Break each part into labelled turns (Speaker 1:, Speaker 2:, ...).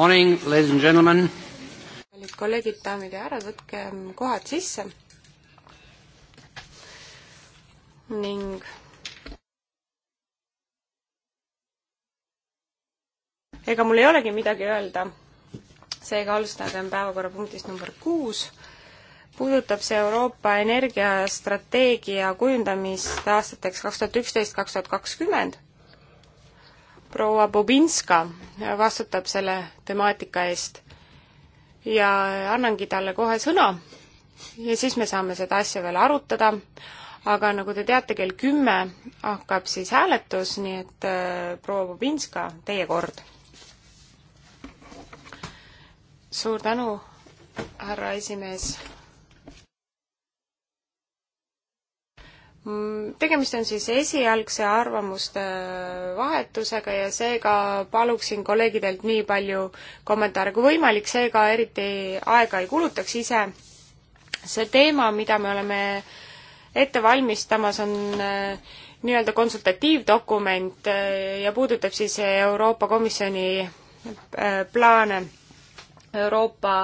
Speaker 1: Morning, ladies and gentlemen.
Speaker 2: kallid kolleegid, daamid ja härrad, võtke kohad sisse. ning ega mul ei olegi midagi öelda, seega alustagem päevakorrapunktist number kuus. puudutab see Euroopa energiastrateegia kujundamist aastateks kaks tuhat üksteist, kaks tuhat kakskümmend proua Bobinska vastutab selle temaatika eest ja annangi talle kohe sõna ja siis me saame seda asja veel arutada, aga nagu te teate, kell kümme hakkab siis hääletus, nii et äh, proua Bobinska, teie kord. suur tänu, härra esimees Mm, tegemist on siis esialgse arvamuste äh, vahetusega ja seega paluksin kolleegidelt nii palju kommentaare kui võimalik, seega eriti aega ei kulutaks ise. see teema, mida me oleme ette valmistamas, on äh, nii-öelda konsultatiivdokument äh, ja puudutab siis Euroopa Komisjoni plaane Euroopa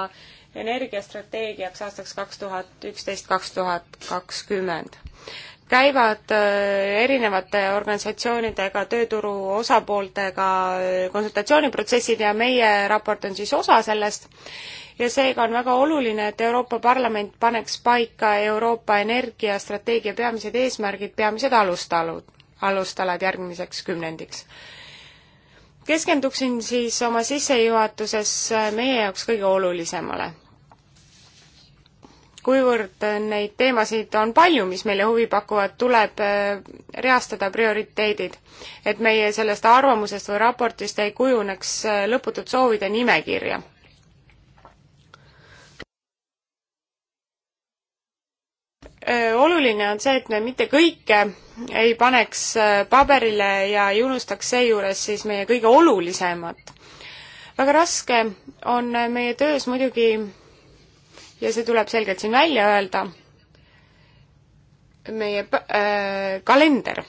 Speaker 2: energiastrateegiaks aastaks kaks tuhat üksteist, kaks tuhat kakskümmend käivad äh, erinevate organisatsioonidega, tööturu osapooltega äh, konsultatsiooniprotsessid ja meie raport on siis osa sellest ja seega on väga oluline, et Euroopa Parlament paneks paika Euroopa energiastrateegia peamised eesmärgid, peamised alustalud, alustalad järgmiseks kümnendiks. keskenduksin siis oma sissejuhatuses äh, meie jaoks kõige olulisemale kuivõrd neid teemasid on palju, mis meile huvi pakuvad, tuleb äh, reastada prioriteedid. et meie sellest arvamusest või raportist ei kujuneks äh, lõputut soovide nimekirja. Äh, oluline on see, et me mitte kõike ei paneks paberile ja ei unustaks seejuures siis meie kõige olulisemat. väga raske on meie töös muidugi ja see tuleb selgelt siin välja öelda, meie äh, kalender.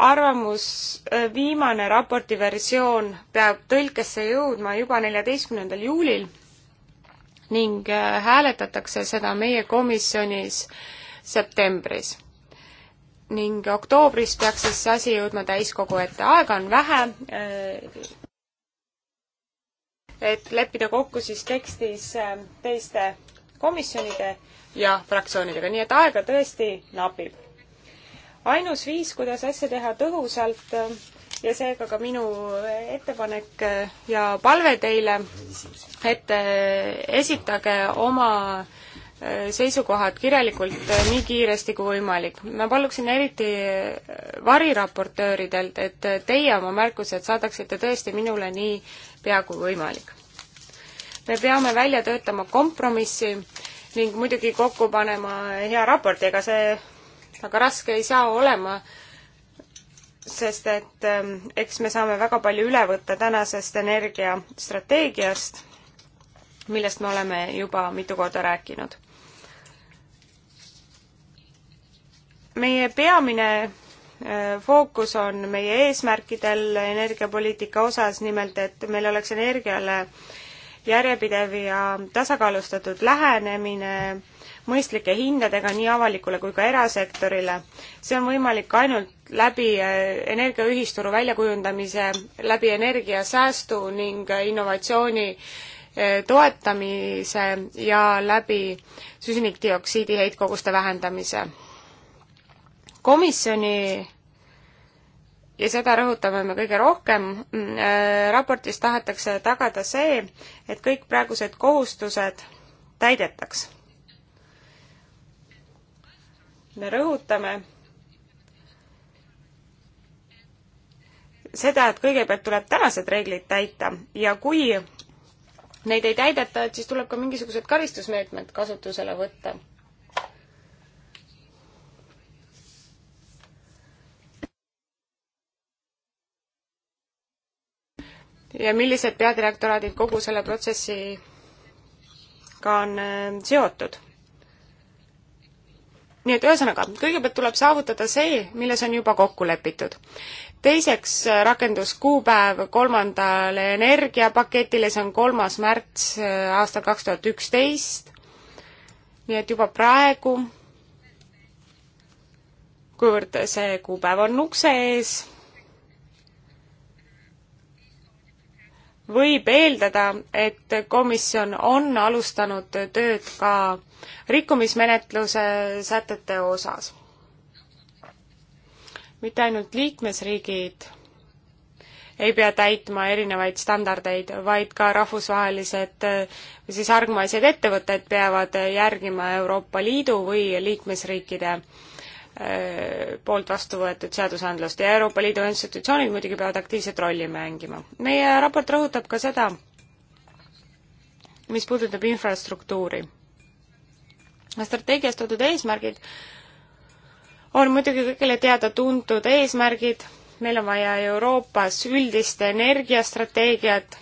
Speaker 2: arvamus, äh, viimane raporti versioon peab tõlkesse jõudma juba neljateistkümnendal juulil ning äh, hääletatakse seda meie komisjonis septembris. ning oktoobris peaks siis see asi jõudma täiskogu ette, aega on vähe äh,, et leppida kokku siis tekstis äh, teiste komisjonide ja fraktsioonidega, nii et aega tõesti napib. ainus viis, kuidas asja teha tõhusalt äh, ja seega ka minu ettepanek äh, ja palve teile, et esitage oma seisukohad kirjalikult eh, nii kiiresti kui võimalik. ma paluksin eriti eh, variraportööridelt, et eh, teie oma märkused saadaksite tõesti minule nii pea kui võimalik. me peame välja töötama kompromissi ning muidugi kokku panema hea raporti, ega see väga raske ei saa olema, sest et eks me saame väga palju üle võtta tänasest energiastrateegiast, millest me oleme juba mitu korda rääkinud meie peamine äh, fookus on meie eesmärkidel energiapoliitika osas, nimelt et meil oleks energiale järjepidev ja tasakaalustatud lähenemine mõistlike hindadega nii avalikule kui ka erasektorile. see on võimalik ainult läbi äh, energiaühisturu väljakujundamise, läbi energiasäästu ning äh, innovatsiooni toetamise ja läbi süsinikdioksiidi heitkoguste vähendamise komisjoni ja seda rõhutame me kõige rohkem, mm, äh, raportis tahetakse tagada see, et kõik praegused kohustused täidetaks. me rõhutame seda, et kõigepealt tuleb tänased reeglid täita ja kui neid ei täideta, et siis tuleb ka mingisugused karistusmeetmed kasutusele võtta ja millised peadirektoraadid kogu selle protsessiga on ähm, seotud. nii et ühesõnaga, kõigepealt tuleb saavutada see, milles on juba kokku lepitud. teiseks äh, rakendus kuupäev kolmandale energiapaketile, see on kolmas märts äh, aastal kaks tuhat üksteist, nii et juba praegu kuivõrd see kuupäev on ukse ees, võib eeldada, et komisjon on alustanud tööd ka rikkumismenetluse sätete osas. mitte ainult liikmesriigid ei pea täitma erinevaid standardeid, vaid ka rahvusvahelised või siis hargmaised ettevõtted peavad järgima Euroopa Liidu või liikmesriikide Äh, poolt vastu võetud seadusandlust ja Euroopa Liidu institutsioonid muidugi peavad aktiivset rolli mängima. meie raport rõhutab ka seda, mis puudutab infrastruktuuri. strateegias toodud eesmärgid on muidugi kõigile teada-tuntud eesmärgid, meil on vaja Euroopas üldist energiastrateegiat,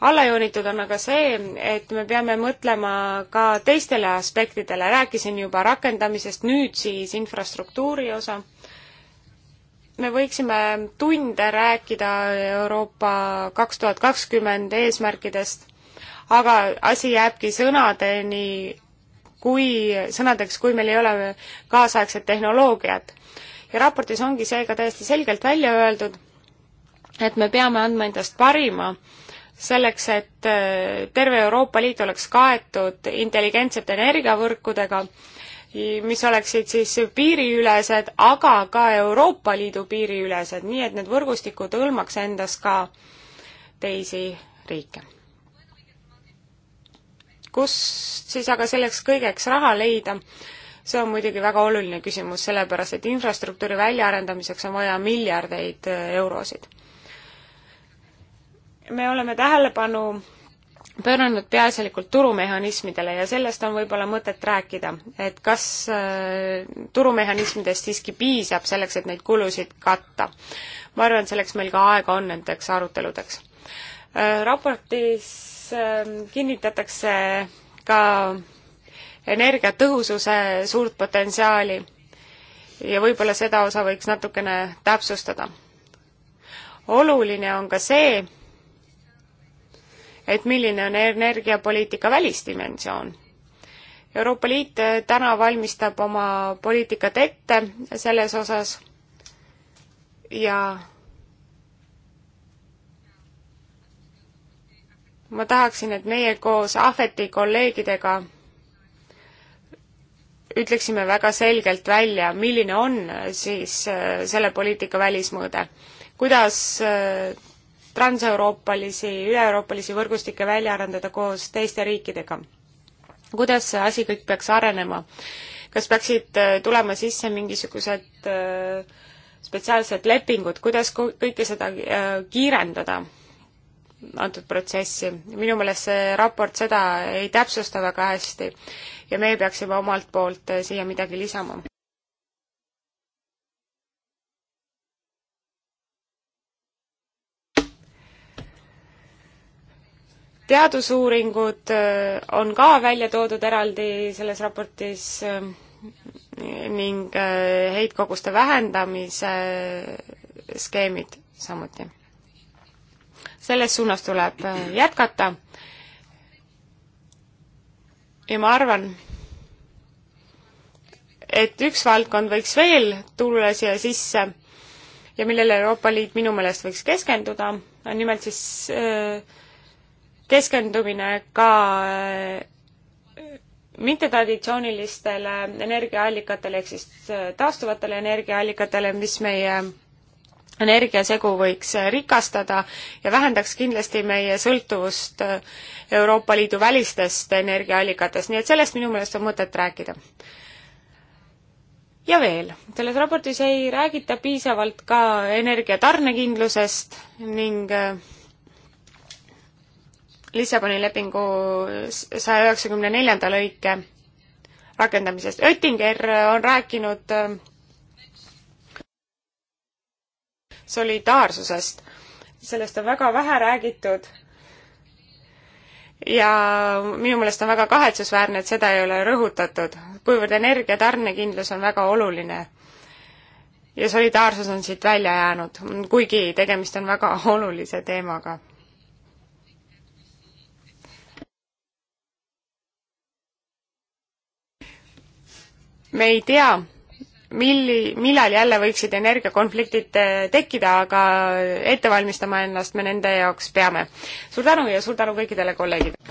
Speaker 2: alla joonitud on aga see, et me peame mõtlema ka teistele aspektidele, rääkisin juba rakendamisest, nüüd siis infrastruktuuri osa. me võiksime tunde rääkida Euroopa kaks tuhat kakskümmend eesmärkidest, aga asi jääbki sõnadeni, kui, sõnadeks, kui meil ei ole kaasaegset tehnoloogiat. ja raportis ongi seega täiesti selgelt välja öeldud, et me peame andma endast parima selleks, et äh, terve Euroopa Liit oleks kaetud intelligentsete energiavõrkudega, mis oleksid siis piiriülesed, aga ka Euroopa Liidu piiriülesed, nii et need võrgustikud hõlmaks endas ka teisi riike. kust siis aga selleks kõigeks raha leida? see on muidugi väga oluline küsimus, sellepärast et infrastruktuuri väljaarendamiseks on vaja miljardeid äh, eurosid me oleme tähelepanu pööranud peaasjalikult turumehhanismidele ja sellest on võib-olla mõtet rääkida, et kas äh, turumehhanismidest siiski piisab selleks, et neid kulusid katta. ma arvan, et selleks meil ka aega on nendeks aruteludeks. Äh, raportis ähm, kinnitatakse ka energiatõhususe suurt potentsiaali ja võib-olla seda osa võiks natukene täpsustada. oluline on ka see, et milline on energiapoliitika välisdimensioon. Euroopa Liit eh, täna valmistab oma poliitikat ette selles osas ja ma tahaksin, et meie koos Ahveti kolleegidega ütleksime väga selgelt välja, milline on siis eh, selle poliitika välismõõde. kuidas eh, transeuroopalisi, üle-euroopalisi võrgustikke välja arendada koos teiste riikidega. kuidas see asi kõik peaks arenema? kas peaksid äh, tulema sisse mingisugused äh, spetsiaalsed lepingud, kuidas kõike seda äh, kiirendada? antud protsessi. minu meelest see raport seda ei täpsusta väga hästi ja meie peaksime omalt poolt siia midagi lisama. teadusuuringud äh, on ka välja toodud eraldi selles raportis äh, ning äh, heitkoguste vähendamise skeemid samuti. selles suunas tuleb jätkata ja ma arvan, et üks valdkond võiks veel tulla siia sisse ja millele Euroopa Liit minu meelest võiks keskenduda, on nimelt siis äh, keskendumine ka äh, mittetraditsioonilistele energiaallikatele ehk siis äh, taastuvatele energiaallikatele, mis meie energiasegu võiks äh, rikastada ja vähendaks kindlasti meie sõltuvust Euroopa Liidu välistest energiaallikatest, nii et sellest minu meelest on mõtet rääkida. ja veel, selles raportis ei räägita piisavalt ka energia tarnekindlusest ning äh, Lissaboni lepingu saja üheksakümne neljanda lõike rakendamisest. Oettinger on rääkinud äh, solidaarsusest. sellest on väga vähe räägitud ja minu meelest on väga kahetsusväärne, et seda ei ole rõhutatud, kuivõrd energia tarnekindlus on väga oluline. ja solidaarsus on siit välja jäänud, kuigi tegemist on väga olulise teemaga me ei tea, milli, millal jälle võiksid energiakonfliktid äh, tekkida, aga ette valmistama ennast me nende jaoks peame. suur tänu ja suur tänu kõikidele kolleegidele!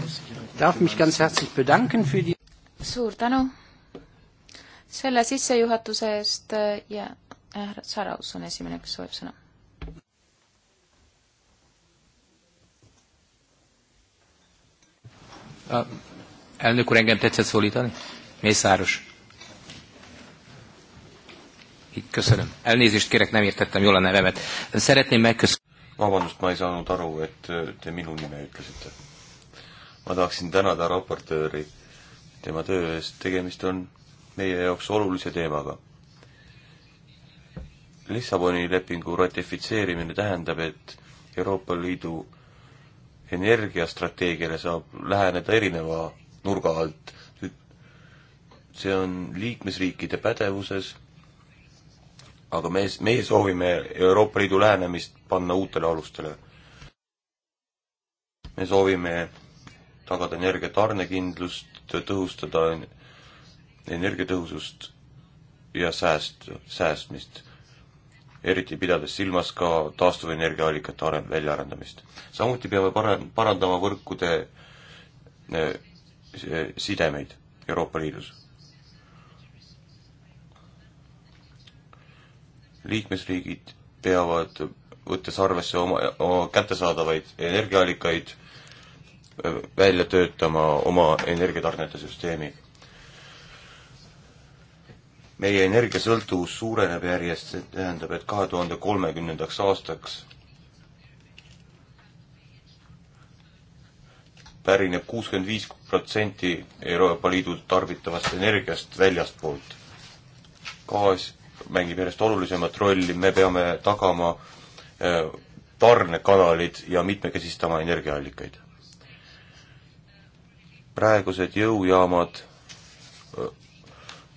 Speaker 2: suur tänu
Speaker 3: selle sissejuhatuse eest äh, ja äh, härra Saraus on esimene, kes soovib sõna uh,. Elnök úr, engem tetszett szólítani? Mészáros.
Speaker 1: Köszönöm. Elnézést kérek, nem értettem jól a nevemet. Szeretném megköszönni. Vabandust, ma ei saanud aru, et te minu nime ütlesite. ma tahaksin tänada raportööri tema töö eest, tegemist on meie jaoks olulise teemaga. Lissaboni lepingu ratifitseerimine tähendab, et Euroopa Liidu energiastrateegiale saab läheneda erineva nurga alt. see on liikmesriikide pädevuses aga me, meie soovime Euroopa Liidu lähenemist panna uutele alustele. me soovime tagada energia tarnekindlust, tõhustada energiatõhusust ja sääst, säästmist, eriti pidades silmas ka taastuvenergiaallikate arend-, väljaarendamist. samuti peame pare-, parandama võrkude eh, sidemeid Euroopa Liidus liikmesriigid peavad, võttes arvesse oma, oma kättesaadavaid energiaallikaid, välja töötama oma energiatarnete süsteemi. meie energiasõltuvus suureneb järjest, see tähendab, et kahe tuhande kolmekümnendaks aastaks pärineb kuuskümmend viis protsenti Euroopa Liidu tarbitavast energiast väljastpoolt. gaas mängib järjest olulisemat rolli, me peame tagama äh, tarnekanalid ja mitmekesistama energiaallikaid. praegused jõujaamad, äh,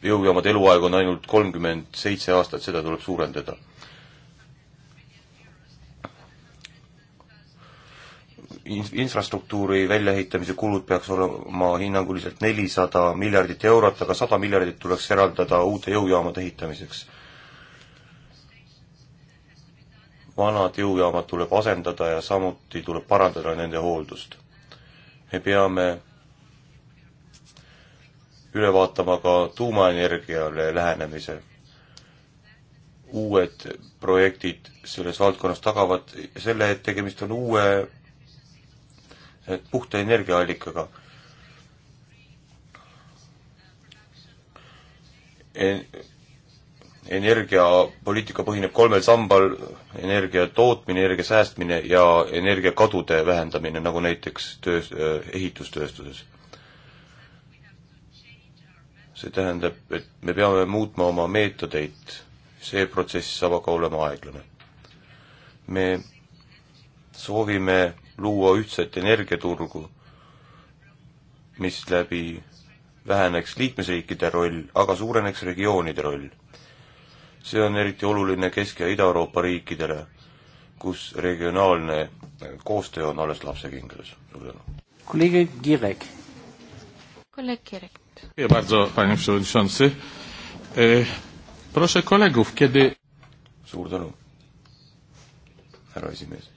Speaker 1: jõujaamade eluaeg on ainult kolmkümmend seitse aastat, seda tuleb suurendada infrastruktuuri väljaehitamise kulud peaks olema hinnanguliselt nelisada miljardit eurot, aga sada miljardit tuleks eraldada uute jõujaamade ehitamiseks. vanad jõujaamad tuleb asendada ja samuti tuleb parandada nende hooldust. me peame üle vaatama ka tuumaenergiale lähenemise. uued projektid selles valdkonnas tagavad selle, et tegemist on uue puhta energiaallikaga. En-, energiapoliitika põhineb kolmel sambal, energia tootmine, energia säästmine ja energiakadude vähendamine, nagu näiteks töös, äh, ehitustööstuses. see tähendab, et me peame muutma oma meetodeid, see protsess saab aga olema aeglane. me soovime luua ühtset energiaturgu, misläbi väheneks liikmesriikide roll, aga suureneks regioonide roll. see on eriti oluline Kesk- ja Ida-Euroopa riikidele, kus regionaalne koostöö on alles lapsekingades. suur tänu. kolleeg Kirek.
Speaker 3: kolleeg Kirek.
Speaker 1: Dziękuję bardzo, panie przewodniczący. E, proszę kolegów, kiedy... Suur tänu, härra esimees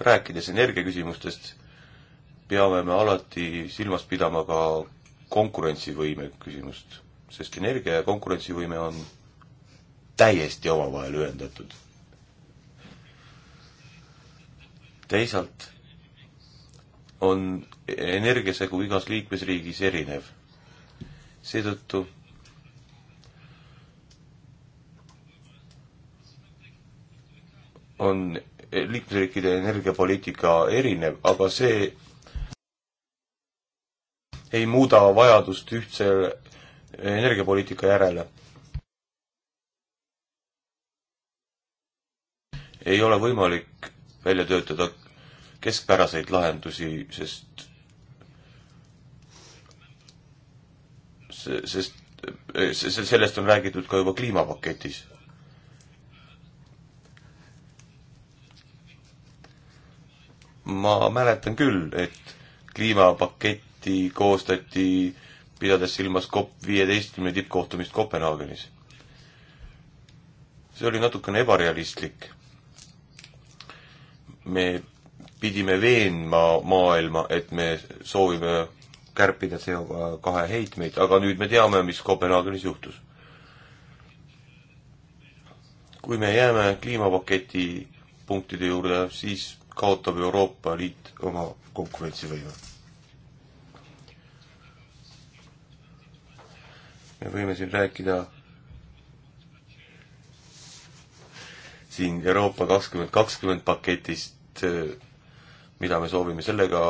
Speaker 1: rääkides energiaküsimustest, peame me alati silmas pidama ka konkurentsivõime küsimust, sest energia ja konkurentsivõime on täiesti omavahel ühendatud. teisalt on energiasegu igas liikmesriigis erinev. seetõttu on Eh, liikmesriikide energiapoliitika erinev, aga see ei muuda vajadust ühtse energiapoliitika järele. ei ole võimalik välja töötada keskpäraseid lahendusi, sest sest eh, sellest on räägitud ka juba kliimapaketis ma mäletan küll, et kliimapaketti koostati pidades silmas COP viieteistkümne tippkohtumist Kopenhaagenis. see oli natukene ebarealistlik. me pidime veenma maailma, et me soovime kärpida CO kahe heitmeid, aga nüüd me teame, mis Kopenhaagenis juhtus. kui me jääme kliimapaketi punktide juurde, siis kaotab Euroopa Liit oma konkurentsivõime. me võime siin rääkida siin Euroopa kakskümmend kakskümmend paketist, mida me soovime sellega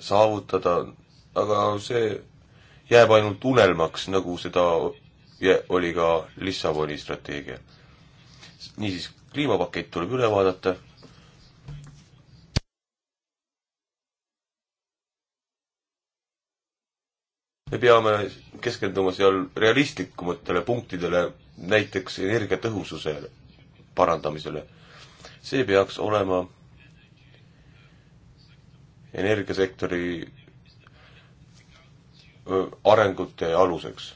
Speaker 1: saavutada, aga see jääb ainult unelmaks, nagu seda oli ka Lissaboni strateegia. niisiis, kliimapakett tuleb üle vaadata me peame keskenduma seal realistlikumatele punktidele, näiteks energiatõhususe parandamisele. see peaks olema energiasektori arengute aluseks.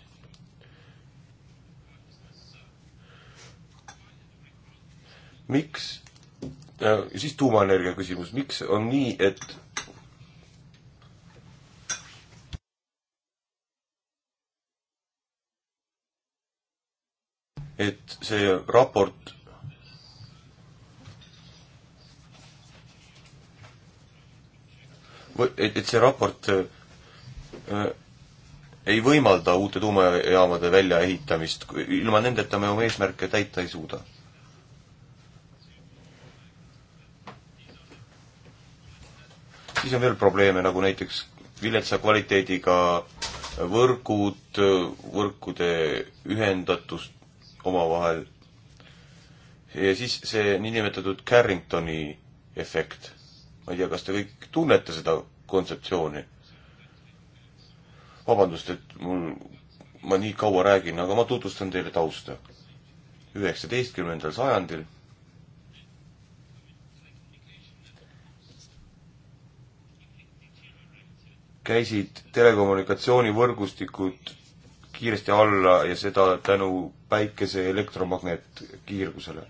Speaker 1: miks, siis tuumaenergia küsimus, miks on nii, et et see raport et, et see raport äh, äh, ei võimalda uute tuumajaamade väljaehitamist, ilma nendeta me oma eesmärke täita ei suuda. siis on veel probleeme, nagu näiteks viletsa kvaliteediga võrgud, võrkude ühendatus omavahel. ja siis see niinimetatud Carringtoni efekt. ma ei tea, kas te kõik tunnete seda kontseptsiooni? vabandust, et mul, ma nii kaua räägin, aga ma tutvustan teile tausta. üheksateistkümnendal sajandil käisid telekommunikatsioonivõrgustikud kiiresti alla ja seda tänu päikese elektromagnetkiirgusele.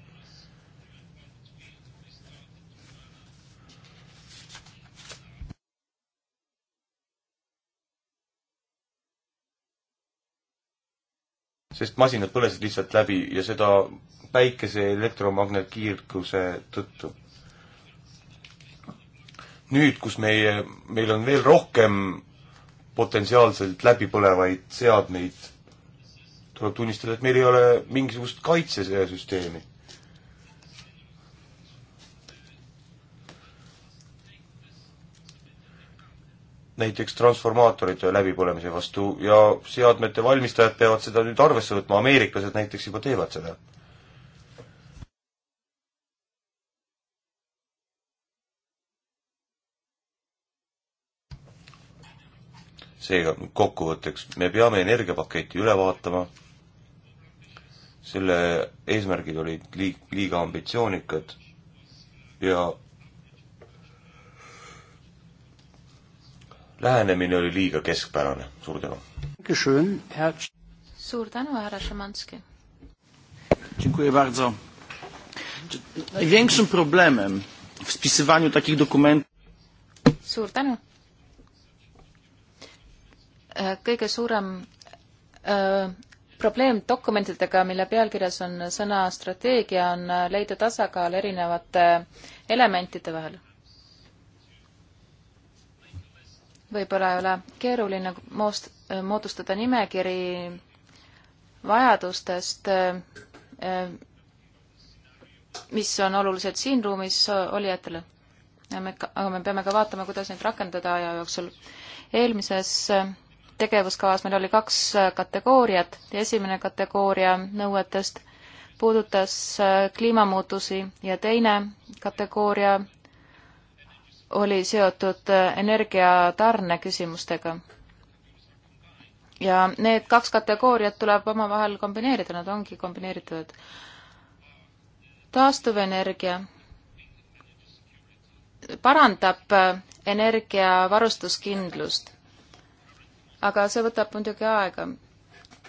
Speaker 1: sest masinad põlesid lihtsalt läbi ja seda päikese elektromagnetkiirguse tõttu. nüüd, kus meie, meil on veel rohkem potentsiaalselt läbipõlevaid seadmeid, tuleb tunnistada, et meil ei ole mingisugust kaitsesüsteemi. näiteks transformaatorite läbipõlemise vastu ja seadmete valmistajad peavad seda nüüd arvesse võtma, ameeriklased näiteks juba teevad seda seega kokkuvõtteks, me peame energiapaketi üle vaatama, selle eesmärgid olid liig-, liiga ambitsioonikad ja lähenemine oli liiga keskpärane, suur tänu.
Speaker 3: suur tänu, härra Šamanski. Największym problemem w spisywaniu takich dokumentów. Suur tänu Äh, kõige suurem öö, äh, probleem dokumentidega, mille pealkirjas on sõna strateegia, on äh, leida tasakaal erinevate elementide vahel. võib-olla ei ole keeruline moost-, moodustada nimekiri vajadustest, mis on olulised siin ruumis olijatele. me, aga me peame ka vaatama, kuidas neid rakendada aja jooksul. eelmises tegevuskavas meil oli kaks äh, kategooriat ja esimene kategooria nõuetest puudutas äh, kliimamuutusi ja teine kategooria oli seotud äh, energiatarne küsimustega. ja need kaks kategooriat tuleb omavahel kombineerida, nad ongi kombineeritud. taastuvenergia parandab energiavarustuskindlust aga see võtab muidugi aega.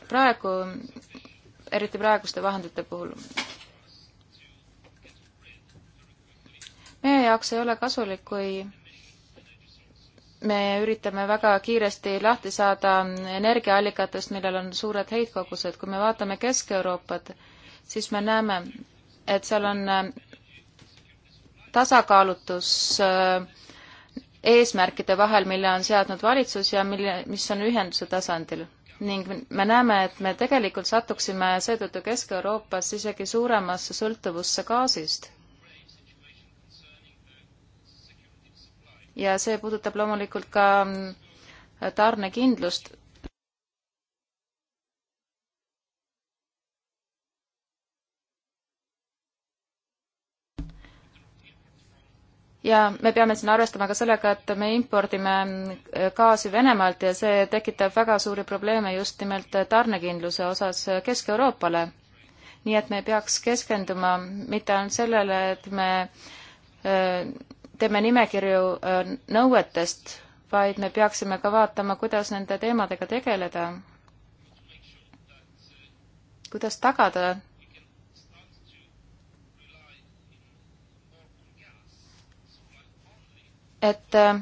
Speaker 3: praegu, eriti praeguste vahendite puhul. meie jaoks ei ole kasulik, kui me üritame väga kiiresti lahti saada energiaallikatest, millel on suured heitkogused. kui me vaatame Kesk-Euroopat, siis me näeme, et seal on äh, tasakaalutus äh, eesmärkide vahel, mille on seadnud valitsus ja mille, mis on ühenduse tasandil. ning me näeme, et me tegelikult satuksime seetõttu Kesk-Euroopas isegi suuremasse sõltuvusse gaasist. ja see puudutab loomulikult ka tarnekindlust ja me peame siin arvestama ka sellega, et me impordime äh, gaasi Venemaalt ja see tekitab väga suuri probleeme just nimelt äh, tarnekindluse osas äh, Kesk-Euroopale. nii et me peaks keskenduma mitte ainult sellele, et me teeme nimekirju nõuetest, vaid me peaksime ka vaatama, kuidas nende teemadega tegeleda. kuidas tagada et äh,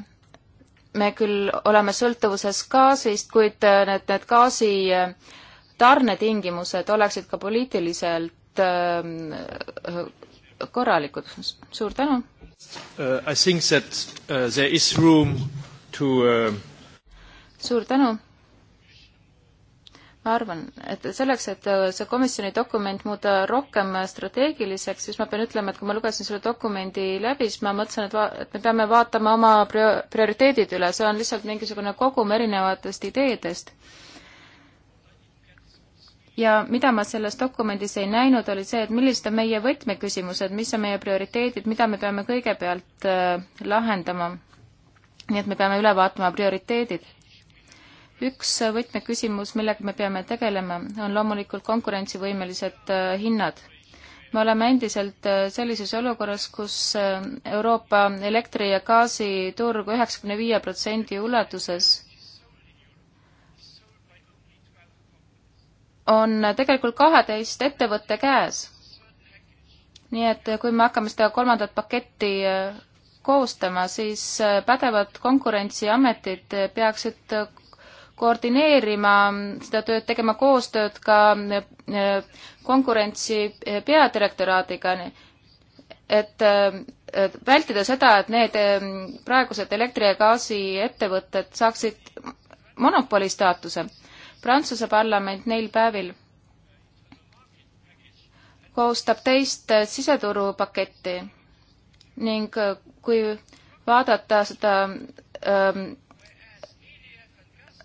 Speaker 3: me küll oleme sõltuvuses gaasist, kuid äh, need, need gaasi äh, tarnetingimused oleksid ka poliitiliselt korralikud. suur tänu uh,! I think that uh, there is room to uh... suur tänu! ma arvan, et selleks, et äh, see komisjoni dokument muuta rohkem äh, strateegiliseks, siis ma pean ütlema, et kui ma lugesin selle dokumendi läbi, siis ma mõtlesin, et va-, et me peame vaatama oma prio-, prioriteedid üle, see on lihtsalt mingisugune kogum erinevatest ideedest. ja mida ma selles dokumendis ei näinud, oli see, et millised on meie võtmeküsimused, mis on meie prioriteedid, mida me peame kõigepealt äh, lahendama. nii et me peame üle vaatama prioriteedid üks võtmeküsimus, millega me peame tegelema, on loomulikult konkurentsivõimelised äh, hinnad. me oleme endiselt äh, sellises olukorras, kus äh, Euroopa elektri- ja gaasiturg üheksakümne viie protsendi ulatuses on tegelikult kaheteist ettevõtte käes. nii et kui me hakkame seda kolmandat paketti koostama, siis pädevad konkurentsiametid peaksid koordineerima seda tööd, tegema koostööd ka e, konkurentsi peadirektoraadiga, e, et vältida seda, et need e, praegused elektri- ja gaasiettevõtted saaksid monopoli staatuse. Prantsuse parlament neil päevil koostab teist siseturupaketti ning kui vaadata seda ähm,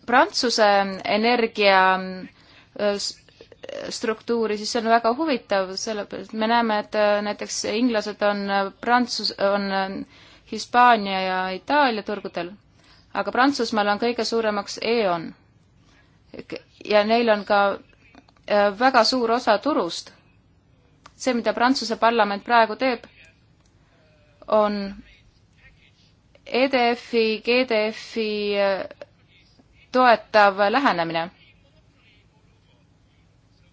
Speaker 3: Prantsuse energia äh, struktuuri, siis see on väga huvitav, sellepärast me näeme, et äh, näiteks inglased on äh, Prantsus-, on Hispaania ja Itaalia turgudel, aga Prantsusmaal on kõige suuremaks E.ON. ja neil on ka väga suur osa turust. see, mida Prantsuse parlament praegu teeb, on EDF-i, GDF-i toetav lähenemine.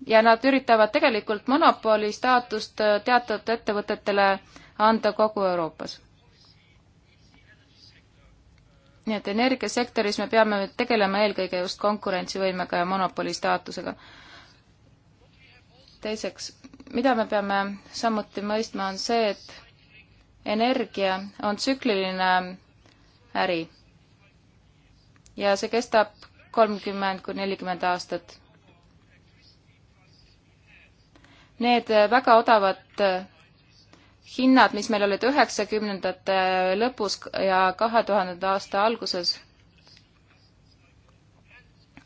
Speaker 3: ja nad üritavad tegelikult monopoli staatust äh, teatud ettevõtetele anda kogu Euroopas. nii et energiasektoris me peame nüüd tegelema eelkõige just konkurentsivõimega ja monopoli staatusega. teiseks, mida me peame samuti mõistma, on see, et energia on tsükliline äri ja see kestab kolmkümmend kuni nelikümmend aastat. Need väga odavad hinnad, mis meil olid üheksakümnendate lõpus ja kahe tuhandenda aasta alguses,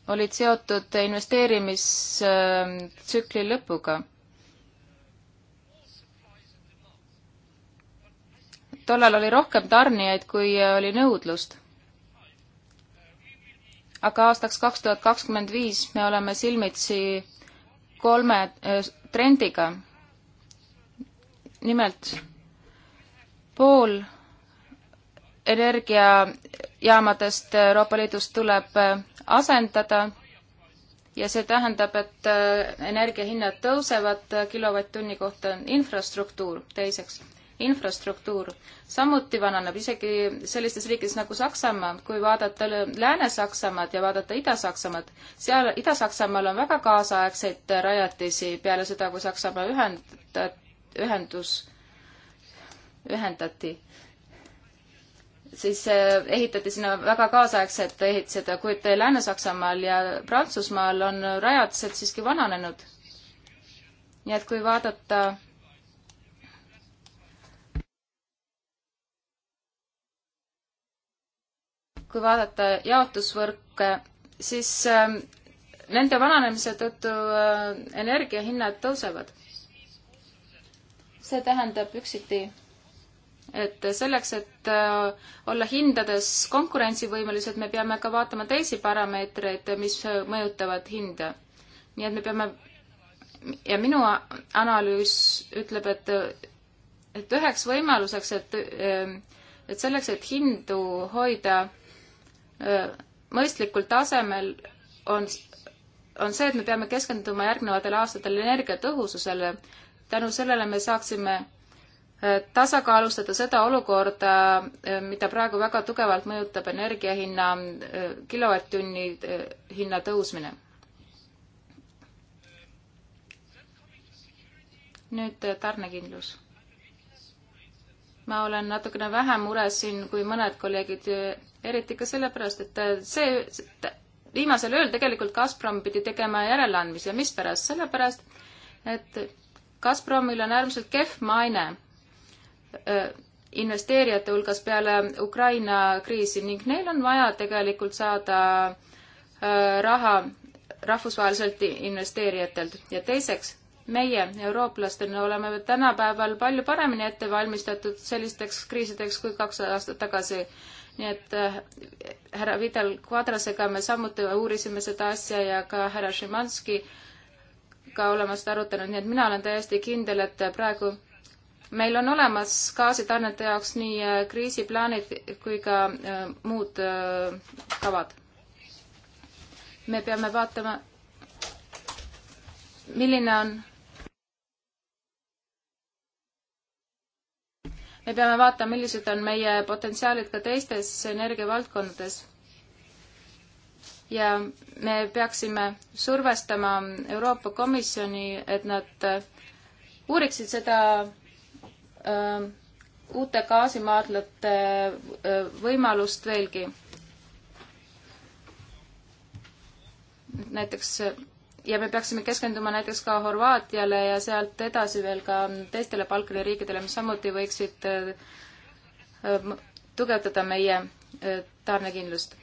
Speaker 3: olid seotud investeerimistsükli lõpuga. tollal oli rohkem tarnijaid, kui oli nõudlust aga aastaks kaks tuhat kakskümmend viis me oleme silmitsi kolme eh, trendiga. nimelt pool energiajaamadest Euroopa Liidus tuleb eh, asendada ja see tähendab, et eh, energiahinnad tõusevad kilovatt-tunni kohta. infrastruktuur teiseks infrastruktuur. samuti vananeb isegi sellistes riikides nagu Saksamaa, kui vaadata Lääne-Saksamaad ja vaadata Ida-Saksamaad, seal Ida-Saksamaal on väga kaasaegseid rajatisi peale seda, kui Saksamaa ühend-, ühendus, ühendati siis äh, ehitati sinna väga kaasaegsed ehitised, kuid Lääne-Saksamaal ja Prantsusmaal on rajatised siiski vananenud. nii et kui vaadata kui vaadata jaotusvõrke, siis ähm, nende vananemise tõttu äh, energiahinnad tõusevad. see tähendab üksiti, et selleks, et äh, olla hindades konkurentsivõimelised, me peame ka vaatama teisi parameetreid, mis mõjutavad hinda. nii et me peame ja minu analüüs ütleb, et, et üheks võimaluseks, et, äh, et selleks, et hindu hoida mõistlikul tasemel on, on see, et me peame keskenduma järgnevatel aastatel energiatõhususele. tänu sellele me saaksime tasakaalustada seda olukorda, mida praegu väga tugevalt mõjutab energia hinna, kilovatt-tunni hinna tõusmine. nüüd tarnekindlus. ma olen natukene vähem mures siin kui mõned kolleegid eriti ka sellepärast, et äh, see, viimasel ööl tegelikult Gazprom pidi tegema järeleandmisi ja mispärast, sellepärast et Gazpromil on äärmiselt kehv maine äh, investeerijate hulgas peale Ukraina kriisi ning neil on vaja tegelikult saada äh, raha rahvusvaheliselt investeerijatelt ja teiseks, meie, eurooplastena, oleme tänapäeval palju paremini ette valmistatud sellisteks kriisideks kui kaks aastat tagasi äh, nii et eh, härra Vidal Quadrasega me samuti uurisime seda asja ja ka härra Šimanski ka oleme seda arutanud, nii et mina olen täiesti kindel, et praegu meil on olemas gaasitarnete jaoks nii eh, kriisiplaanid kui ka eh, muud kavad. me peame vaatama, milline on me peame vaatama, millised on meie potentsiaalid ka teistes energiavaldkondades. ja me peaksime survestama Euroopa Komisjoni, et nad äh, uuriksid seda öö, äh, uute gaasimaadlate äh, võimalust veelgi. näiteks ja me peaksime keskenduma näiteks ka Horvaatiale ja sealt edasi veel ka teistele Balkani riikidele, mis samuti võiksid äh, tugevdada meie äh, tarnekindlust.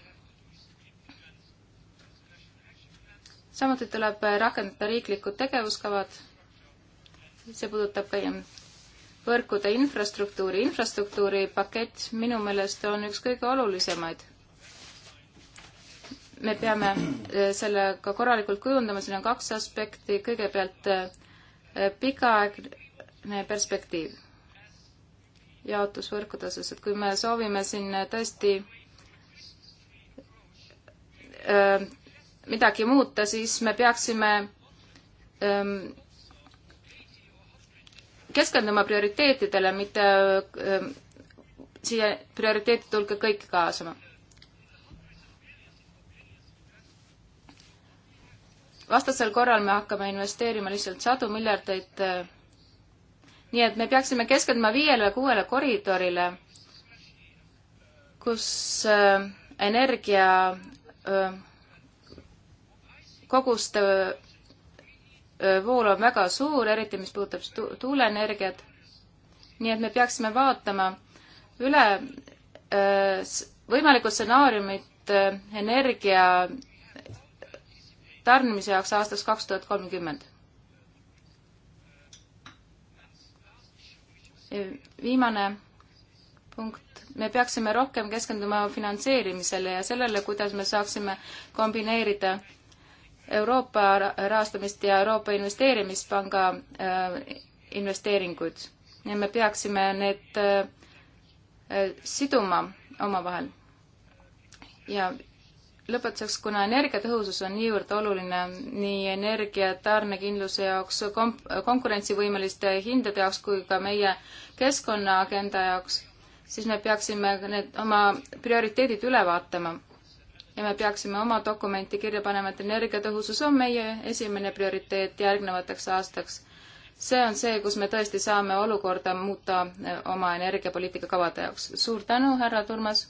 Speaker 3: samuti tuleb rakendada riiklikud tegevuskavad, see puudutab ka võrkude infrastruktuuri, infrastruktuuripakett minu meelest on üks kõige olulisemaid me peame äh, selle ka korralikult kujundama, siin on kaks aspekti, kõigepealt äh, pikaaegne perspektiiv jaotusvõrkude osas, et kui me soovime siin tõesti äh, midagi muuta, siis me peaksime ähm, keskenduma prioriteetidele, mitte siia prioriteetide hulka kõiki kaasama vastasel korral me hakkame investeerima lihtsalt sadu miljardeid. Äh, nii et me peaksime keskenduma viiele-kuuele koridorile, kus äh, energia äh, koguste vool on väga suur, eriti mis puudutab tuuleenergiat. nii et me peaksime vaatama üle võimalikud stsenaariumid energia tarnimise jaoks aastaks kaks tuhat kolmkümmend. viimane punkt, me peaksime rohkem keskenduma finantseerimisele ja sellele, kuidas me saaksime kombineerida Euroopa rahastamist ja Euroopa Investeerimispanga äh, investeeringuid. ja me peaksime need äh, äh, siduma omavahel. ja lõpetuseks, kuna energiatõhusus on niivõrd oluline nii energia tarnekindluse jaoks, konkurentsivõimeliste hindade jaoks kui ka meie keskkonnaagenda jaoks, siis me peaksime need oma prioriteedid üle vaatama. ja me peaksime oma dokumenti kirja panema, et energiatõhusus on meie esimene prioriteet järgnevateks aastaks. see on see, kus me tõesti saame olukorda muuta oma energiapoliitika kavade jaoks. suur tänu, härra Turmas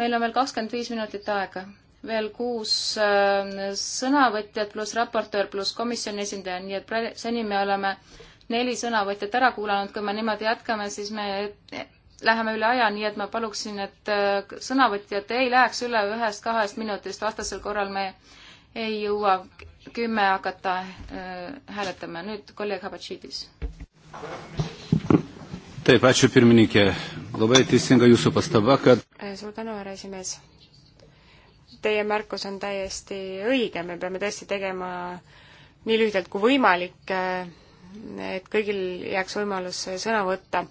Speaker 3: meil on veel kakskümmend viis minutit aega, veel kuus äh, sõnavõtjat pluss raportöör pluss komisjoni esindaja, nii et praegu, seni me oleme neli sõnavõtjat ära kuulanud, kui me niimoodi jätkame, siis me läheme üle aja, nii et ma paluksin, et äh, sõnavõtjad ei läheks üle ühest-kahest minutist, vastasel korral me ei jõua kümme hakata äh, hääletama. nüüd kolleeg Habatšiidis.
Speaker 1: Taip, ačiū pirmininkė. Labai teisinga jūsų pastaba, kad.
Speaker 2: suur tänu, härra esimees. Teie märkus on täiesti õige, me peame tõesti tegema nii lühidalt kui võimalik, et kõigil jääks võimalus sõna võtta.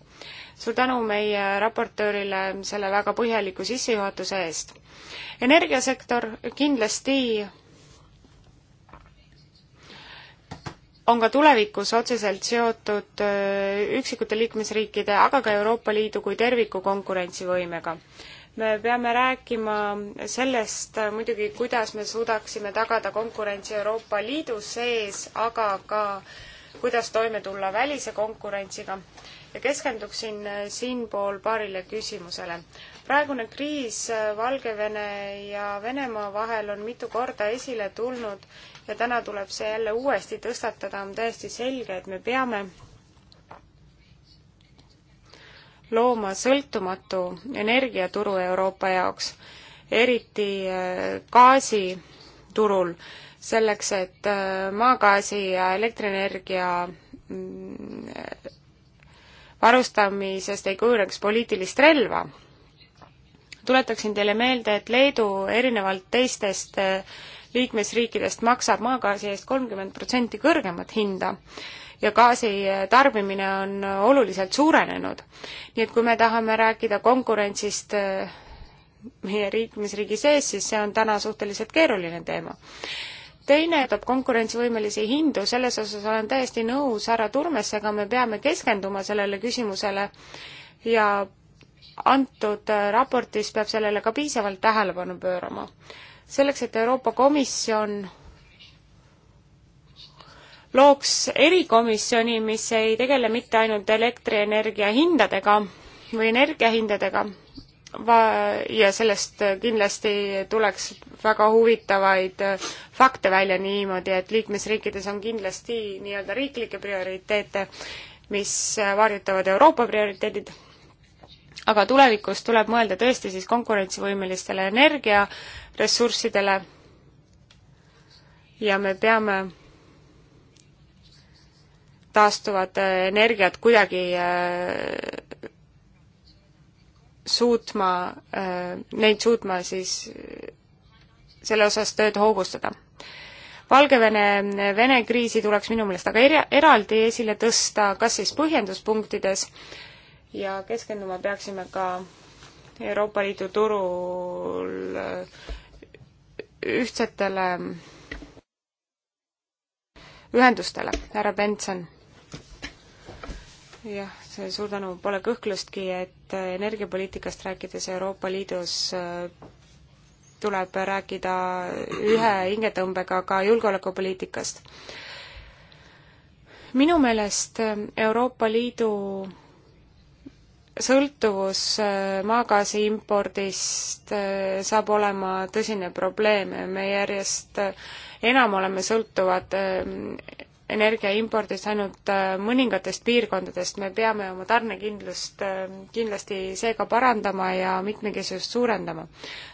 Speaker 2: suur tänu meie raportöörile selle väga põhjaliku sissejuhatuse eest. energiasektor kindlasti on ka tulevikus otseselt seotud äh, üksikute liikmesriikide, aga ka Euroopa Liidu kui terviku konkurentsivõimega. me peame rääkima sellest muidugi, kuidas me suudaksime tagada konkurentsi Euroopa Liidu sees, aga ka kuidas toime tulla välise konkurentsiga ja keskenduksin äh, siinpool paarile küsimusele. praegune kriis äh, Valgevene ja Venemaa vahel on mitu korda esile tulnud ja täna tuleb see jälle uuesti tõstatada, on täiesti selge, et me peame looma sõltumatu energiaturu Euroopa jaoks, eriti äh, gaasiturul, selleks et äh, maagaasi ja elektrienergia mm, varustamisest ei kujuneks poliitilist relva. tuletaksin teile meelde, et Leedu erinevalt teistest äh, liikmesriikidest maksab maagaasi eest kolmkümmend protsenti kõrgemat hinda ja gaasi tarbimine on oluliselt suurenenud. nii et kui me tahame rääkida konkurentsist äh, meie liikmesriigi sees, siis see on täna suhteliselt keeruline teema teine toob konkurentsivõimelisi hindu, selles osas olen täiesti nõus härra Turmesega, me peame keskenduma sellele küsimusele ja antud raportis peab sellele ka piisavalt tähelepanu pöörama selleks, et Euroopa Komisjon looks erikomisjoni, mis ei tegele mitte ainult elektrienergia hindadega või energiahindadega, va-, ja sellest kindlasti tuleks väga huvitavaid fakte välja niimoodi, et liikmesriikides on kindlasti nii-öelda riiklikke prioriteete, mis varjutavad Euroopa prioriteedid aga tulevikus tuleb mõelda tõesti siis konkurentsivõimelistele energiaressurssidele ja me peame taastuvat äh, energiat kuidagi äh, suutma, äh, neid suutma siis selle osas tööd hoogustada. Valgevene-Vene kriisi tuleks minu meelest aga era-, eraldi esile tõsta, kas siis põhjenduspunktides ja keskenduma peaksime ka Euroopa Liidu turul äh, ühtsetele ühendustele, härra Benson. jah, see suur tänu, pole kõhklustki, et energiapoliitikast rääkides Euroopa Liidus äh, tuleb rääkida ühe hingetõmbega ka julgeolekupoliitikast. minu meelest Euroopa Liidu sõltuvus äh, maagaasi impordist äh, saab olema tõsine probleem, me järjest äh, enam oleme sõltuvad energia impordist ainult mõningatest piirkondadest, me peame oma tarnekindlust kindlasti seega parandama ja mitmekesisust suurendama.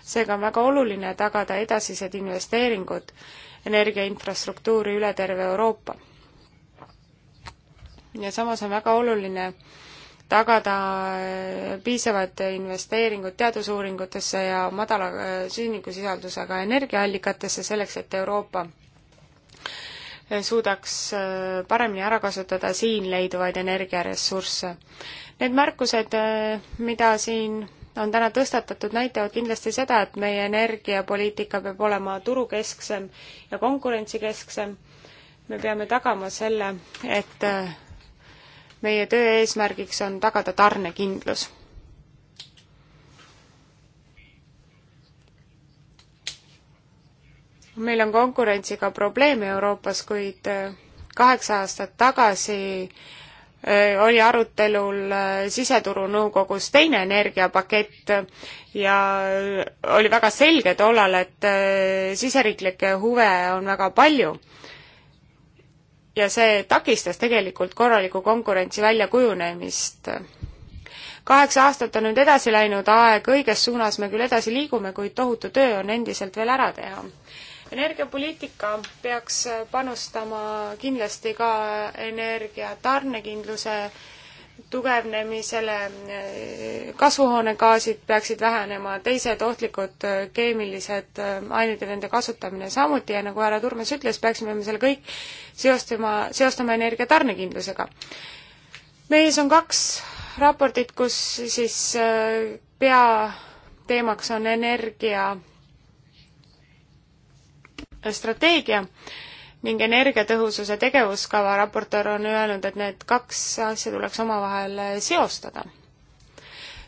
Speaker 2: seega on väga oluline tagada edasised investeeringud energiainfrastruktuuri üle terve Euroopa. ja samas on väga oluline tagada äh, piisavad investeeringud teadusuuringutesse ja madala äh, süsinikusisaldusega energiaallikatesse, selleks et Euroopa äh, suudaks paremini ära kasutada siin leiduvaid energiaressursse. Need märkused, mida siin on täna tõstatatud, näitavad kindlasti seda, et meie energiapoliitika peab olema turukesksem ja konkurentsikesksem. me peame tagama selle, et meie töö eesmärgiks on tagada tarnekindlus. meil on konkurentsiga probleeme Euroopas, kuid äh, kaheksa aastat tagasi äh, oli arutelul äh, siseturunõukogus teine energiapakett ja oli väga selge tollal, et siseriiklikke huve on väga palju ja see takistas tegelikult korraliku konkurentsi väljakujunemist. kaheksa aastat on nüüd edasi läinud, aeg õiges suunas me küll edasi liigume, kuid tohutu töö on endiselt veel ära teha. energiapoliitika peaks panustama kindlasti ka energia tarnekindluse tugevnemisele, eh, kasvuhoonegaasid peaksid vähenema, teised ohtlikud eh, keemilised eh, ained ja nende kasutamine samuti ja nagu härra Turmes ütles, peaksime me selle kõik seostama, seostama energia tarnekindlusega. meie ees on kaks raportit, kus siis peateemaks on energia strateegia ning energiatõhususe tegevuskava raportöör on öelnud, et need kaks asja tuleks omavahel eh, seostada.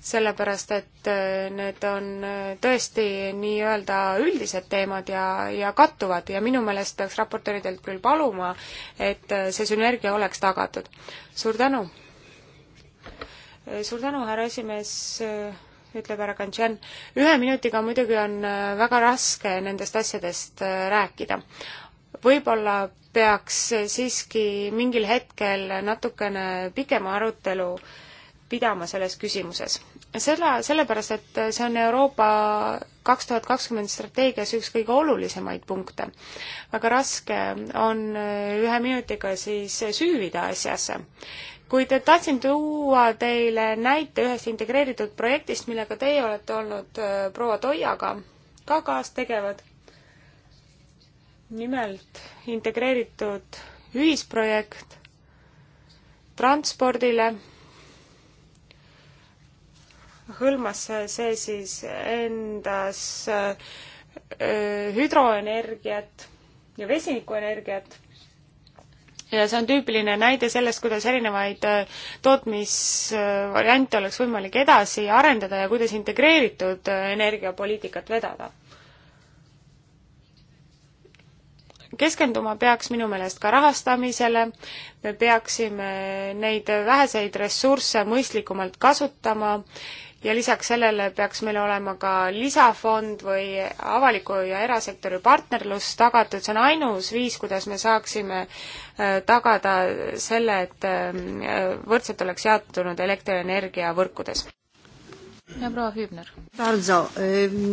Speaker 2: sellepärast, et eh, need on eh, tõesti nii-öelda üldised teemad ja, ja kattuvad ja minu meelest peaks raportööridelt küll paluma, et see sünergia oleks tagatud. suur tänu! suur tänu, härra esimees, ütleb härra Kantšen. ühe minutiga muidugi on väga raske nendest asjadest rääkida võib-olla peaks siiski mingil hetkel natukene pikema arutelu pidama selles küsimuses. selle, sellepärast, et see on Euroopa kaks tuhat kakskümmend strateegias üks kõige olulisemaid punkte. väga raske on ühe minutiga siis süüvida asjasse. kuid tahtsin tuua teile näite ühest integreeritud projektist, millega teie olete olnud äh, proua Toiaga ka kaastegevad nimelt integreeritud ühisprojekt transpordile. hõlmas see siis endas äh, hüdroenergiat ja vesinikuenergiat. ja see on tüüpiline näide sellest, kuidas erinevaid äh, tootmisvariante oleks võimalik edasi arendada ja kuidas integreeritud äh, energiapoliitikat vedada keskenduma peaks minu meelest ka rahastamisele, me peaksime neid väheseid ressursse mõistlikumalt kasutama ja lisaks sellele peaks meil olema ka lisafond või avaliku ja erasektori partnerlus tagatud, see on ainus viis, kuidas me saaksime äh, tagada selle, et äh, võrdselt oleks jaotunud elektrienergia võrkudes.
Speaker 3: Ja, proua Hübner.
Speaker 1: Bardzo.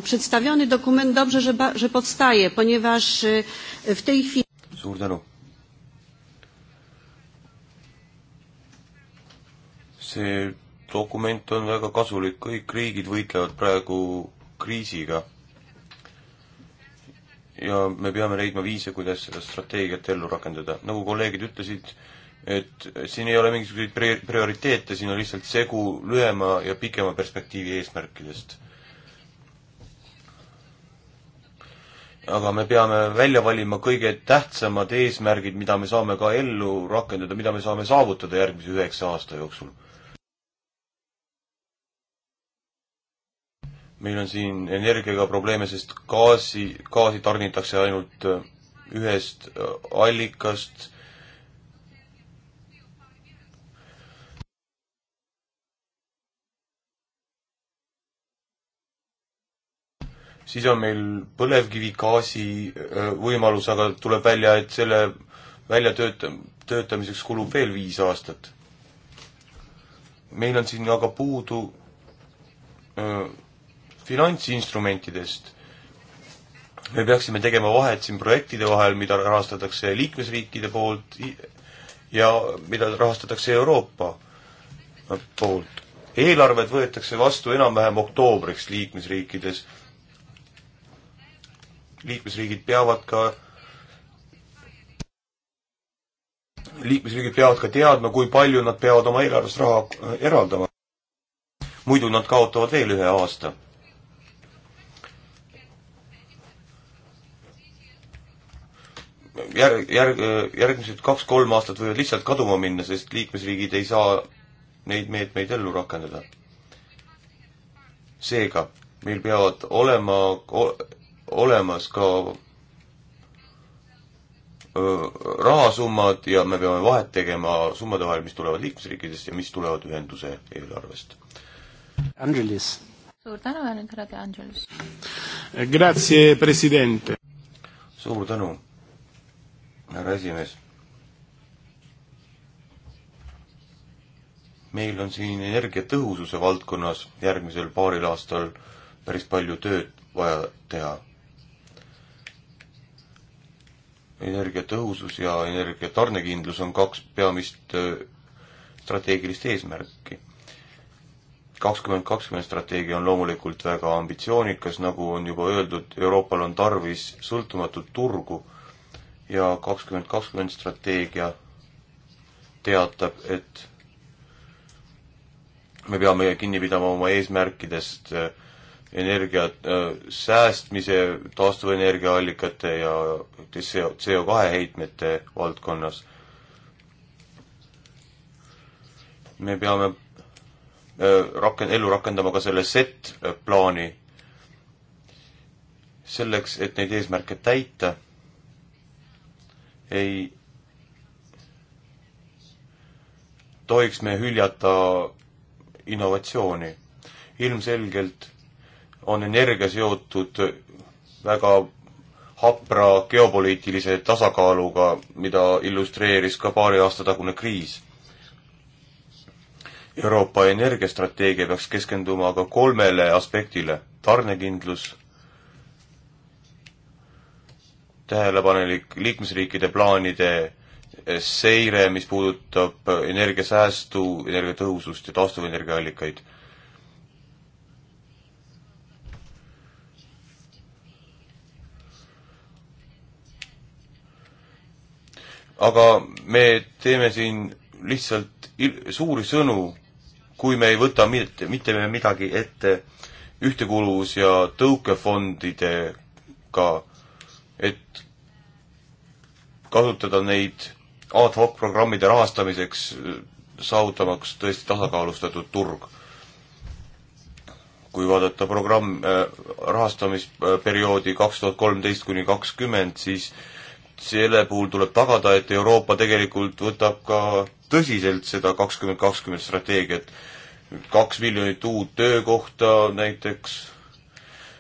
Speaker 1: Przedstawiony dokument dobrze, że, że powstaje, ponieważ e, w tej chwili... Suur tänu. see dokument on väga kasulik, kõik riigid võitlevad praegu kriisiga. ja me peame leidma viise, kuidas seda strateegiat ellu rakendada. nagu kolleegid ütlesid, et siin ei ole mingisuguseid prioriteete, siin on lihtsalt segu lühema ja pikema perspektiivi eesmärkidest. aga me peame välja valima kõige tähtsamad eesmärgid, mida me saame ka ellu rakendada, mida me saame saavutada järgmise üheksa aasta jooksul. meil on siin energiaga probleeme, sest gaasi, gaasi tarnitakse ainult ühest allikast siis on meil põlevkivigaasi äh, võimalus, aga tuleb välja, et selle väljatööta-, töötamiseks kulub veel viis aastat. meil on siin aga puudu öö, äh, finantsinstrumentidest. me peaksime tegema vahet siin projektide vahel, mida rahastatakse liikmesriikide poolt ja mida rahastatakse Euroopa poolt. eelarved võetakse vastu enam-vähem oktoobriks liikmesriikides liikmesriigid peavad ka liikmesriigid peavad ka teadma, kui palju nad peavad oma eelarvest raha äh, eraldama. muidu nad kaotavad veel ühe aasta. järg, järg, järgmised kaks-kolm aastat võivad lihtsalt kaduma minna, sest liikmesriigid ei saa neid meetmeid ellu rakendada. seega, meil peavad olema olemas ka rahasummad ja me peame vahet tegema summade vahel, mis tulevad liikmesriikidest ja mis tulevad ühenduse eelarvest. Angelis.
Speaker 3: suur tänu ja nüüd härra De Angelis.
Speaker 1: Eh, grazie, president. suur tänu, härra esimees. meil on siin energiatõhususe valdkonnas järgmisel paaril aastal päris palju tööd vaja teha energiatõhusus ja energia tarnekindlus on kaks peamist strateegilist eesmärki. kakskümmend kakskümmend strateegia on loomulikult väga ambitsioonikas, nagu on juba öeldud, Euroopal on tarvis sõltumatut turgu ja kakskümmend kakskümmend strateegia teatab, et me peame kinni pidama oma eesmärkidest äh, energia äh, säästmise, taastuvenergiaallikate ja CO kahe heitmete valdkonnas. me peame äh, rakend-, ellu rakendama ka selle set plaani. selleks, et neid eesmärke täita, ei tohiks me hüljata innovatsiooni. ilmselgelt on energia seotud väga hapra geopoliitilise tasakaaluga, mida illustreeris ka paari aasta tagune kriis. Euroopa energiastrateegia peaks keskenduma aga kolmele aspektile, tarnekindlus, tähelepanelik liikmesriikide plaanide seire, mis puudutab energiasäästu, energiatõhusust ja taastuvenergiaallikaid aga me teeme siin lihtsalt suuri sõnu, kui me ei võta mitte, mitte midagi ette ühtekuuluvus- ja tõukefondidega, et kasutada neid ad hoc programmide rahastamiseks, saavutamaks tõesti tasakaalustatud turg. kui vaadata programm, äh, rahastamisperioodi kaks tuhat kolmteist kuni kakskümmend, siis äh, selle puhul tuleb tagada, et Euroopa tegelikult võtab ka tõsiselt seda kakskümmend kakskümmend strateegiat. kaks miljonit uut töökohta näiteks,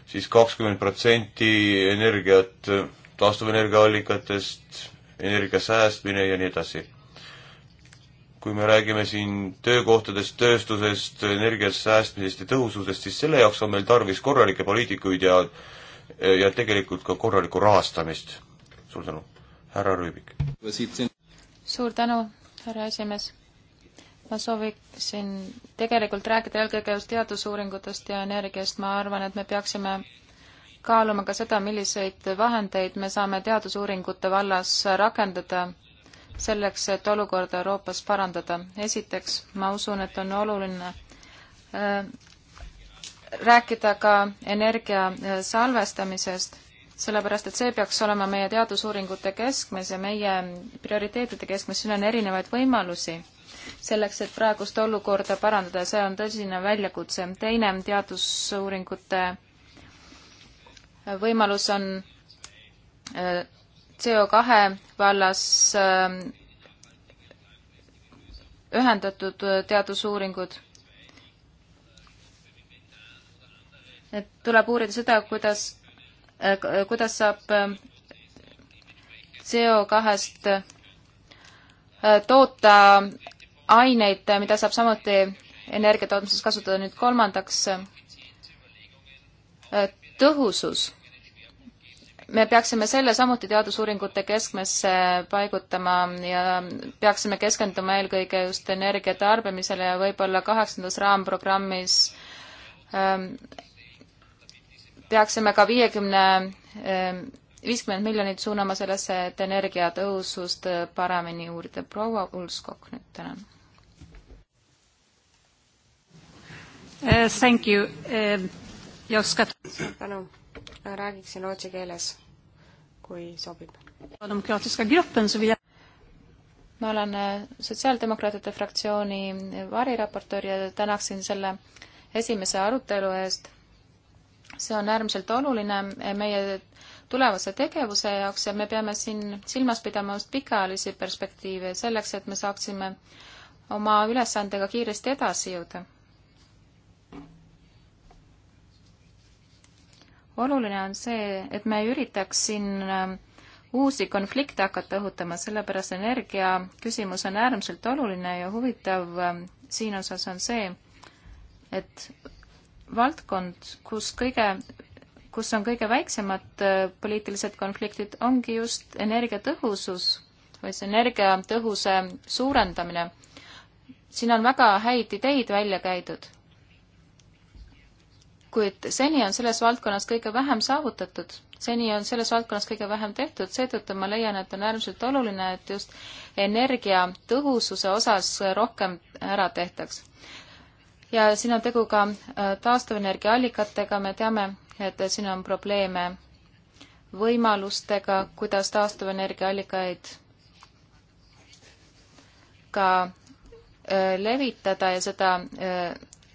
Speaker 1: siis kakskümmend protsenti energiat taastuvenergiaallikatest, energia säästmine ja nii edasi. kui me räägime siin töökohtadest, tööstusest, energiast säästmisest ja tõhususest, siis selle jaoks on meil tarvis korralikke poliitikuid ja ja tegelikult ka korralikku rahastamist suur tänu, härra Rüübik.
Speaker 3: suur tänu, härra esimees. ma sooviksin tegelikult rääkida eelkõige just teadusuuringutest ja energiast, ma arvan, et me peaksime kaaluma ka seda, milliseid vahendeid me saame teadusuuringute vallas rakendada selleks, et olukorda Euroopas parandada. esiteks, ma usun, et on oluline äh, rääkida ka energia äh, salvestamisest sellepärast et see peaks olema meie teadusuuringute keskmes ja meie prioriteetide keskmes, siin on erinevaid võimalusi selleks, et praegust olukorda parandada, see on tõsine väljakutse. teine teadusuuringute võimalus on äh, CO2 vallas äh, ühendatud teadusuuringud et tuleb uurida seda, kuidas Äh, äh, kuidas saab ähm, CO2-st äh, toota aineid, mida saab samuti energia tootmises kasutada. nüüd kolmandaks, tõhusus. me peaksime selle samuti teadusuuringute keskmesse paigutama ja peaksime keskenduma eelkõige just energia tarbimisele ja võib-olla kaheksandas raamprogrammis ähm, peaksime ka viiekümne, ehm, viiskümmend miljonit suunama sellesse, et energiatõhusust eh, paremini uurida. proua Ulskok nüüd tänan
Speaker 2: uh,. Thank you uh,. Eh, Joska. tänu. räägiksin rootsi keeles, kui sobib.
Speaker 3: ma olen Sotsiaaldemokraatide fraktsiooni variraportöör ja tänaksin selle esimese arutelu eest see on äärmiselt oluline meie tulevase tegevuse jaoks ja me peame siin silmas pidama just pikaajalisi perspektiive selleks, et me saaksime oma ülesandega kiiresti edasi jõuda. oluline on see, et me ei üritaks siin äh, uusi konflikte hakata õhutama, sellepärast energia küsimus on äärmiselt oluline ja huvitav äh, siin osas on see, et valdkond, kus kõige, kus on kõige väiksemad äh, poliitilised konfliktid, ongi just energiatõhusus või see energiatõhuse suurendamine. siin on väga häid ideid välja käidud. kuid seni on selles valdkonnas kõige vähem saavutatud, seni on selles valdkonnas kõige vähem tehtud, seetõttu ma leian, et on äärmiselt oluline, et just energiatõhususe osas rohkem ära tehtaks ja siin on tegu ka äh, taastuvenergiaallikatega, me teame, et siin on probleeme võimalustega, kuidas taastuvenergiaallikaid ka äh, levitada ja seda äh,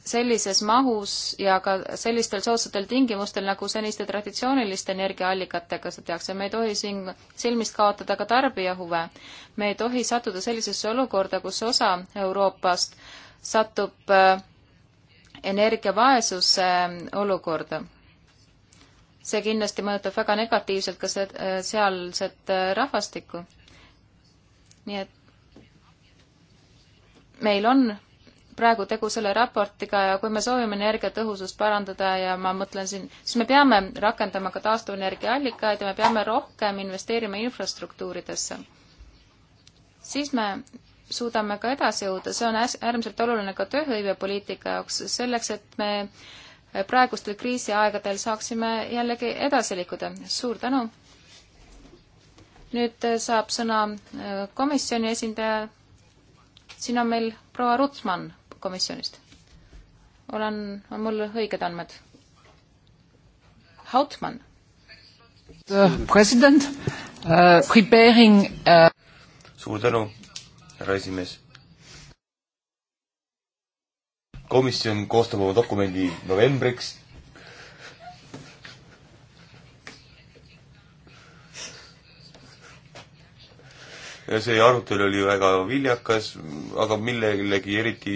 Speaker 3: sellises mahus ja ka sellistel soodsatel tingimustel, nagu seniste traditsiooniliste energiaallikatega seda tehakse. me ei tohi siin silmist kaotada ka tarbija huve. me ei tohi sattuda sellisesse olukorda, kus osa Euroopast satub äh, energiavaesuse ähm, olukorda. see kindlasti mõjutab väga negatiivselt ka äh, sealset äh, rahvastikku. nii et meil on praegu tegu selle raportiga ja kui me soovime energiatõhusust parandada ja ma mõtlen siin, siis me peame rakendama ka taastuvenergia allikaid ja me peame rohkem investeerima infrastruktuuridesse. siis me suudame ka edasi jõuda, see on äärmiselt oluline ka tööhõivepoliitika jaoks, selleks et me praegustel kriisiaegadel saaksime jällegi edasi liikuda. suur tänu! nüüd äh, saab sõna äh, komisjoni esindaja. siin on meil proua Rutsmann komisjonist. olen, on mul õiged andmed? Hautmann. president uh,, preparing uh....
Speaker 1: suur tänu härra esimees. komisjon koostab oma dokumendi novembriks. ja see arutelu oli väga viljakas, aga millelegi eriti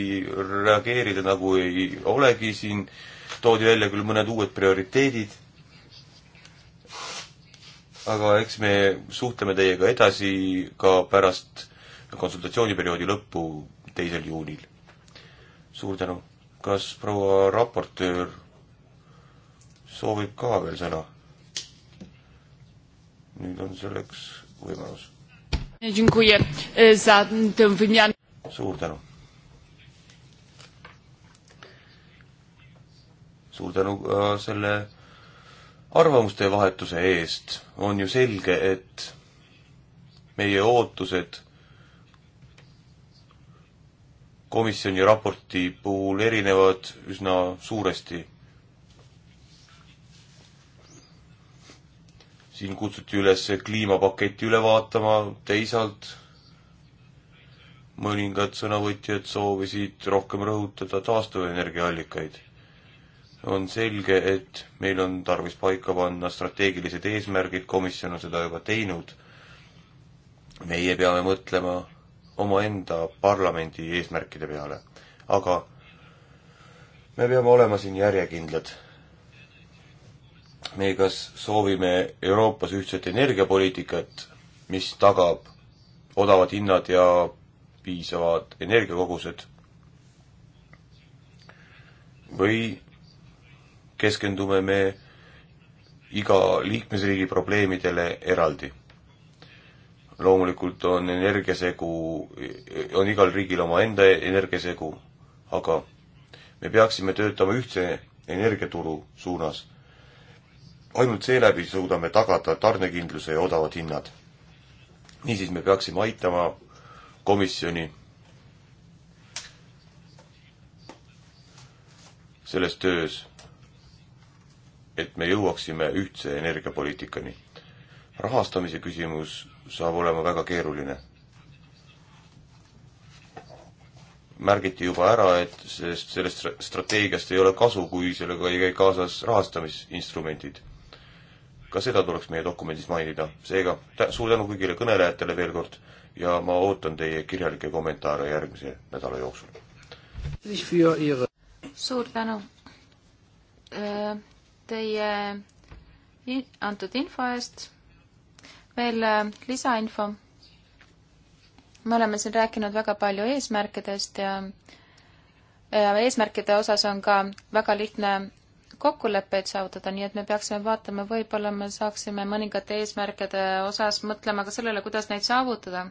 Speaker 1: reageerida nagu ei olegi, siin toodi välja küll mõned uued prioriteedid aga eks me suhtleme teiega edasi ka pärast konsultatsiooniperioodi lõppu teisel juunil. suur tänu. kas proua raportöör soovib ka veel sõna? nüüd on selleks võimalus.
Speaker 2: E,
Speaker 1: suur tänu. suur tänu ka e, selle arvamuste vahetuse eest. on ju selge, et meie ootused komisjoni raporti puhul erinevad üsna suuresti. siin kutsuti üles kliimapaketti üle vaatama, teisalt mõningad sõnavõtjad soovisid rohkem rõhutada taastuvenergiaallikaid. on selge, et meil on tarvis paika panna strateegilised eesmärgid, komisjon on seda juba teinud. meie peame mõtlema omaenda parlamendi eesmärkide peale. aga me peame olema siin järjekindlad. me kas soovime Euroopas ühtset energiapoliitikat, mis tagab odavad hinnad ja piisavad energiakogused, või keskendume me iga liikmesriigi probleemidele eraldi loomulikult on energiasegu, on igal riigil omaenda energiasegu, aga me peaksime töötama ühtse energiaturu suunas. ainult seeläbi suudame tagada tarnekindluse ja odavad hinnad. niisiis me peaksime aitama komisjoni selles töös, et me jõuaksime ühtse energiapoliitikani. rahastamise küsimus saab olema väga keeruline. märgiti juba ära, et sellest, sellest strateegiast ei ole kasu, kui sellega ei käi kaasas rahastamisinstrumendid. ka seda tuleks meie dokumendis mainida. seega tä-, suur tänu kõigile kõnelejatele veel kord ja ma ootan teie kirjalikke kommentaare järgmise nädala jooksul.
Speaker 3: suur tänu teie antud info eest veel äh, lisainfo. me oleme siin rääkinud väga palju eesmärkidest ja, ja eesmärkide osas on ka väga lihtne kokkuleppeid saavutada, nii et me peaksime vaatama, võib-olla me saaksime mõningate eesmärkide osas mõtlema ka sellele, kuidas neid saavutada.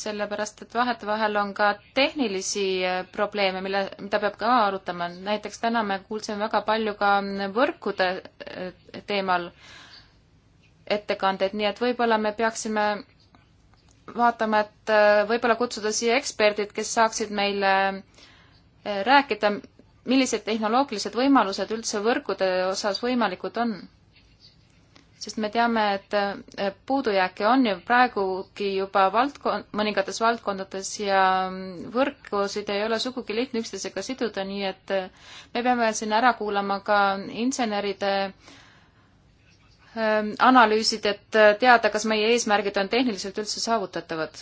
Speaker 3: sellepärast, et vahetevahel on ka tehnilisi äh, probleeme, mille, mida peab ka arutama. näiteks täna me kuulsime väga palju ka võrkude äh, teemal ettekandeid, nii et võib-olla me peaksime vaatama, et äh, võib-olla kutsuda siia eksperdid, kes saaksid meile äh, rääkida, millised tehnoloogilised võimalused üldse võrkude osas võimalikud on. sest me teame, et äh, puudujääke on ju praegugi juba valdkond, mõningates valdkondades ja mm, võrkusid ei ole sugugi lihtne üksteisega siduda, nii et me peame siin ära kuulama ka inseneride äh, Ähm, analüüsid, et äh, teada, kas meie eesmärgid on tehniliselt üldse saavutatavad.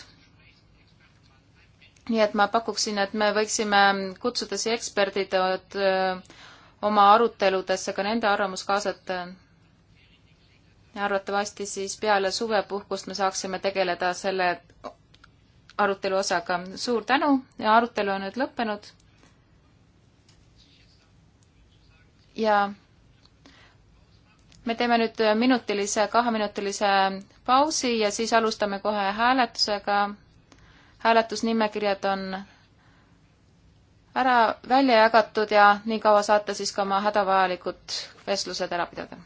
Speaker 3: nii et ma pakuksin, et me võiksime kutsuda siia eksperdid äh, oma aruteludesse ka nende arvamus kaasata. arvatavasti siis peale suvepuhkust me saaksime tegeleda selle arutelu osaga. suur tänu ja arutelu on nüüd lõppenud. ja me teeme nüüd minutilise, kaheminutilise pausi ja siis alustame kohe hääletusega. hääletusnimekirjad on ära välja jagatud ja niikaua saate siis ka oma hädavajalikud vestlused ära pidada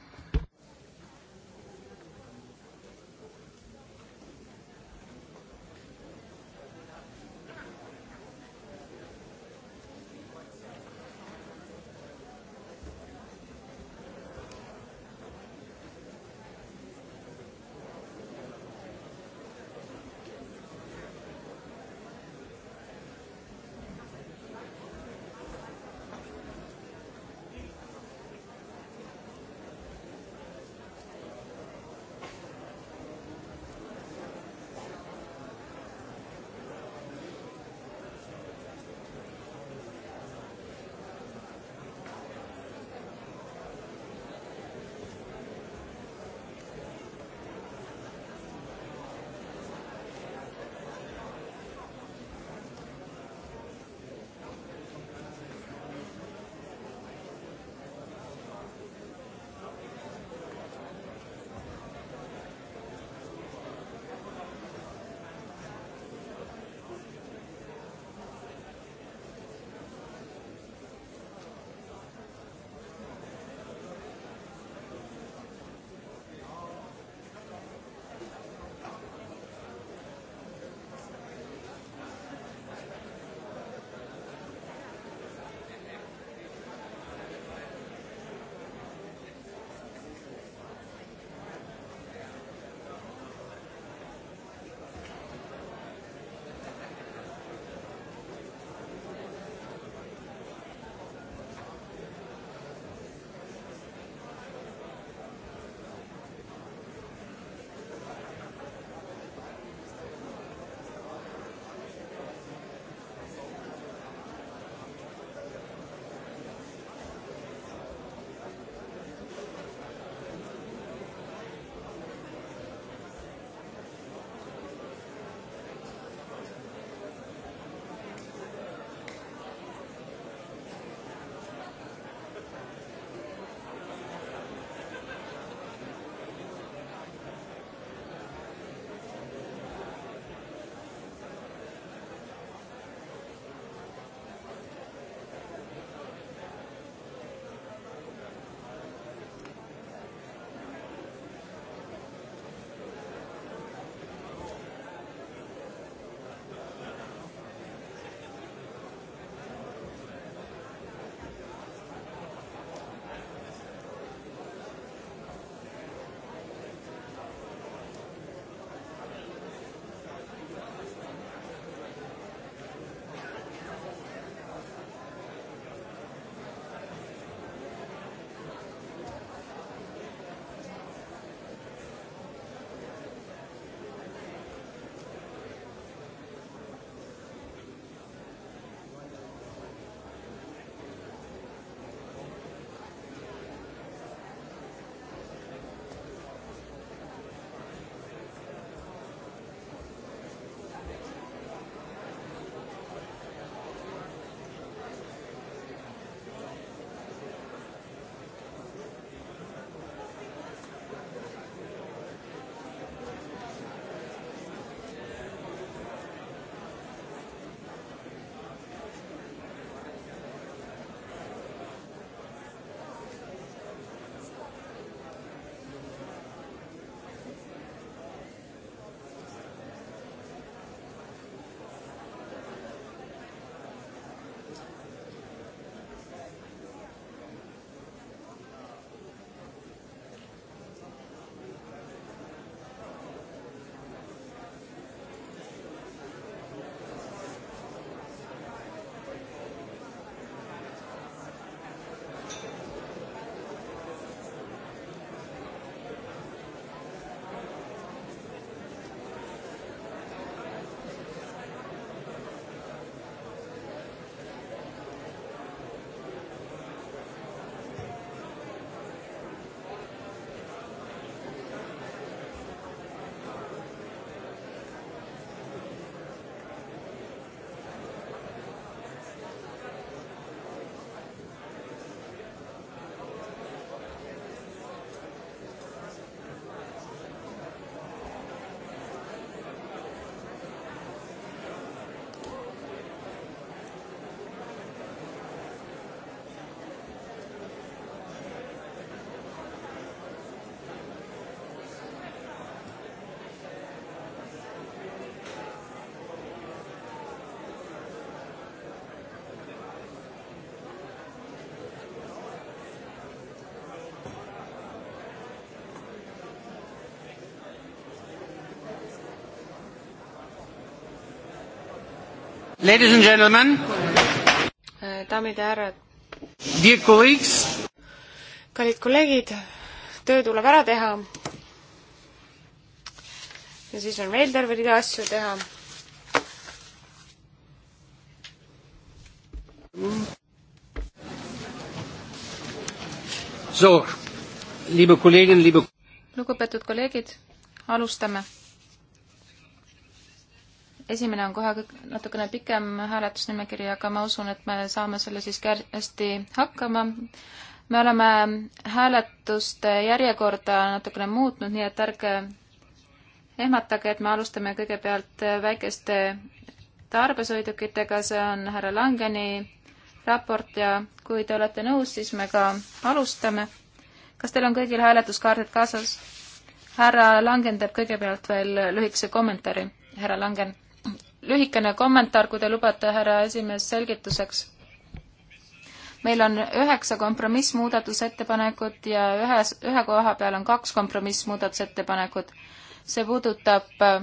Speaker 1: Ladies and gentlemen.
Speaker 2: daamid ja härrad.
Speaker 1: Dear colleagues.
Speaker 2: kallid kolleegid, töö tuleb ära teha. ja siis on veel terve rida asju teha. So, liebe Kolleginnen, liebe
Speaker 3: lugupeetud kolleegid, alustame esimene on kohe natukene pikem hääletusnimekiri, aga ma usun, et me saame selle siiski hästi hakkama. me oleme hääletuste järjekorda natukene muutnud, nii et ärge ehmatage, et me alustame kõigepealt väikeste tarbesõidukitega, see on härra Langeni raport ja kui te olete nõus, siis me ka alustame. kas teil on kõigil hääletuskaardid kaasas? härra Langen teeb kõigepealt veel lühikese kommentaari. härra Langen lühikene kommentaar, kui te lubate, härra esimees, selgituseks. meil on üheksa kompromissmuudatusettepanekut ja ühes, ühe koha peal on kaks kompromissmuudatusettepanekut. see puudutab äh,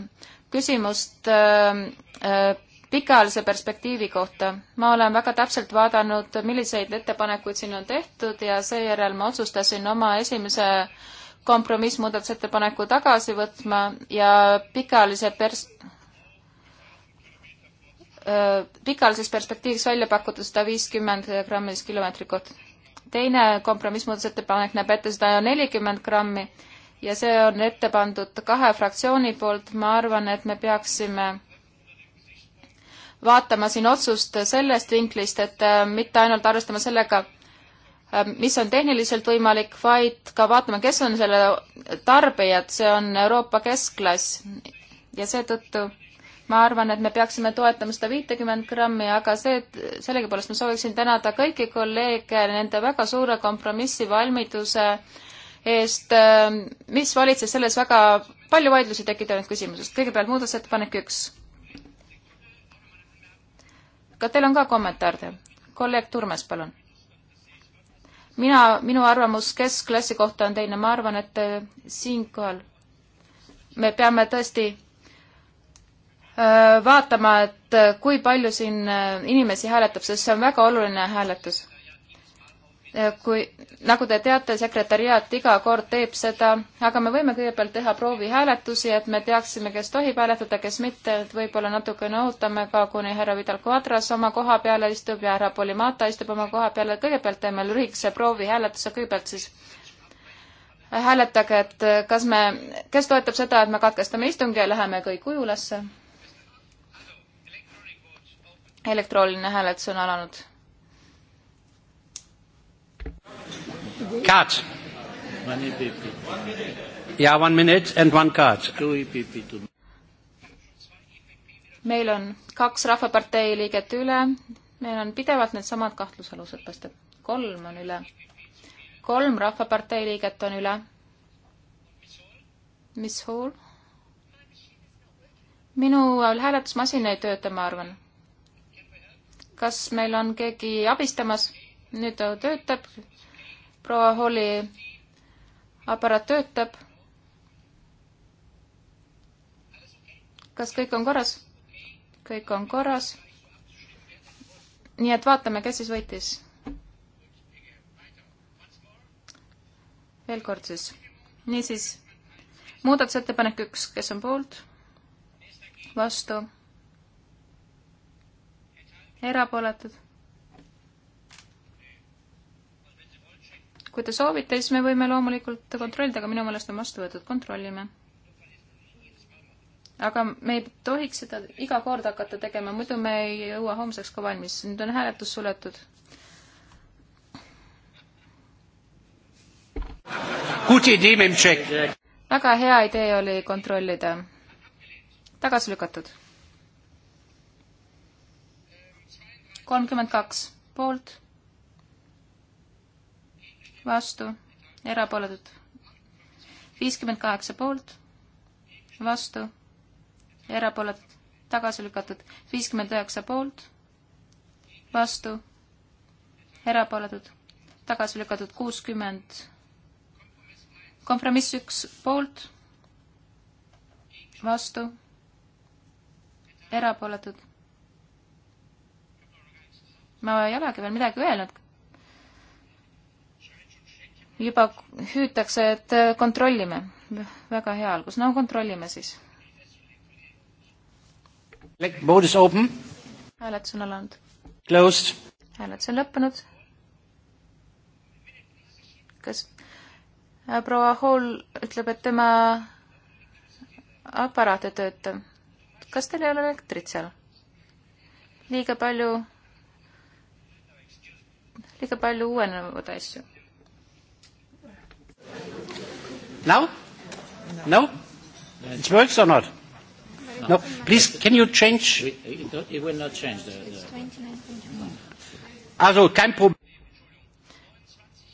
Speaker 3: küsimust äh, äh, pikaajalise perspektiivi kohta. ma olen väga täpselt vaadanud, milliseid ettepanekuid siin on tehtud ja seejärel ma otsustasin oma esimese kompromissmuudatusettepaneku tagasi võtma ja pikaajalise pers-, pikaajalises perspektiivis välja pakutud sada viiskümmend grammi siis kilomeetri kohta. teine kompromissmuudatusettepanek näeb ette sada nelikümmend grammi ja see on ette pandud kahe fraktsiooni poolt, ma arvan, et me peaksime vaatama siin otsust sellest vinklist, et äh, mitte ainult arvestama sellega, äh, mis on tehniliselt võimalik, vaid ka vaatama, kes on selle tarbijad, see on Euroopa keskklass ja seetõttu ma arvan, et me peaksime toetama seda viitekümmet grammi, aga see, et sellegipoolest ma sooviksin tänada kõiki kolleege nende väga suure kompromissivalmiduse eest, ähm, mis valitses selles väga palju vaidlusi tekitanud küsimusest. kõigepealt muudatusettepanek üks. kas teil on ka kommentaar teil? kolleeg Turmes, palun. mina, minu arvamus keskklassi kohta on teine, ma arvan, et äh, siinkohal me peame tõesti Äh, vaatama, et äh, kui palju siin äh, inimesi hääletab, sest see on väga oluline hääletus. kui, nagu te teate, sekretäriaat iga kord teeb seda, aga me võime kõigepealt teha proovihääletusi, et me teaksime, kes tohib hääletada, kes mitte, et võib-olla natukene ootame ka, kuni härra Vidal Quadras oma koha peale istub ja härra Polimata istub oma koha peale, kõigepealt teeme lühikese proovihääletuse, kõigepealt siis hääletage, et kas me, kes toetab seda, et me katkestame istungi ja läheme kõik ujulasse elektrooniline hääletus on alanud.
Speaker 2: Cards.
Speaker 1: jaa, one minute and one card.
Speaker 3: meil on kaks Rahvapartei liiget üle, meil on pidevalt needsamad kahtlusalused, paistab. kolm on üle. kolm Rahvapartei liiget on üle. mis hool? minu hääletusmasin ei tööta, ma arvan kas meil on keegi abistamas? nüüd ta töötab. proua Holli aparaat töötab. kas kõik on korras? kõik on korras. nii et vaatame, kes siis võitis. veel kord siis. niisiis, muudatusettepanek üks, kes on poolt? vastu erapooletud. kui te soovite, siis me võime loomulikult kontrollida, aga minu meelest on vastu võetud, kontrollime. aga me ei tohiks seda iga kord hakata tegema, muidu me ei jõua homseks ka valmis. nüüd on hääletus suletud. väga hea idee oli kontrollida. tagasi lükatud kolmkümmend kaks poolt, vastu, erapooletud. viiskümmend kaheksa poolt, vastu, erapooletud, tagasi lükatud. viiskümmend üheksa poolt, vastu, erapooletud, tagasi lükatud. kuuskümmend. kompromiss üks poolt, vastu, erapooletud ma ei olegi veel midagi öelnud. juba hüütakse, et kontrollime. väga hea algus, no kontrollime siis. hääletus on alanud. hääletus on lõppenud. kas äh, proua Hall ütleb, et tema aparaat ei tööta. kas teil ei ole elektrit seal? liiga palju liiga palju uuenevaid asju.
Speaker 2: Now? No? It works or not? No. Please, can you change?
Speaker 3: It will not change the... the...
Speaker 2: Also, kein Problem.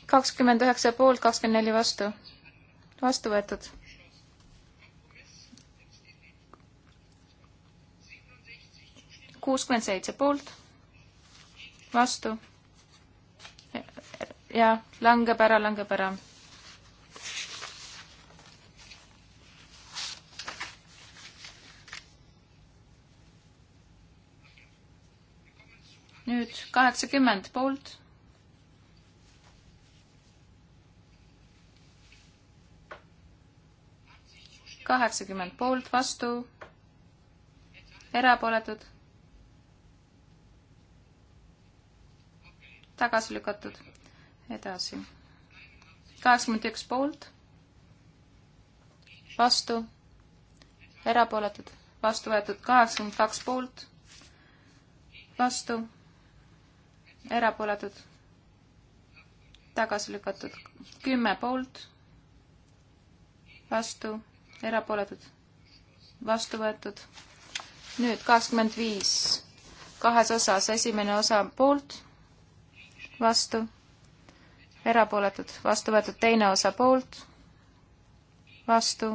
Speaker 3: kakskümmend üheksa poolt, kakskümmend neli vastu. vastu võetud. kuuskümmend seitse poolt, vastu ja langeb ära, langeb ära. nüüd kaheksakümmend poolt. kaheksakümmend poolt, vastu, erapooletud, tagasi lükatud edasi. kaheksakümmend üks poolt, vastu, erapooletud, vastu võetud kaheksakümmend kaks poolt, vastu, erapooletud, tagasi lükatud kümme poolt, vastu, erapooletud, vastu võetud. nüüd kakskümmend viis kahes osas, esimene osa poolt, vastu erapooletud, vastu võetud teine osa poolt, vastu,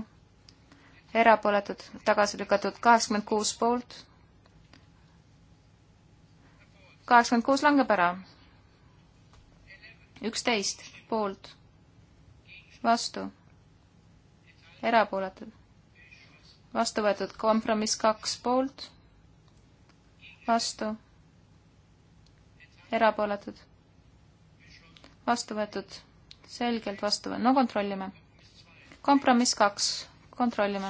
Speaker 3: erapooletud, tagasi lükatud kaheksakümmend kuus poolt. kaheksakümmend kuus langeb ära. üksteist poolt, vastu, erapooletud, vastu võetud kompromiss kaks poolt, vastu, erapooletud vastu võetud, selgelt vastu võetud, no kontrollime. kompromiss kaks, kontrollime.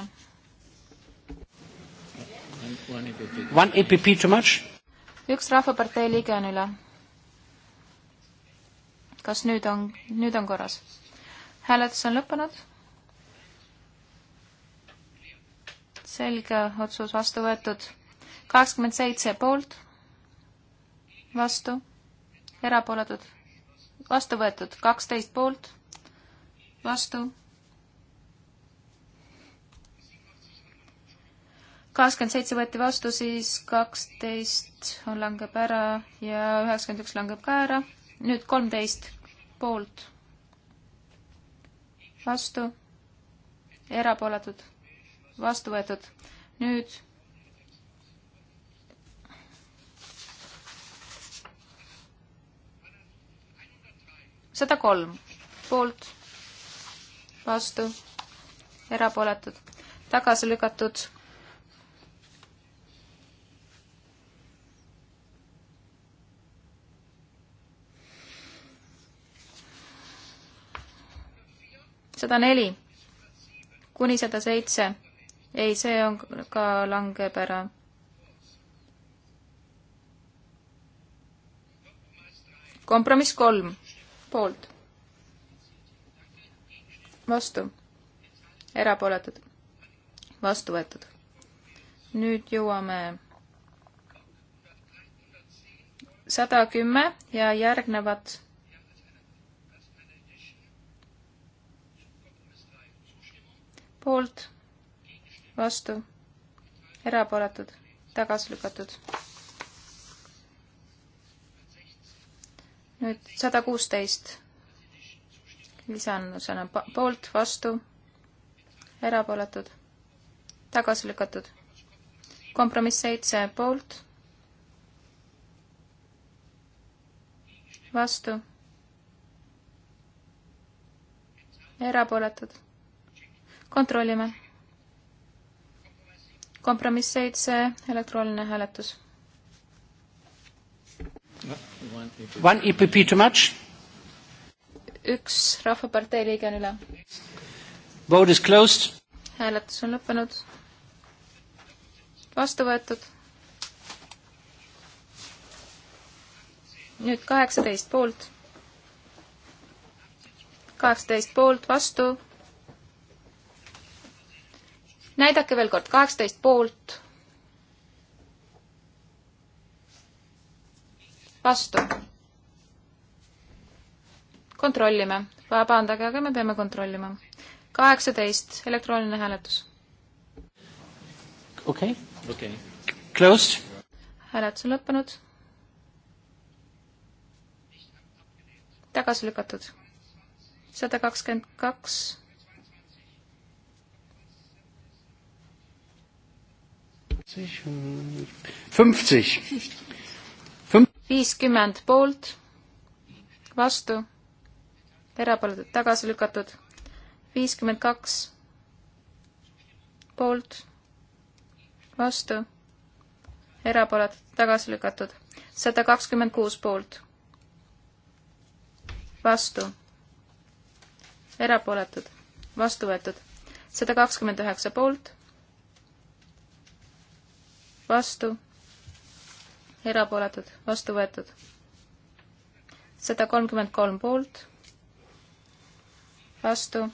Speaker 3: E üks Rahvapartei liige on üle. kas nüüd on, nüüd on korras? hääletus on lõppenud. selge otsus vastu võetud. kakskümmend seitse poolt, vastu, erapooletud vastu võetud, kaksteist poolt, vastu. kakskümmend seitse võeti vastu, siis kaksteist langeb ära ja üheksakümmend üks langeb ka ära. nüüd kolmteist poolt, vastu, erapooletud, vastu võetud. nüüd sada kolm poolt, vastu, erapooletud, tagasi lükatud. sada neli kuni sada seitse. ei, see on ka, langeb ära kompromiss kolm poolt, vastu, erapooletud, vastu võetud. nüüd jõuame sada kümme ja järgnevad poolt, vastu, erapooletud, tagasi lükatud nüüd sada kuusteist lisandusena poolt, vastu, erapooletud, tagasi lükatud. kompromiss seitse poolt, vastu, erapooletud. kontrollime. kompromiss seitse, elektrooniline hääletus One EPP too much? üks Rahvapartei liige on üle.
Speaker 2: Vote is closed.
Speaker 3: hääletus on lõppenud. vastu võetud. nüüd kaheksateist poolt. kaheksateist poolt, vastu. näidake veel kord, kaheksateist poolt vastu. kontrollime, vabandage, aga me peame kontrollima. kaheksateist, elektrooniline hääletus.
Speaker 2: okei okay.. okei okay..
Speaker 3: Closed. hääletus on lõppenud. tagasi lükatud. sada kakskümmend kaks fünfzig viiskümmend poolt, vastu, erapooletud tagasi lükatud, viiskümmend kaks poolt, vastu, erapooletud tagasi lükatud, sada kakskümmend kuus poolt, vastu, erapooletud, vastu võetud, sada kakskümmend üheksa poolt, vastu erapooletud, vastu võetud. sada kolmkümmend kolm poolt, vastu,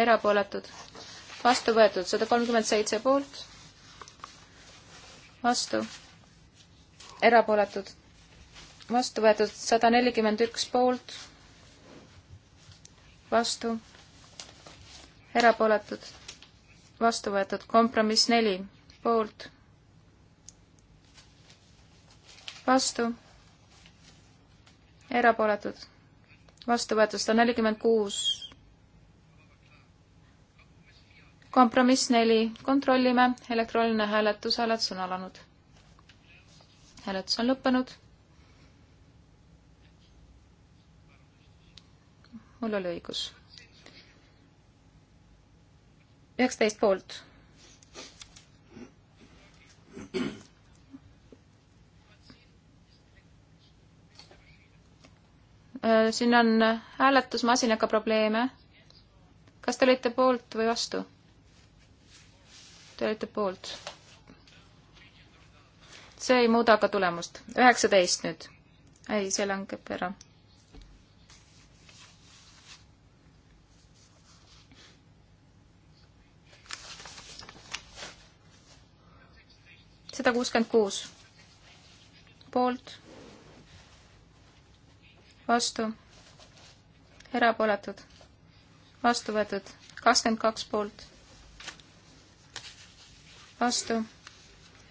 Speaker 3: erapooletud, vastu võetud, sada kolmkümmend seitse poolt, vastu, erapooletud, vastu võetud, sada nelikümmend üks poolt, vastu, erapooletud, vastu võetud, kompromiss neli poolt vastu, erapooletud, vastu võetud sada nelikümmend kuus. kompromiss neli, kontrollime, elektrooniline hääletus, hääletus on alanud. hääletus on lõppenud. mul oli õigus. üheksateist poolt Äh, siin on äh, hääletusmasinaga probleeme. kas te olite poolt või vastu? Te olite poolt. see ei muuda ka tulemust. üheksateist nüüd. ei, see langeb ära. sada kuuskümmend kuus poolt vastu, erapooletud, vastu võetud, kakskümmend kaks poolt, vastu,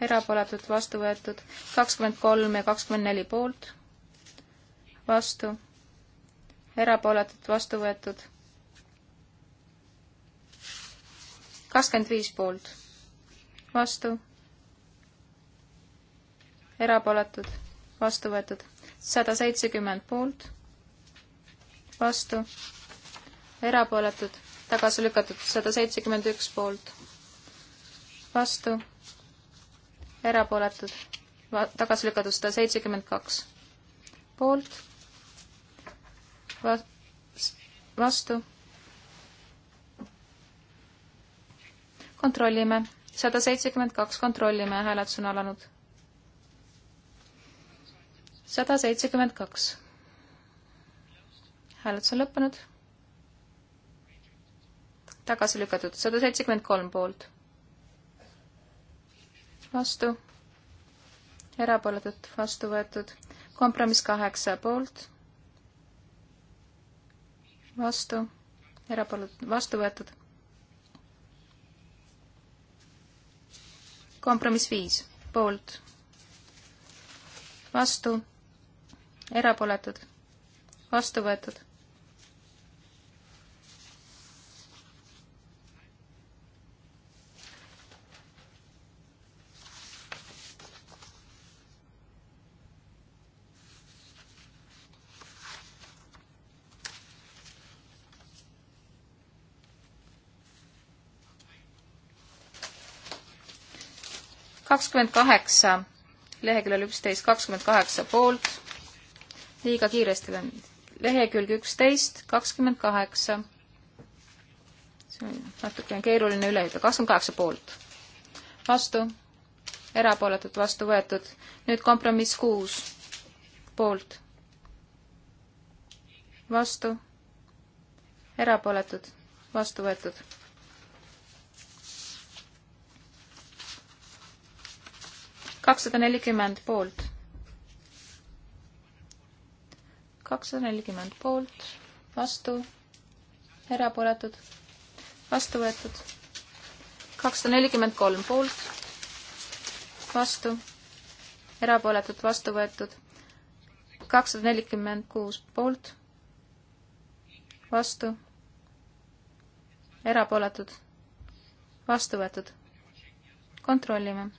Speaker 3: erapooletud, vastu võetud, kakskümmend kolm ja kakskümmend neli poolt, vastu, erapooletud, vastu võetud, kakskümmend viis poolt, vastu, erapooletud, vastu võetud sada seitsekümmend poolt, vastu, erapooletud, tagasi lükatud, sada seitsekümmend üks poolt, vastu, erapooletud, tagasi lükatud, sada seitsekümmend kaks poolt, vastu. kontrollime, sada seitsekümmend kaks, kontrollime, hääletus on alanud sada seitsekümmend kaks. hääletus on lõppenud. tagasi lükatud, sada seitsekümmend kolm poolt. vastu. erapooletud, vastu võetud. kompromiss kaheksa poolt. vastu. erapooletud, vastu võetud kompromiss viis, poolt, vastu, erapooletud, vastu võetud. kakskümmend kaheksa, leheküljel üksteist kakskümmend kaheksa poolt liiga kiiresti läinud. lehekülg üksteist, kakskümmend kaheksa. see on natukene keeruline ülehüpe, kakskümmend kaheksa poolt. vastu, erapooletult vastu võetud. nüüd kompromiss kuus, poolt. vastu, erapooletud, vastu võetud kakssada nelikümmend poolt. kakssada nelikümmend poolt, vastu, erapooletud, vastu võetud. kakssada nelikümmend kolm poolt, vastu, erapooletud, vastu võetud. kakssada nelikümmend kuus poolt, vastu, erapooletud, vastu võetud. kontrollime.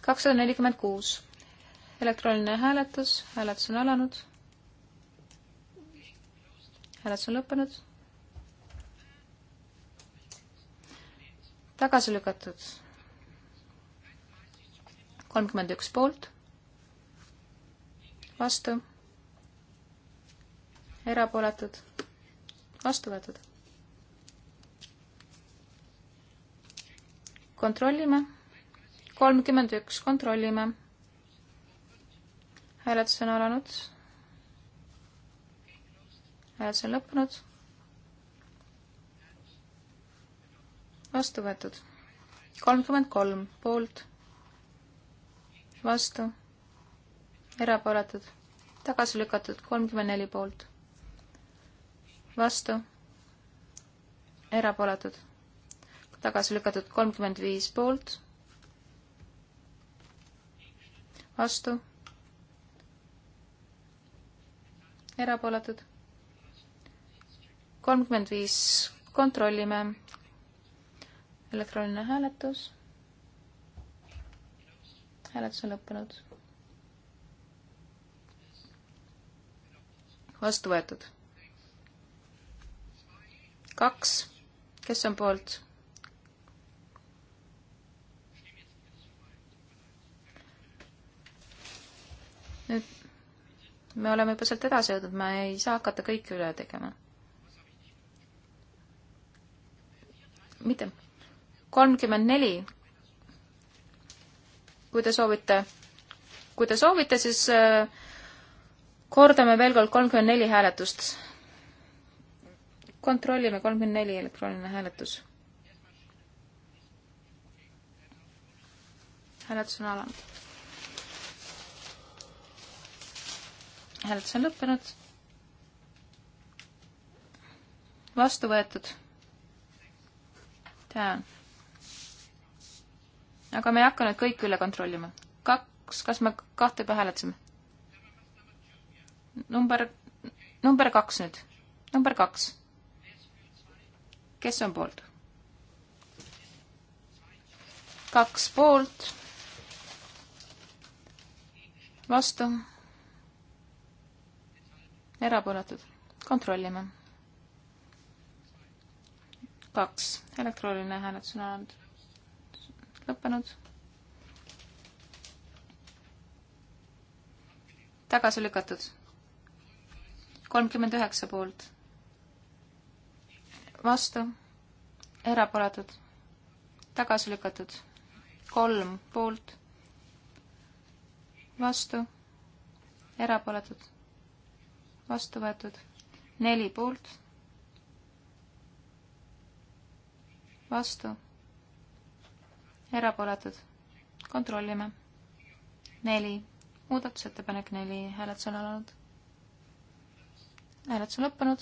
Speaker 3: kakssada nelikümmend kuus elektrooniline hääletus, hääletus on alanud hääletus on lõppenud. tagasi lükatud. kolmkümmend üks poolt, vastu, erapooletud, vastu võetud. kontrollime, kolmkümmend üks, kontrollime. hääletus on alanud hääletus on lõppenud. vastu võetud. kolmkümmend kolm poolt, vastu, erapooletud, tagasi lükatud, kolmkümmend neli poolt, vastu, erapooletud, tagasi lükatud, kolmkümmend viis poolt, vastu, erapooletud kolmkümmend viis, kontrollime. elektrooniline hääletus. hääletus on lõppenud. vastu võetud. kaks, kes on poolt? nüüd me oleme juba sealt edasi jõudnud, ma ei saa hakata kõike üle tegema. mitte, kolmkümmend neli. kui te soovite, kui te soovite, siis äh, kordame veel kord kolmkümmend neli hääletust. kontrollime kolmkümmend neli elektrooniline hääletus. hääletus on alanud. hääletus on lõppenud. vastu võetud tean. aga me ei hakka nüüd kõike üle kontrollima. kaks, kas me kahte juba hääletasime? number, number kaks nüüd. number kaks. kes on poolt? kaks poolt. vastu. erapooletud. kontrollime kaks, elektrooniline hääletus on alanud, lõppenud. tagasi lükatud. kolmkümmend üheksa poolt. vastu, erapooletud, tagasi lükatud. kolm poolt, vastu, erapooletud, vastu võetud. neli poolt vastu, erapooletud, kontrollime. neli, muudatusettepanek neli, hääletus on alanud. hääletus on lõppenud.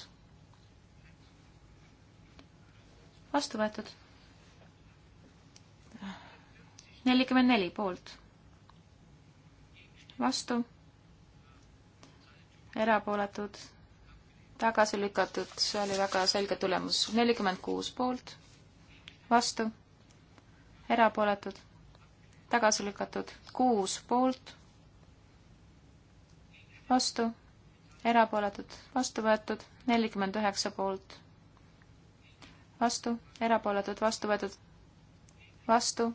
Speaker 3: vastu võetud. nelikümmend neli poolt, vastu, erapooletud tagasi lükatud, see oli väga selge tulemus, nelikümmend kuus poolt vastu, erapooletud, tagasi lükatud, kuus poolt, vastu, erapooletud, vastu võetud, nelikümmend üheksa poolt, vastu, erapooletud, vastu võetud, vastu,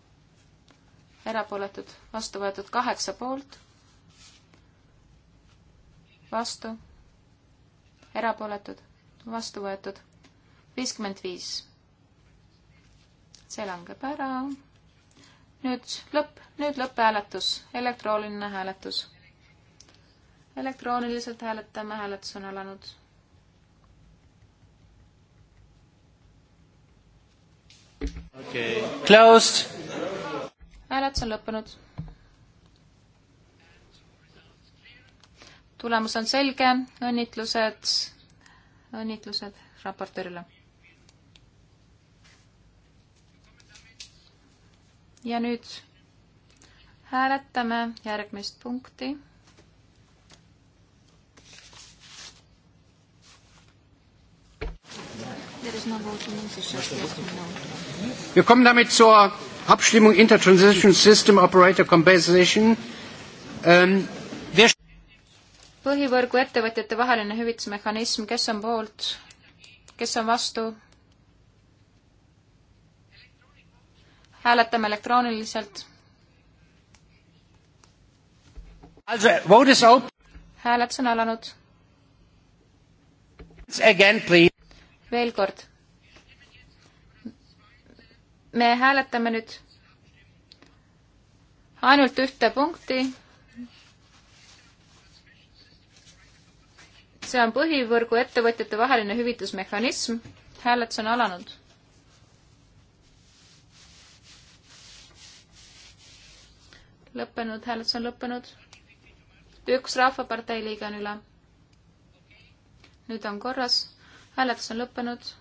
Speaker 3: erapooletud, vastu võetud, kaheksa poolt, vastu, erapooletud, vastu võetud, viiskümmend viis see langeb ära. nüüd lõpp, nüüd lõpphääletus, elektrooniline hääletus. elektrooniliselt hääletame, hääletus on alanud.
Speaker 2: Okay. Closed.
Speaker 3: hääletus on lõppenud. tulemus on selge, õnnitlused, õnnitlused raportöörile ja nüüd hääletame järgmist punkti.
Speaker 2: Wir kommen damit zur Abstimmung Intertransition System Operator Compensation ähm,. põhivõrgu
Speaker 3: ettevõtjate vaheline hüvitusmehhanism, kes on poolt, kes on vastu? hääletame elektrooniliselt. hääletus on alanud. veel kord. me hääletame nüüd ainult ühte punkti. see on põhivõrgu ettevõtjate vaheline hüvitusmehhanism. hääletus on alanud lõppenud, hääletus on lõppenud. üks Rahvapartei liige on üle. nüüd on korras, hääletus on lõppenud.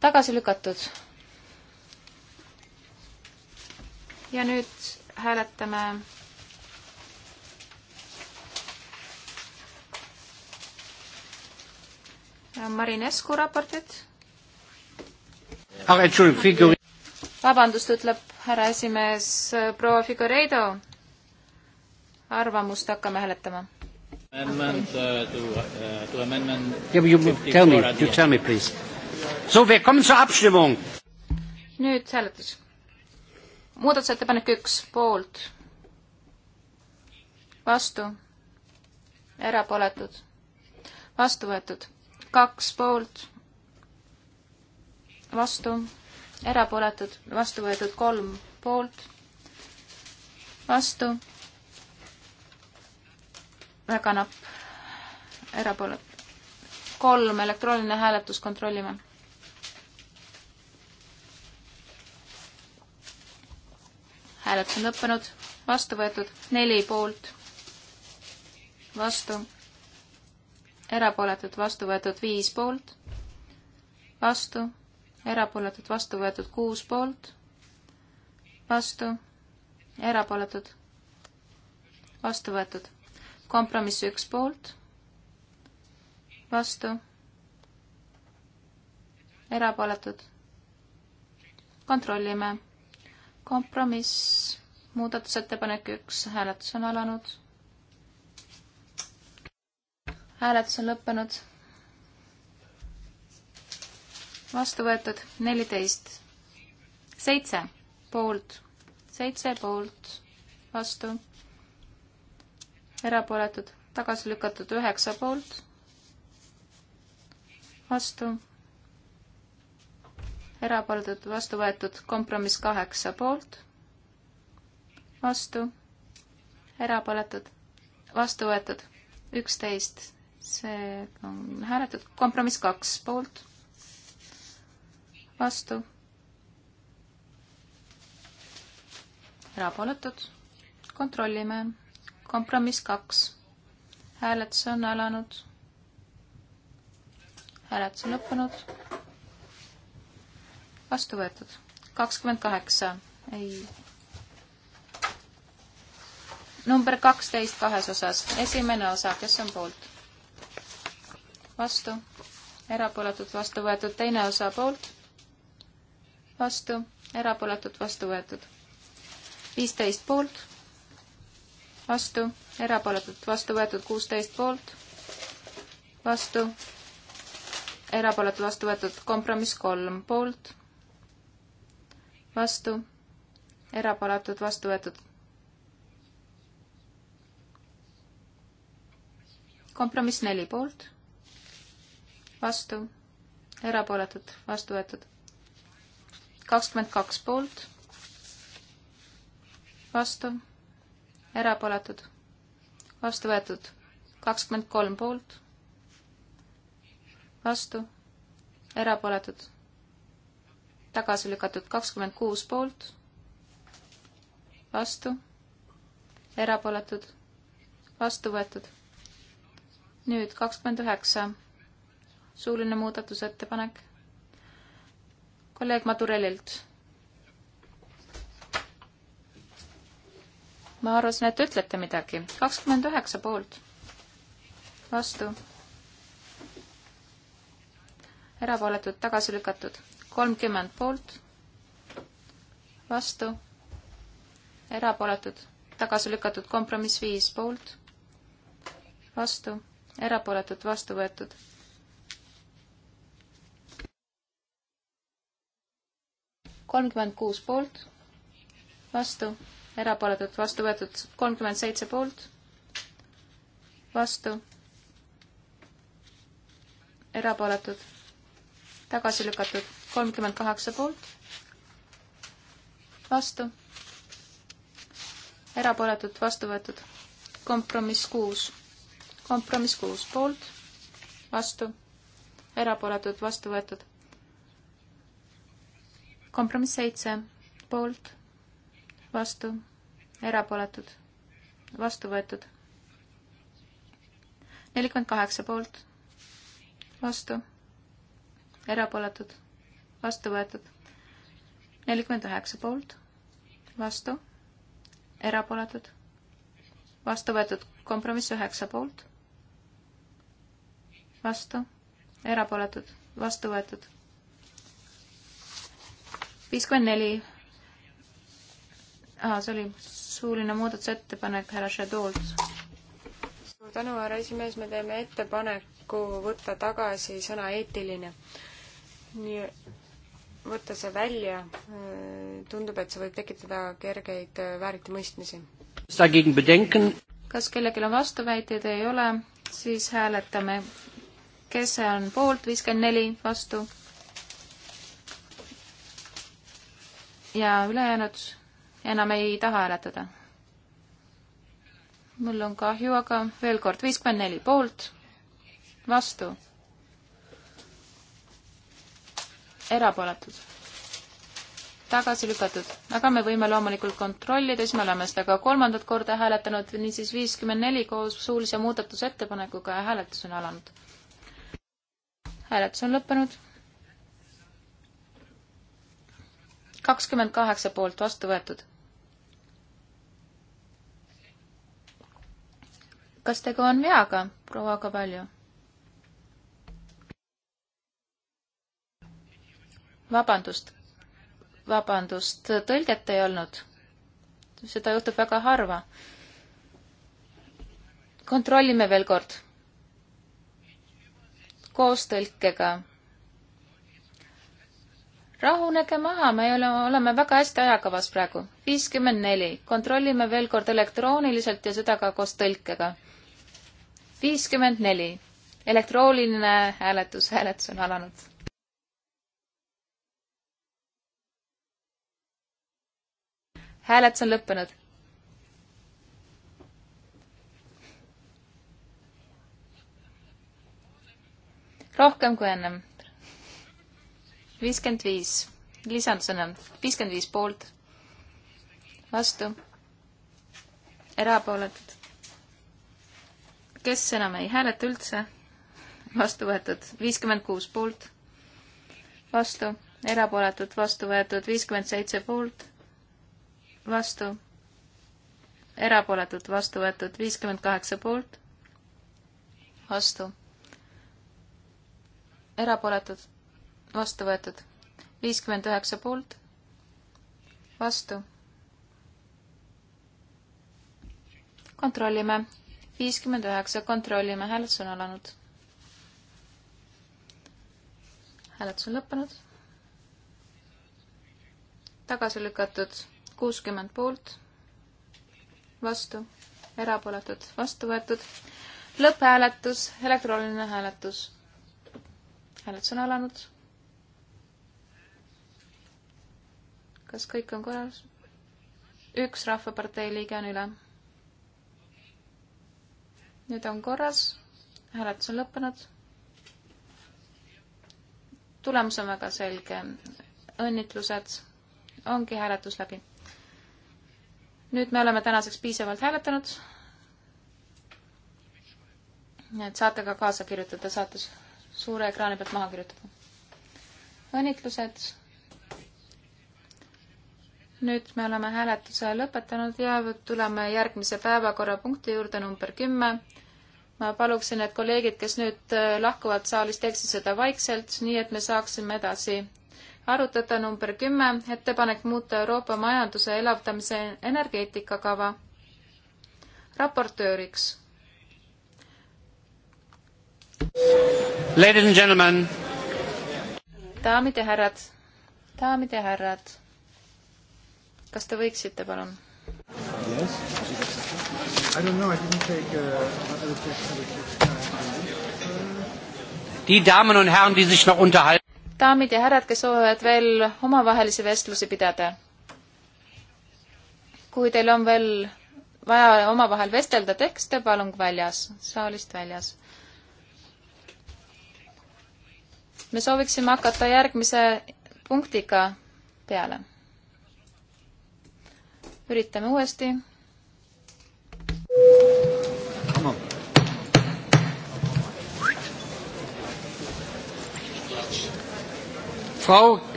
Speaker 3: tagasi lükatud. ja nüüd hääletame Marinescu raportit.
Speaker 2: Ah,
Speaker 3: vabandust, ütleb härra esimees, proua Figureido arvamust hakkame hääletama. Amendment uh, to, uh, to amendment yeah, you tell me, you tell me
Speaker 2: please. So wir kommen zur Abstimmung.
Speaker 3: nüüd hääletus. muudatusettepanek üks, poolt, vastu, erapooletud, vastu võetud kaks poolt, vastu, erapooletud, vastu võetud kolm poolt, vastu, väga napp, erapooletud. kolm, elektrooniline hääletus, kontrollime hääletus on lõppenud, vastu võetud neli poolt, vastu, erapooletud, vastu võetud viis poolt, vastu, erapooletud, vastu võetud kuus poolt, vastu, erapooletud, vastu võetud. kompromiss üks poolt, vastu, erapooletud. kontrollime. kompromiss, muudatusettepanek üks, hääletus on alanud hääletus on lõppenud. vastu võetud neliteist, seitse poolt, seitse poolt, vastu, erapooletud, tagasi lükatud üheksa poolt, vastu, erapooletud, vastu võetud, kompromiss kaheksa poolt, vastu, erapooletud, vastu võetud, üksteist see on hääletud. kompromiss kaks poolt, vastu, erapooletud. kontrollime. kompromiss kaks. hääletus on alanud. hääletus on lõppenud. vastu võetud. kakskümmend kaheksa. ei number kaksteist kahes osas. esimene osa, kes on poolt? vastu, erapooletud, vastu võetud, teine osa poolt, vastu, erapooletud, vastu võetud. viisteist poolt, vastu, erapooletud, vastu võetud, kuusteist poolt, vastu, erapooletud, vastu võetud, kompromiss kolm poolt, vastu, erapooletud, vastu võetud kompromiss neli poolt, vastu, erapooletud, vastu võetud. kakskümmend kaks poolt, vastu, erapooletud, vastu võetud. kakskümmend kolm poolt, vastu, erapooletud, tagasi lükatud. kakskümmend kuus poolt, vastu, erapooletud, vastu võetud. nüüd kakskümmend üheksa suuline muudatusettepanek kolleeg Madurellilt. ma arvasin, et ütlete midagi. kakskümmend üheksa poolt. vastu. erapooletud, tagasi lükatud. kolmkümmend poolt. vastu. erapooletud, tagasi lükatud. kompromiss viis poolt. vastu. erapooletud, vastu võetud kolmkümmend kuus poolt, vastu, erapooletult vastu võetud kolmkümmend seitse poolt, vastu, erapooletud, tagasi lükatud kolmkümmend kaheksa poolt, vastu, erapooletult vastu võetud kompromiss kuus, kompromiss kuus poolt, vastu, erapooletult vastu võetud kompromiss seitse poolt, vastu, erapooletud, vastu võetud. nelikümmend kaheksa poolt, vastu, erapooletud, vastu võetud. nelikümmend üheksa poolt, vastu, erapooletud, vastu võetud, kompromiss üheksa poolt, vastu, erapooletud, vastu võetud viiskümmend neli. aa, see oli suuline muudatusettepanek härra Šadolt.
Speaker 1: suur tänu,
Speaker 2: härra esimees, me teeme ettepaneku võtta tagasi sõna eetiline. nii, võtta see välja, äh, tundub, et see võib tekitada kergeid äh, väärtimõistmisi. kas kellelgi on vastuväiteid,
Speaker 3: ei ole, siis hääletame, kes on poolt, viiskümmend neli, vastu ja ülejäänud enam ei taha hääletada. mul on kahju, aga veel kord, viiskümmend neli poolt, vastu, erapooletud, tagasi lükatud, aga me võime loomulikult kontrollida, siis me oleme seda ka kolmandat korda hääletanud, niisiis viiskümmend neli koos suulise muudatusettepanekuga ja hääletus on alanud. hääletus on lõppenud kakskümmend kaheksa poolt vastu võetud. kas tegu on veaga, proua Kabalju? vabandust, vabandust, tõlget ei olnud. seda juhtub väga harva. kontrollime veel kord. koos tõlkega rahunege maha, me ole, oleme väga hästi ajakavas praegu. viiskümmend neli, kontrollime veel kord elektrooniliselt ja seda ka koos tõlkega. viiskümmend neli, elektrooniline hääletus, hääletus on alanud. hääletus on lõppenud rohkem kui ennem viiskümmend viis, lisandusena viiskümmend viis poolt, vastu, erapooletud. kes enam ei hääleta üldse, vastu võetud viiskümmend kuus poolt, vastu, erapooletud, vastu võetud viiskümmend seitse poolt, vastu, erapooletud, vastu võetud viiskümmend kaheksa poolt, vastu erapooletud vastu võetud. viiskümmend üheksa poolt, vastu. kontrollime, viiskümmend üheksa, kontrollime, hääletus on alanud. hääletus on lõppenud. tagasi lükatud kuuskümmend poolt, vastu, erapooletud, vastu võetud. lõpphääletus, elektrooniline hääletus. hääletus on alanud kas kõik on korras? üks Rahvapartei liige on üle. nüüd on korras, hääletus on lõppenud. tulemus on väga selge. õnnitlused, ongi hääletus läbi. nüüd me oleme tänaseks piisavalt hääletanud. nii et saate ka kaasa kirjutada, saate suure ekraani pealt maha kirjutada. õnnitlused nüüd me oleme hääletuse lõpetanud ja tuleme järgmise päevakorrapunkti juurde number kümme. ma paluksin, et kolleegid, kes nüüd äh, lahkuvad saalist, teeksid seda vaikselt, nii et me saaksime edasi arutada number kümme, ettepanek muuta Euroopa majanduse elavdamise energeetikakava raportööriks. daamid ja härrad, daamid ja härrad kas te võiksite, palun?
Speaker 2: Yes. I don't know. I didn't take uh, other Die Damen und Herren, die sich noch unterhalten.
Speaker 3: daamid ja härrad, kes soovivad veel omavahelisi vestlusi pidada. kui teil on veel vaja omavahel vestelda tekste, palun väljas, saalist väljas. me sooviksime hakata järgmise punktiga peale üritame uuesti.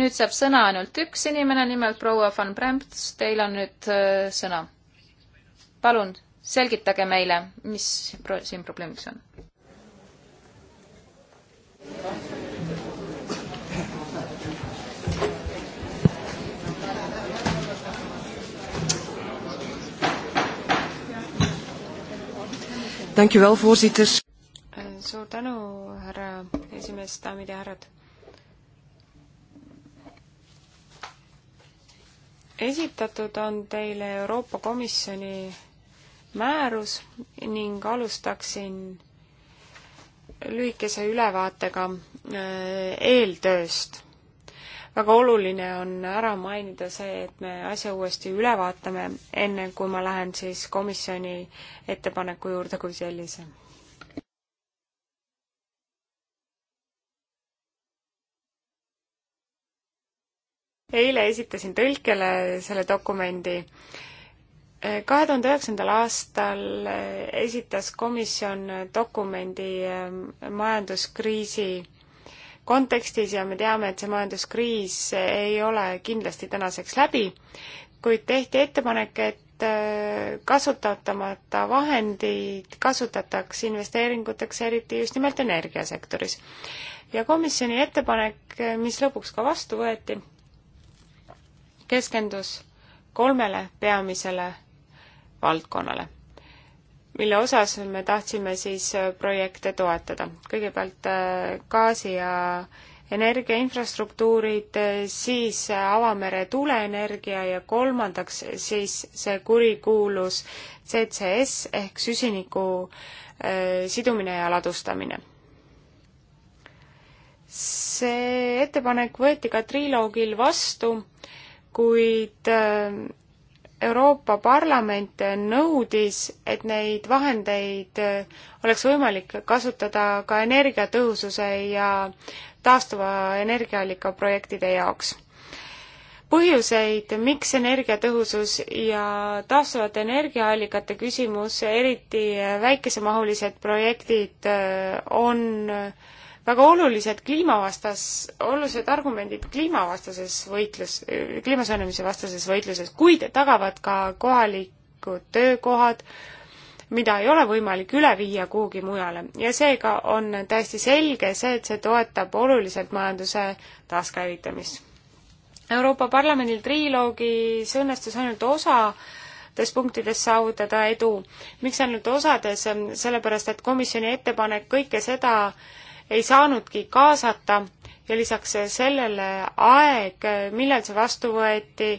Speaker 3: nüüd saab sõna ainult üks inimene, nimelt proua von Bremts, teil on nüüd äh, sõna. palun selgitage meile, mis pro siin probleemiks on.
Speaker 2: Dank u wel, voorzitter. Eh, suur tänu, härra esimees, daamid ja härrad. esitatud on teile Euroopa Komisjoni määrus ning alustaksin lühikese ülevaatega eh, eeltööst väga oluline on ära mainida see, et me asja uuesti üle vaatame, enne kui ma lähen siis komisjoni ettepaneku juurde kui sellise. eile esitasin tõlkele selle dokumendi. kahe tuhande üheksandal aastal esitas komisjon dokumendi eh, majanduskriisi kontekstis ja me teame, et see majanduskriis ei ole kindlasti tänaseks läbi, kuid tehti ettepanek, et äh, kasutamata vahendid kasutatakse investeeringuteks, eriti just nimelt energiasektoris. ja komisjoni ettepanek, mis lõpuks ka vastu võeti, keskendus kolmele peamisele valdkonnale mille osas me tahtsime siis äh, projekte toetada. kõigepealt äh, gaasi ja energiainfrastruktuurid, äh, siis avamere tuuleenergia ja kolmandaks siis see kurikuulus CCS ehk süsiniku sidumine ja ladustamine. see ettepanek võeti ka triloogil vastu, kuid Euroopa Parlament nõudis, et neid vahendeid äh, oleks võimalik kasutada ka energiatõhususe ja taastuva energiaallika projektide jaoks. põhjuseid, miks energiatõhusus ja taastuvate energiaallikate küsimus, eriti väikesemahulisi projektid, äh, on äh, väga olulised kliimavastas, olulised argumendid kliimavastases võitlus, kliima soojenemise vastases võitluses, kuid tagavad ka kohalikud töökohad, mida ei ole võimalik üle viia kuhugi mujale ja seega on täiesti selge see, et see toetab oluliselt majanduse taaskäivitamist. Euroopa Parlamendi triloogis õnnestus ainult osa osades punktides saavutada edu. miks ainult osades, sellepärast et komisjoni ettepanek kõike seda äh, ei saanudki kaasata ja lisaks sellele aeg, millal see vastu võeti,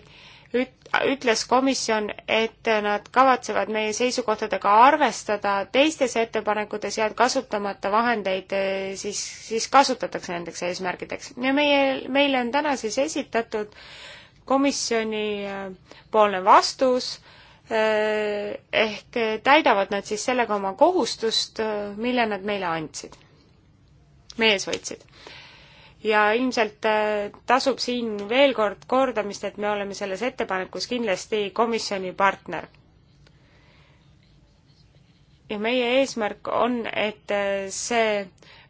Speaker 2: üt-, ütles komisjon, et nad kavatsevad meie seisukohtadega arvestada teistes ettepanekutes ja et kasutamata vahendeid eh, siis, siis kasutatakse nendeks eesmärgideks. ja meie, meile on täna siis esitatud komisjoni eh, poolne vastus, eh, ehk täidavad nad siis sellega oma kohustust, mille nad meile andsid mees hoidsid. ja ilmselt äh, tasub siin veel kord kordamist, et me oleme selles ettepanekus kindlasti komisjoni partner. ja meie eesmärk on, et äh, see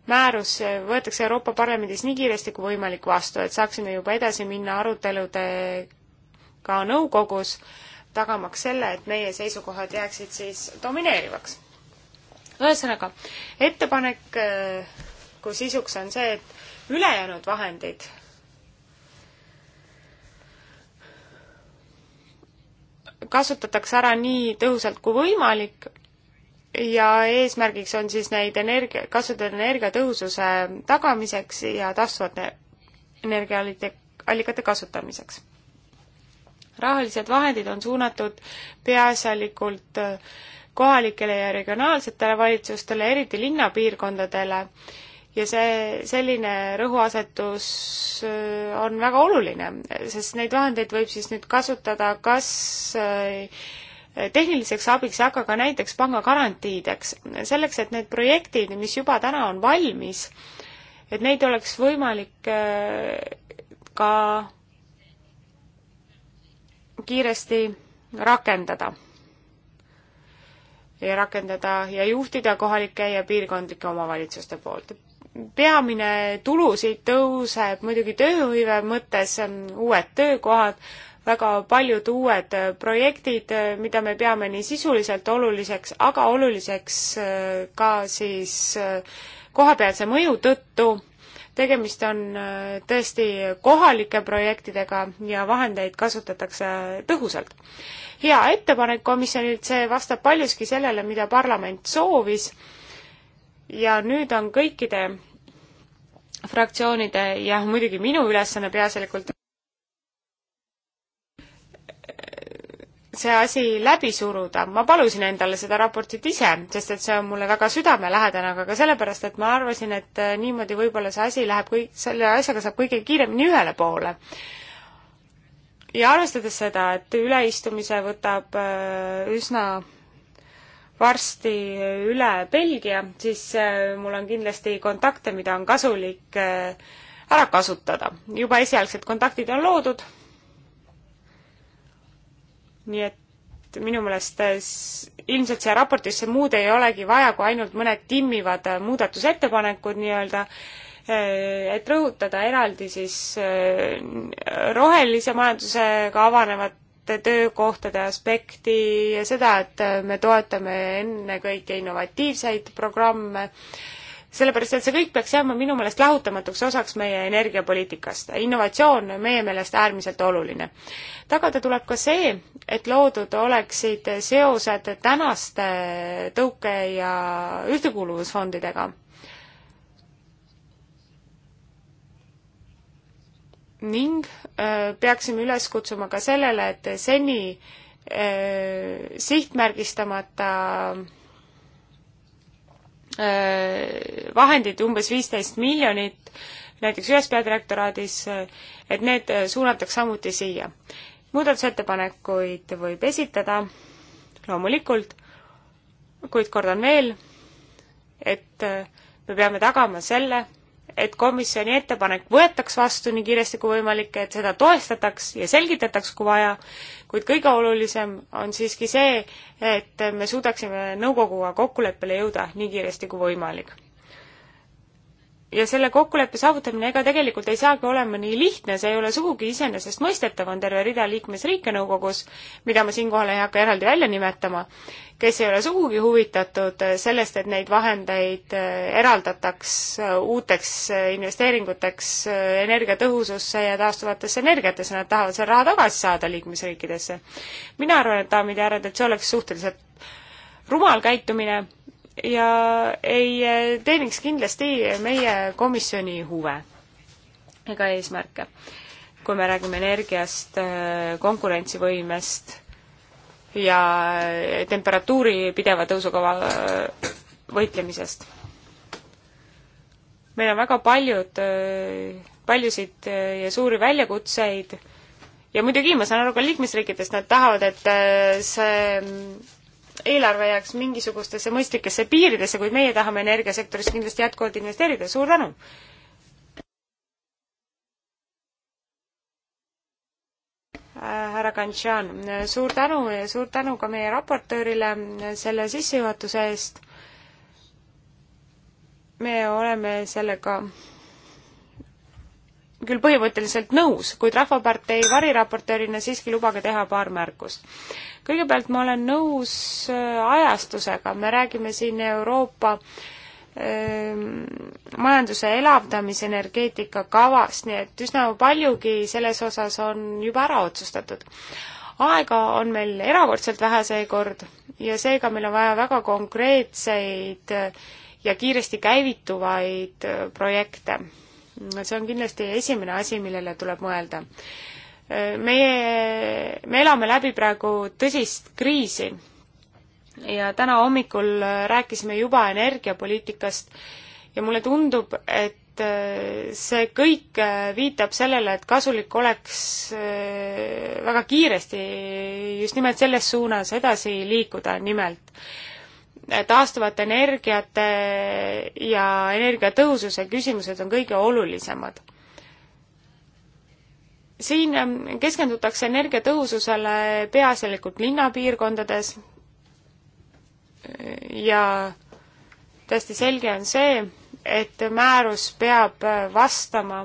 Speaker 2: määrus võetakse Euroopa Parlamendis nii kiiresti kui võimalik vastu, et saaksime juba edasi minna aruteludega nõukogus, tagamaks selle, et meie seisukohad jääksid siis domineerivaks. ühesõnaga, ettepanek äh, ettepaneku sisuks on see, et ülejäänud vahendid kasutatakse ära nii tõhusalt kui võimalik ja eesmärgiks on siis neid energia, kasutada energiatõhususe tagamiseks ja taastuvate energiaallikate kasutamiseks. rahalised vahendid on suunatud peaasjalikult kohalikele ja regionaalsetele valitsustele, eriti linnapiirkondadele ja see, selline rõhuasetus äh, on väga oluline, sest neid vahendeid võib siis nüüd kasutada kas äh, tehniliseks abiks, aga ka näiteks pangagarantiideks. selleks, et need projektid, mis juba täna on valmis, et neid oleks võimalik äh, ka kiiresti rakendada ja rakendada ja juhtida kohalike ja piirkondlike omavalitsuste poolt peamine tulu siit tõuseb muidugi tööhõive mõttes, uued töökohad, väga paljud uued äh, projektid, äh, mida me peame nii sisuliselt oluliseks, aga oluliseks äh, ka siis kohapealse mõju tõttu. tegemist on tõesti kohalike projektidega ja vahendeid kasutatakse tõhusalt. hea ettepanek komisjonilt, see vastab paljuski sellele, mida parlament soovis ja nüüd on kõikide fraktsioonide ja muidugi minu ülesanne peaasjalikult see asi läbi suruda. ma palusin endale seda raportit ise, sest et see on mulle väga südamelähedane, aga ka sellepärast, et ma arvasin, et äh, niimoodi võib-olla see asi läheb kõik, selle asjaga saab kõige kiiremini ühele poole. ja arvestades seda, et üleistumise võtab äh, üsna varsti üle Belgia, siis äh, mul on kindlasti kontakte, mida on kasulik äh, ära kasutada. juba esialgsed kontaktid on loodud. nii et minu meelest äh, ilmselt siia raportisse muud ei olegi vaja, kui ainult mõned timmivad muudatusettepanekud nii-öelda, et rõhutada eraldi siis rohelise majandusega avanevat sooliste töökohtade aspekti ja seda, et me toetame ennekõike innovatiivseid programme, sellepärast et see kõik peaks jääma minu meelest lahutamatuks osaks meie energiapoliitikast. innovatsioon on meie meelest äärmiselt oluline. tagada tuleb ka see, et loodud oleksid seosed tänaste tõuke- ja ühtekuuluvusfondidega ning äh, peaksime üles kutsuma ka sellele, et seni äh, sihtmärgistamata äh, vahendid, umbes viisteist miljonit, näiteks ühes peadirektoraadis, et need suunataks samuti siia. muudatusettepanekuid võib esitada loomulikult, kuid kordan veel, et me peame tagama selle, et komisjoni ettepanek võetaks vastu nii kiiresti kui võimalik, et seda toestataks ja selgitataks, kui vaja, kuid kõige olulisem on siiski see, et me suudaksime nõukoguga kokkuleppele jõuda nii kiiresti kui võimalik ja selle kokkuleppe saavutamine ega tegelikult ei saagi olema nii lihtne, see ei ole sugugi iseenesestmõistetav, on terve rida liikmesriike nõukogus, mida ma siinkohal ei hakka eraldi välja nimetama, kes ei ole sugugi huvitatud sellest, et neid vahendeid äh, eraldataks äh, uuteks äh, investeeringuteks energiatõhususse ja taastuvatesse energiatesse, nad tahavad selle raha tagasi saada liikmesriikidesse. mina arvan, et daamid ja härrad, et see oleks suhteliselt rumal käitumine ja ei teeniks kindlasti meie komisjoni huve ega eesmärke. kui me räägime energiast, konkurentsivõimest ja temperatuuri pideva tõusuga äh, võitlemisest. meil on väga paljud, äh, paljusid äh, ja suuri väljakutseid ja muidugi ma saan aru ka liikmesriikidest, nad tahavad, et see eelarve jääks mingisugustesse mõistlikesse piiridesse, kuid meie tahame energiasektorisse kindlasti jätkuvalt investeerida, suur tänu! Äh, härra Kantšan, suur tänu ja suur tänu ka meie raportöörile selle sissejuhatuse eest. me oleme sellega küll põhimõtteliselt nõus, kuid Rahvapartei variraportöörina siiski lubage teha paar märkust. kõigepealt ma olen nõus äh, ajastusega, me räägime siin Euroopa ähm, majanduse elavdamise energeetika kavast, nii et üsna paljugi selles osas on juba ära otsustatud. aega on meil erakordselt vähe seekord ja seega meil on vaja väga konkreetseid äh, ja kiiresti käivituvaid äh, projekte see on kindlasti esimene asi, millele tuleb mõelda. meie, me elame läbi praegu tõsist kriisi ja täna hommikul rääkisime juba energiapoliitikast ja mulle tundub, et see kõik viitab sellele, et kasulik oleks väga kiiresti just nimelt selles suunas edasi liikuda, nimelt taastuvate energiate ja energiatõhususe küsimused on kõige olulisemad. siin ähm, keskendutakse energiatõhususele peaasjalikult linnapiirkondades ja täiesti selge on see, et määrus peab äh, vastama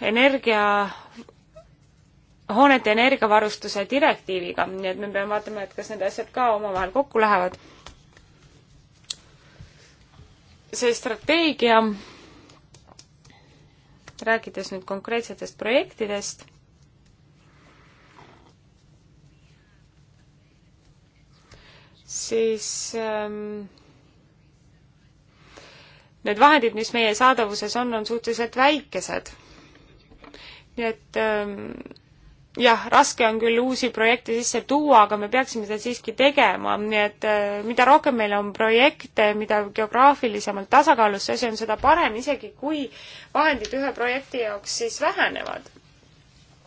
Speaker 2: energia hoonete energiavarustuse direktiiviga, nii et me peame vaatama, et kas need asjad ka omavahel kokku lähevad. see strateegia, rääkides nüüd konkreetsetest projektidest, siis ähm, need vahendid, mis meie saadavuses on, on suhteliselt väikesed. nii et ähm, jah, raske on küll uusi projekte sisse tuua, aga me peaksime seda siiski tegema, nii et äh, mida rohkem meil on projekte, mida geograafilisemalt tasakaalus see asi on, seda parem, isegi kui vahendid ühe projekti jaoks siis vähenevad.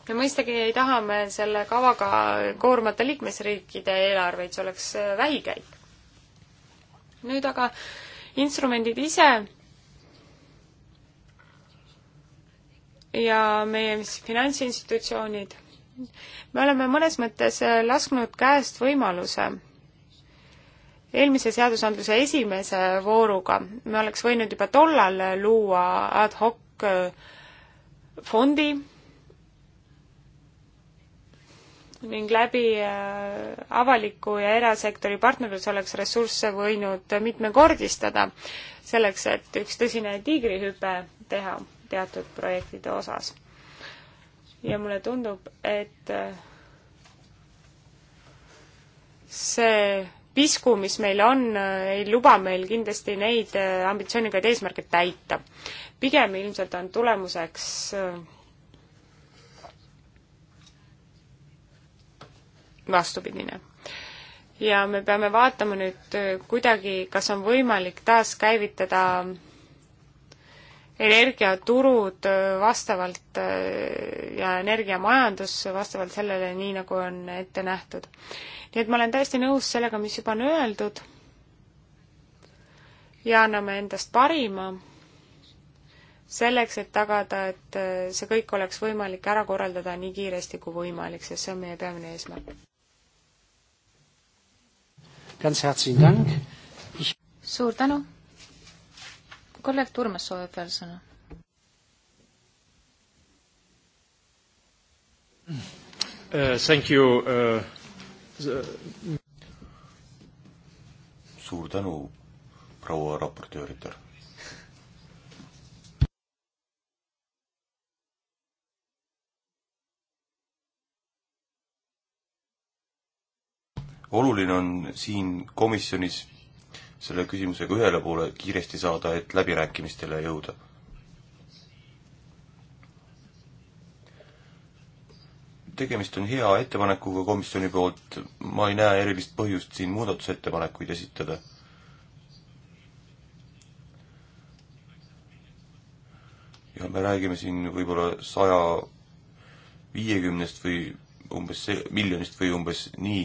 Speaker 2: ja mõistagi ei taha me selle kavaga koormata liikmesriikide eelarveid, see oleks äh, vähikäik. nüüd aga instrumendid ise ja meie finantsinstitutsioonid me oleme mõnes mõttes äh, lasknud käest võimaluse eelmise seadusandluse esimese vooruga, me oleks võinud juba tollal luua ad hoc äh, fondi ning läbi äh, avaliku ja erasektori partnerlus oleks ressursse võinud mitmekordistada selleks, et üks tõsine tiigrihüpe teha teatud projektide osas ja mulle tundub, et äh, see pisku, mis meil on, äh, ei luba meil kindlasti neid äh, ambitsioonikaid eesmärke täita. pigem ilmselt on tulemuseks vastupidine. ja me peame vaatama nüüd kuidagi, kas on võimalik taaskäivitada energiaturud äh, vastavalt äh, ja energiamajandus vastavalt sellele, nii nagu on ette nähtud. nii et ma olen täiesti nõus sellega, mis juba on öeldud ja anname endast parima selleks, et tagada, et äh, see kõik oleks võimalik ära korraldada nii kiiresti kui võimalik, sest see on meie peamine eesmärk. suur tänu!
Speaker 3: kolleeg Turmes soovib veel sõna.
Speaker 1: Uh, thank you uh,. The... suur tänu, proua raportööritel oluline on siin komisjonis selle küsimusega ühele poole kiiresti saada, et läbirääkimistele jõuda. tegemist on hea ettepanekuga komisjoni poolt, ma ei näe erilist põhjust siin muudatusettepanekuid esitada ja me räägime siin võib-olla saja viiekümnest või umbes see, miljonist või umbes nii.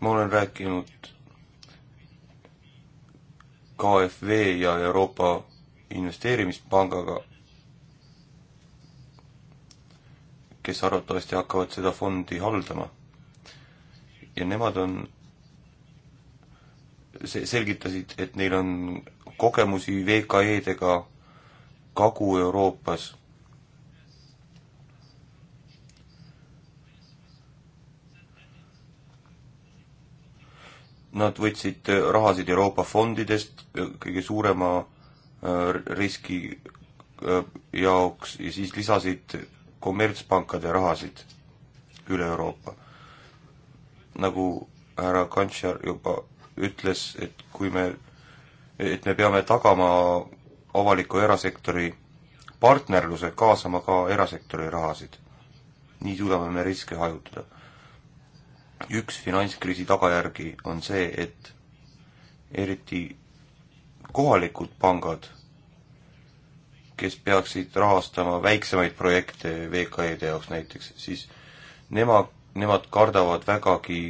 Speaker 1: ma olen rääkinud KFV ja Euroopa Investeerimispangaga, kes arvatavasti hakkavad seda fondi haldama. ja nemad on, see, selgitasid, et neil on kogemusi VKE-dega Kagu-Euroopas Nad võtsid äh, rahasid Euroopa fondidest äh, kõige suurema äh, riski jaoks ja siis lisasid kommertspankade rahasid üle Euroopa. nagu härra Kantšar juba ütles, et kui me, et me peame tagama avaliku erasektori partnerluse, kaasama ka erasektori rahasid. nii suudame me riske hajutada üks finantskriisi tagajärgi on see, et eriti kohalikud pangad, kes peaksid rahastama väiksemaid projekte VKE-de jaoks näiteks, siis nemad, nemad kardavad vägagi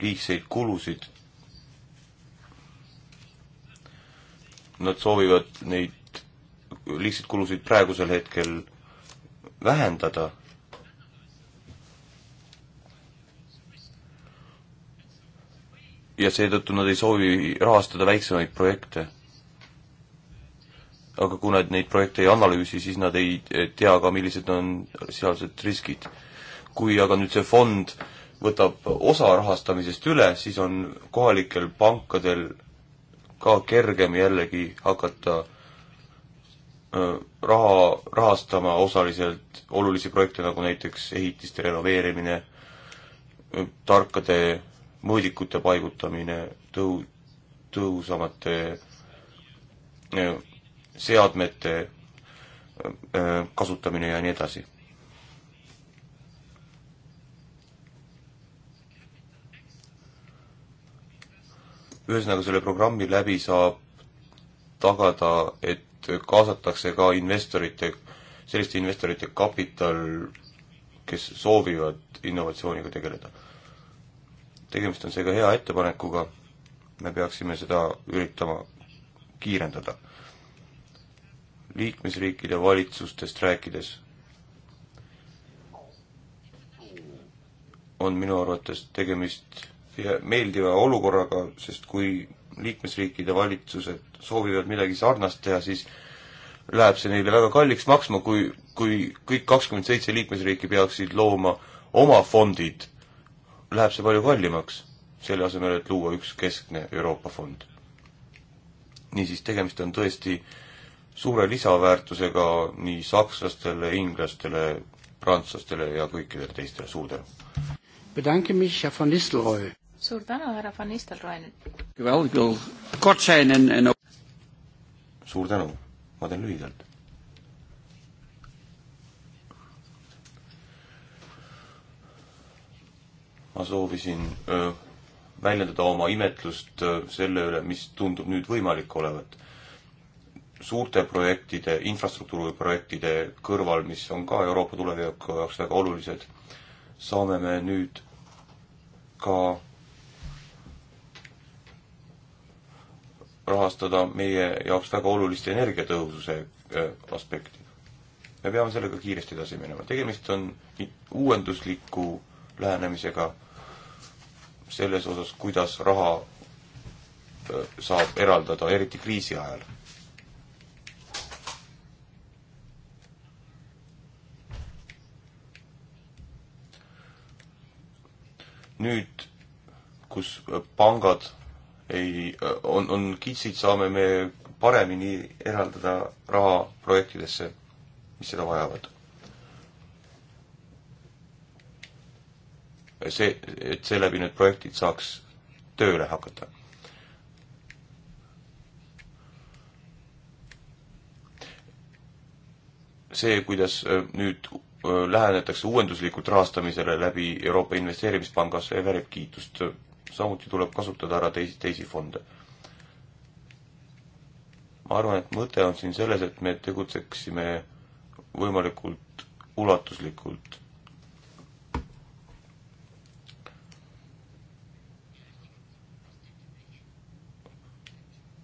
Speaker 1: liigseid kulusid. Nad soovivad neid liigseid kulusid praegusel hetkel vähendada ja seetõttu nad ei soovi rahastada väiksemaid projekte. aga kuna neid projekte ei analüüsi, siis nad ei tea ka, millised on sealsed riskid. kui aga nüüd see fond võtab osa rahastamisest üle, siis on kohalikel pankadel ka kergem jällegi hakata raha, rahastama osaliselt olulisi projekte, nagu näiteks ehitiste renoveerimine, tarkade mõõdikute paigutamine, tõu-, tõhusamate äh, seadmete äh, kasutamine ja nii edasi. ühesõnaga, selle programmi läbi saab tagada, et kaasatakse ka investorite, selliste investorite kapital, kes soovivad innovatsiooniga tegeleda tegemist on seega hea ettepanekuga, me peaksime seda üritama kiirendada. liikmesriikide valitsustest rääkides on minu arvates tegemist meeldiva olukorraga, sest kui liikmesriikide valitsused soovivad midagi sarnast teha, siis läheb see neile väga kalliks maksma, kui, kui kõik kakskümmend seitse liikmesriiki peaksid looma oma fondid läheb see palju kallimaks, selle asemel, et luua üks keskne Euroopa fond. niisiis, tegemist on tõesti suure lisaväärtusega nii sakslastele, inglastele, prantslastele ja kõikidele teistele, suur tänu!
Speaker 3: suur tänu, härra von Nistelrooy!
Speaker 1: suur tänu, ma teen lühidalt ma soovisin öö, väljendada oma imetlust öö, selle üle, mis tundub nüüd võimalik olevat. suurte projektide, infrastruktuuriprojektide kõrval, mis on ka Euroopa tuleviku jaoks väga olulised, saame me nüüd ka rahastada meie jaoks väga olulist energiatõhususe aspekti. me peame sellega kiiresti edasi minema, tegemist on uuendusliku lähenemisega selles osas, kuidas raha äh, saab eraldada, eriti kriisi ajal. nüüd, kus äh, pangad ei, äh, on, on kitsid, saame me paremini eraldada raha projektidesse, mis seda vajavad see, et seeläbi need projektid saaks tööle hakata. see, kuidas äh, nüüd äh, lähenetakse uuenduslikult rahastamisele läbi Euroopa Investeerimispanga, see väärib kiitust. Äh, samuti tuleb kasutada ära teisi, teisi fonde. ma arvan, et mõte on siin selles, et me tegutseksime võimalikult ulatuslikult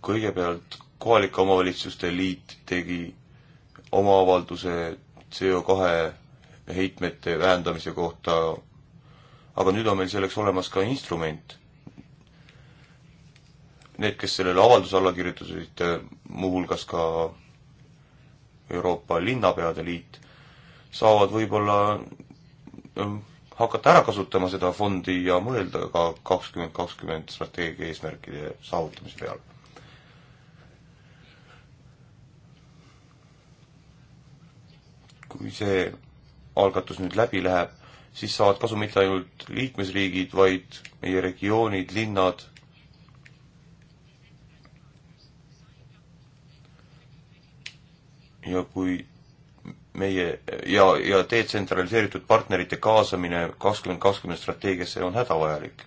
Speaker 1: kõigepealt kohalike omavalitsuste liit tegi oma avalduse CO2 heitmete vähendamise kohta, aga nüüd on meil selleks olemas ka instrument. Need, kes sellele avalduse alla kirjutasid, muuhulgas ka Euroopa Linnapeade Liit, saavad võib-olla ähm, hakata ära kasutama seda fondi ja mõelda ka kakskümmend kakskümmend strateegia eesmärkide saavutamise peale. kui see algatus nüüd läbi läheb, siis saavad kasu mitte ainult liikmesriigid, vaid meie regioonid, linnad. ja kui meie ja, ja detsentraliseeritud partnerite kaasamine kakskümmend kakskümmend strateegiasse on hädavajalik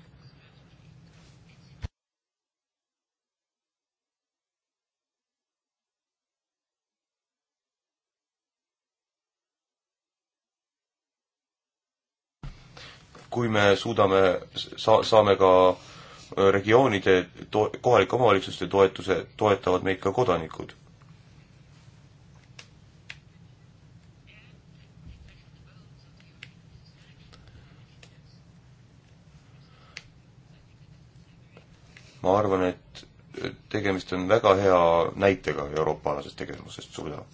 Speaker 1: kui me suudame, saa-, saame ka regioonide to-, kohalike omavalitsuste toetuse, toetavad meid ka kodanikud. ma arvan, et tegemist on väga hea näitega euroopalasest tegevusest, suur tänu!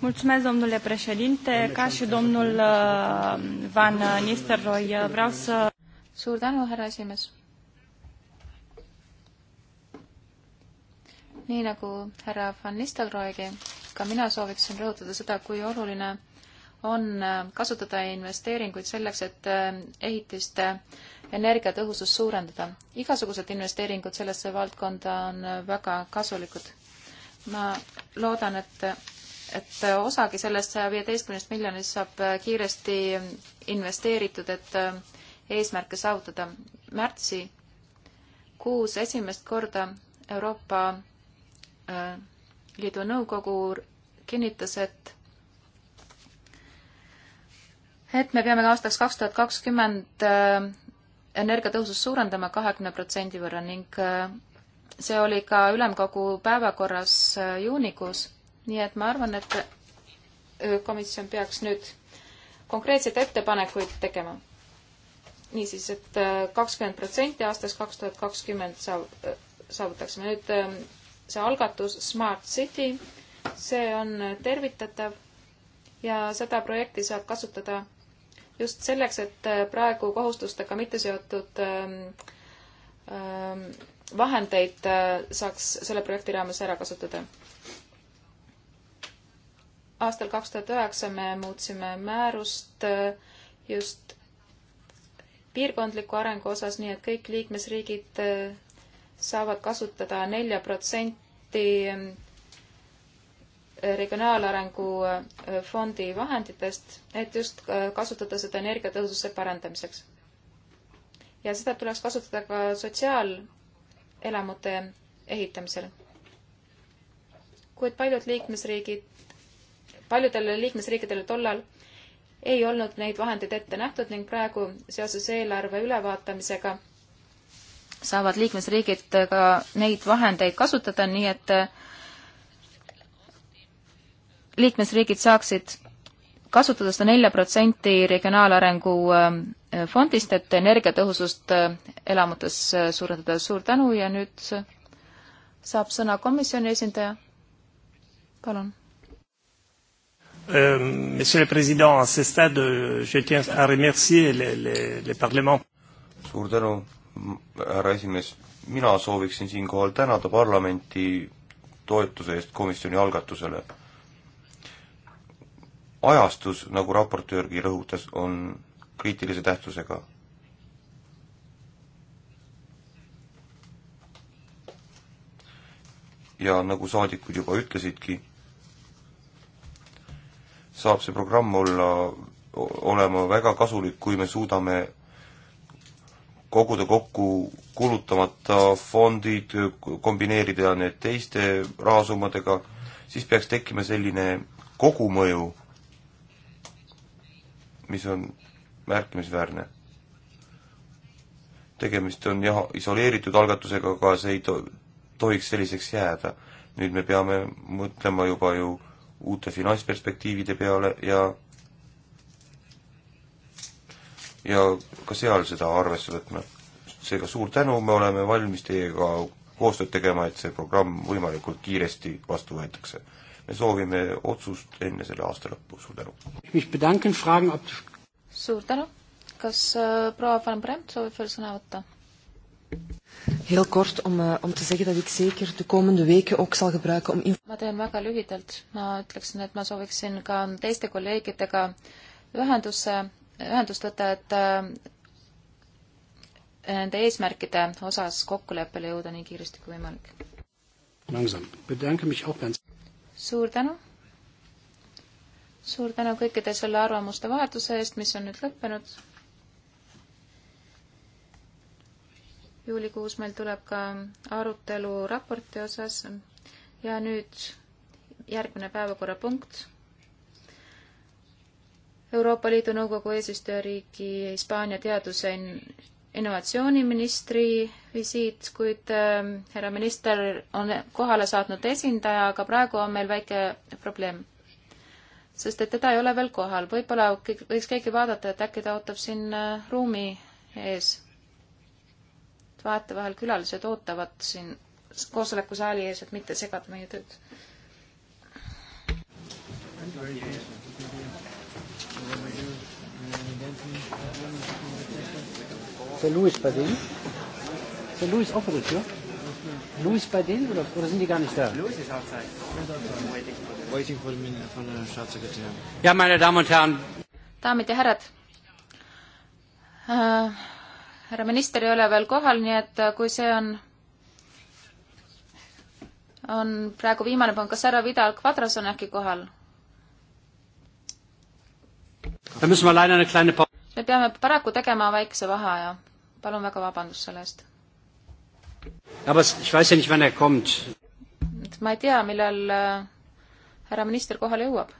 Speaker 2: Mulțumesc, domnule președinte. Ca și domnul uh, Van Nistelrooy, vreau să...
Speaker 3: Suur tänu, härra esimees. Nii nagu härra Van Nistelrooygi, ka mina sooviksin rõhutada seda, kui oluline on äh, kasutada investeeringuid selleks, et äh, ehitiste energiatõhusust suurendada. igasugused investeeringud sellesse valdkonda on äh, väga kasulikud. ma loodan, et et osagi sellest saja viieteistkümnest miljonist saab kiiresti investeeritud, et äh, eesmärke saavutada. märtsi kuus esimest korda Euroopa äh, Liidu Nõukogu kinnitas, et et me peame aastaks kaks tuhat kakskümmend äh, energiatõhusust suurendama kahekümne protsendi võrra ning see oli ka ülemkogu päevakorras juunikuus nii et ma arvan, et komisjon peaks nüüd konkreetseid ettepanekuid tegema. niisiis, et kakskümmend protsenti aastast kaks tuhat kakskümmend saav-, saavutaksime. nüüd see algatus Smart City, see on tervitatav ja seda projekti saab kasutada just selleks, et praegu kohustustega mitte seotud vahendeid saaks selle projekti raames ära kasutada aastal kaks tuhat üheksa me muutsime määrust äh, just piirkondliku arengu osas, nii et kõik liikmesriigid äh, saavad kasutada nelja protsenti äh, regionaalarengu fondi vahenditest, et just kasutada seda energiatõhususe parandamiseks. ja seda tuleks kasutada ka sotsiaalelamute ehitamisel. kuid paljud liikmesriigid paljudele liikmesriikidele tollal ei olnud neid vahendeid ette nähtud ning praegu seoses eelarve ülevaatamisega saavad liikmesriigid ka neid vahendeid kasutada, nii et äh, liikmesriigid saaksid kasutada seda nelja protsenti regionaalarengu äh, fondist, et energiatõhusust äh, elamutes suurendada. suur tänu ja nüüd saab sõna komisjoni esindaja. palun
Speaker 1: Euh, Monsieur le Président, à ce stade, euh, je tiens à remercier les, les, les parlements. suur tänu, härra esimees. mina sooviksin siinkohal tänada parlamenti toetuse eest komisjoni algatusele. ajastus, nagu raportöörgi rõhutas, on kriitilise tähtsusega. ja nagu saadikud juba ütlesidki saab see programm olla, olema väga kasulik, kui me suudame koguda kokku kulutamata fondid, kombineerida need teiste rahasummadega, siis peaks tekkima selline kogumõju, mis on märkimisväärne. tegemist on jah, isoleeritud algatusega, aga see ei to-, tohiks selliseks jääda. nüüd me peame mõtlema juba ju uute finantsperspektiivide peale ja ja ka seal seda arvesse võtma. seega suur tänu, me oleme valmis teiega koostööd tegema, et see programm võimalikult kiiresti vastu võetakse. me soovime otsust enne selle aasta lõppu, suur tänu.
Speaker 3: suur tänu, kas äh, proua Van Bremt soovib veel sõna võtta?
Speaker 2: Heel kort om, uh, om te zeggen dat ik zeker de
Speaker 3: komende weken ook zal gebruiken om... ma teen väga lühidalt, ma ütleksin, et ma sooviksin ka teiste kolleegidega ühendusse, ühendust võtta, et äh, nende eesmärkide osas kokkuleppele jõuda nii kiiresti kui võimalik. suur tänu! suur tänu kõikide selle arvamuste vahetuse eest, mis on nüüd lõppenud juulikuus meil tuleb ka arutelu raporti osas ja nüüd järgmine päevakorrapunkt. Euroopa Liidu Nõukogu eesistujariigi Hispaania teaduse innovatsiooniministri visiit, kuid ähm, härra minister on kohale saatnud esindaja, aga praegu on meil väike probleem. sest et teda ei ole veel kohal, võib-olla võiks keegi vaadata, et äkki ta ootab siin äh, ruumi ees et vahetevahel külalised ootavad siin koosolekusaali ees, et mitte segada meie tööd.
Speaker 2: see Louis Padin, see Louis Offerit, jah? Louis Padin oder, oder sind die gar nicht da? Louis ist outside. Waiting for me, von der Staatssekretär. Ja, meine Damen und Herren.
Speaker 3: Daamid ja härrad äh, härra minister ei ole veel kohal, nii et äh, kui see on, on praegu viimane punkt, kas härra Vidal Quadras on äkki kohal?
Speaker 2: me
Speaker 3: peame paraku tegema väikese vaheaja. palun väga vabandust selle eest. Er ma ei tea, millal äh, härra minister kohale jõuab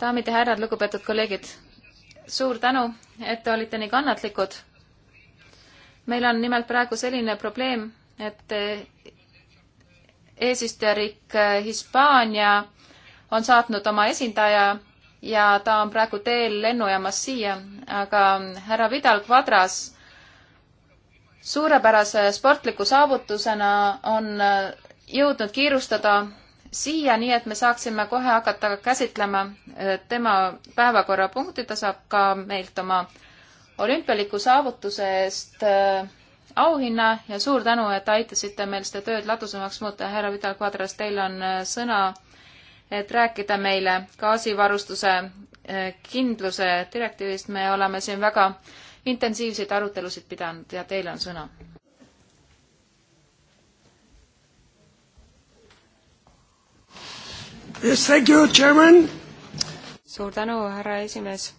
Speaker 3: daamid ja härrad, lugupeetud kolleegid, suur tänu, et te olite nii kannatlikud. meil on nimelt praegu selline probleem, et eesistujariik äh, Hispaania on saatnud oma esindaja ja ta on praegu teel lennujaamas siia, aga härra Vidal Quadras suurepärase sportliku saavutusena on äh, jõudnud kiirustada siia, nii et me saaksime kohe hakata käsitlema äh, tema päevakorrapunkti, ta saab ka meilt oma olümpialiku saavutuse eest äh, auhinna ja suur tänu, et aitasite meil seda tööd ladusamaks muuta. härra Vidal Quadras, teil on äh, sõna, et rääkida meile gaasivarustuse kindluse direktiivist. me oleme siin väga intensiivseid arutelusid pidanud ja teil on sõna
Speaker 1: Yes, thank you, chairman.
Speaker 2: suur tänu, härra esimees.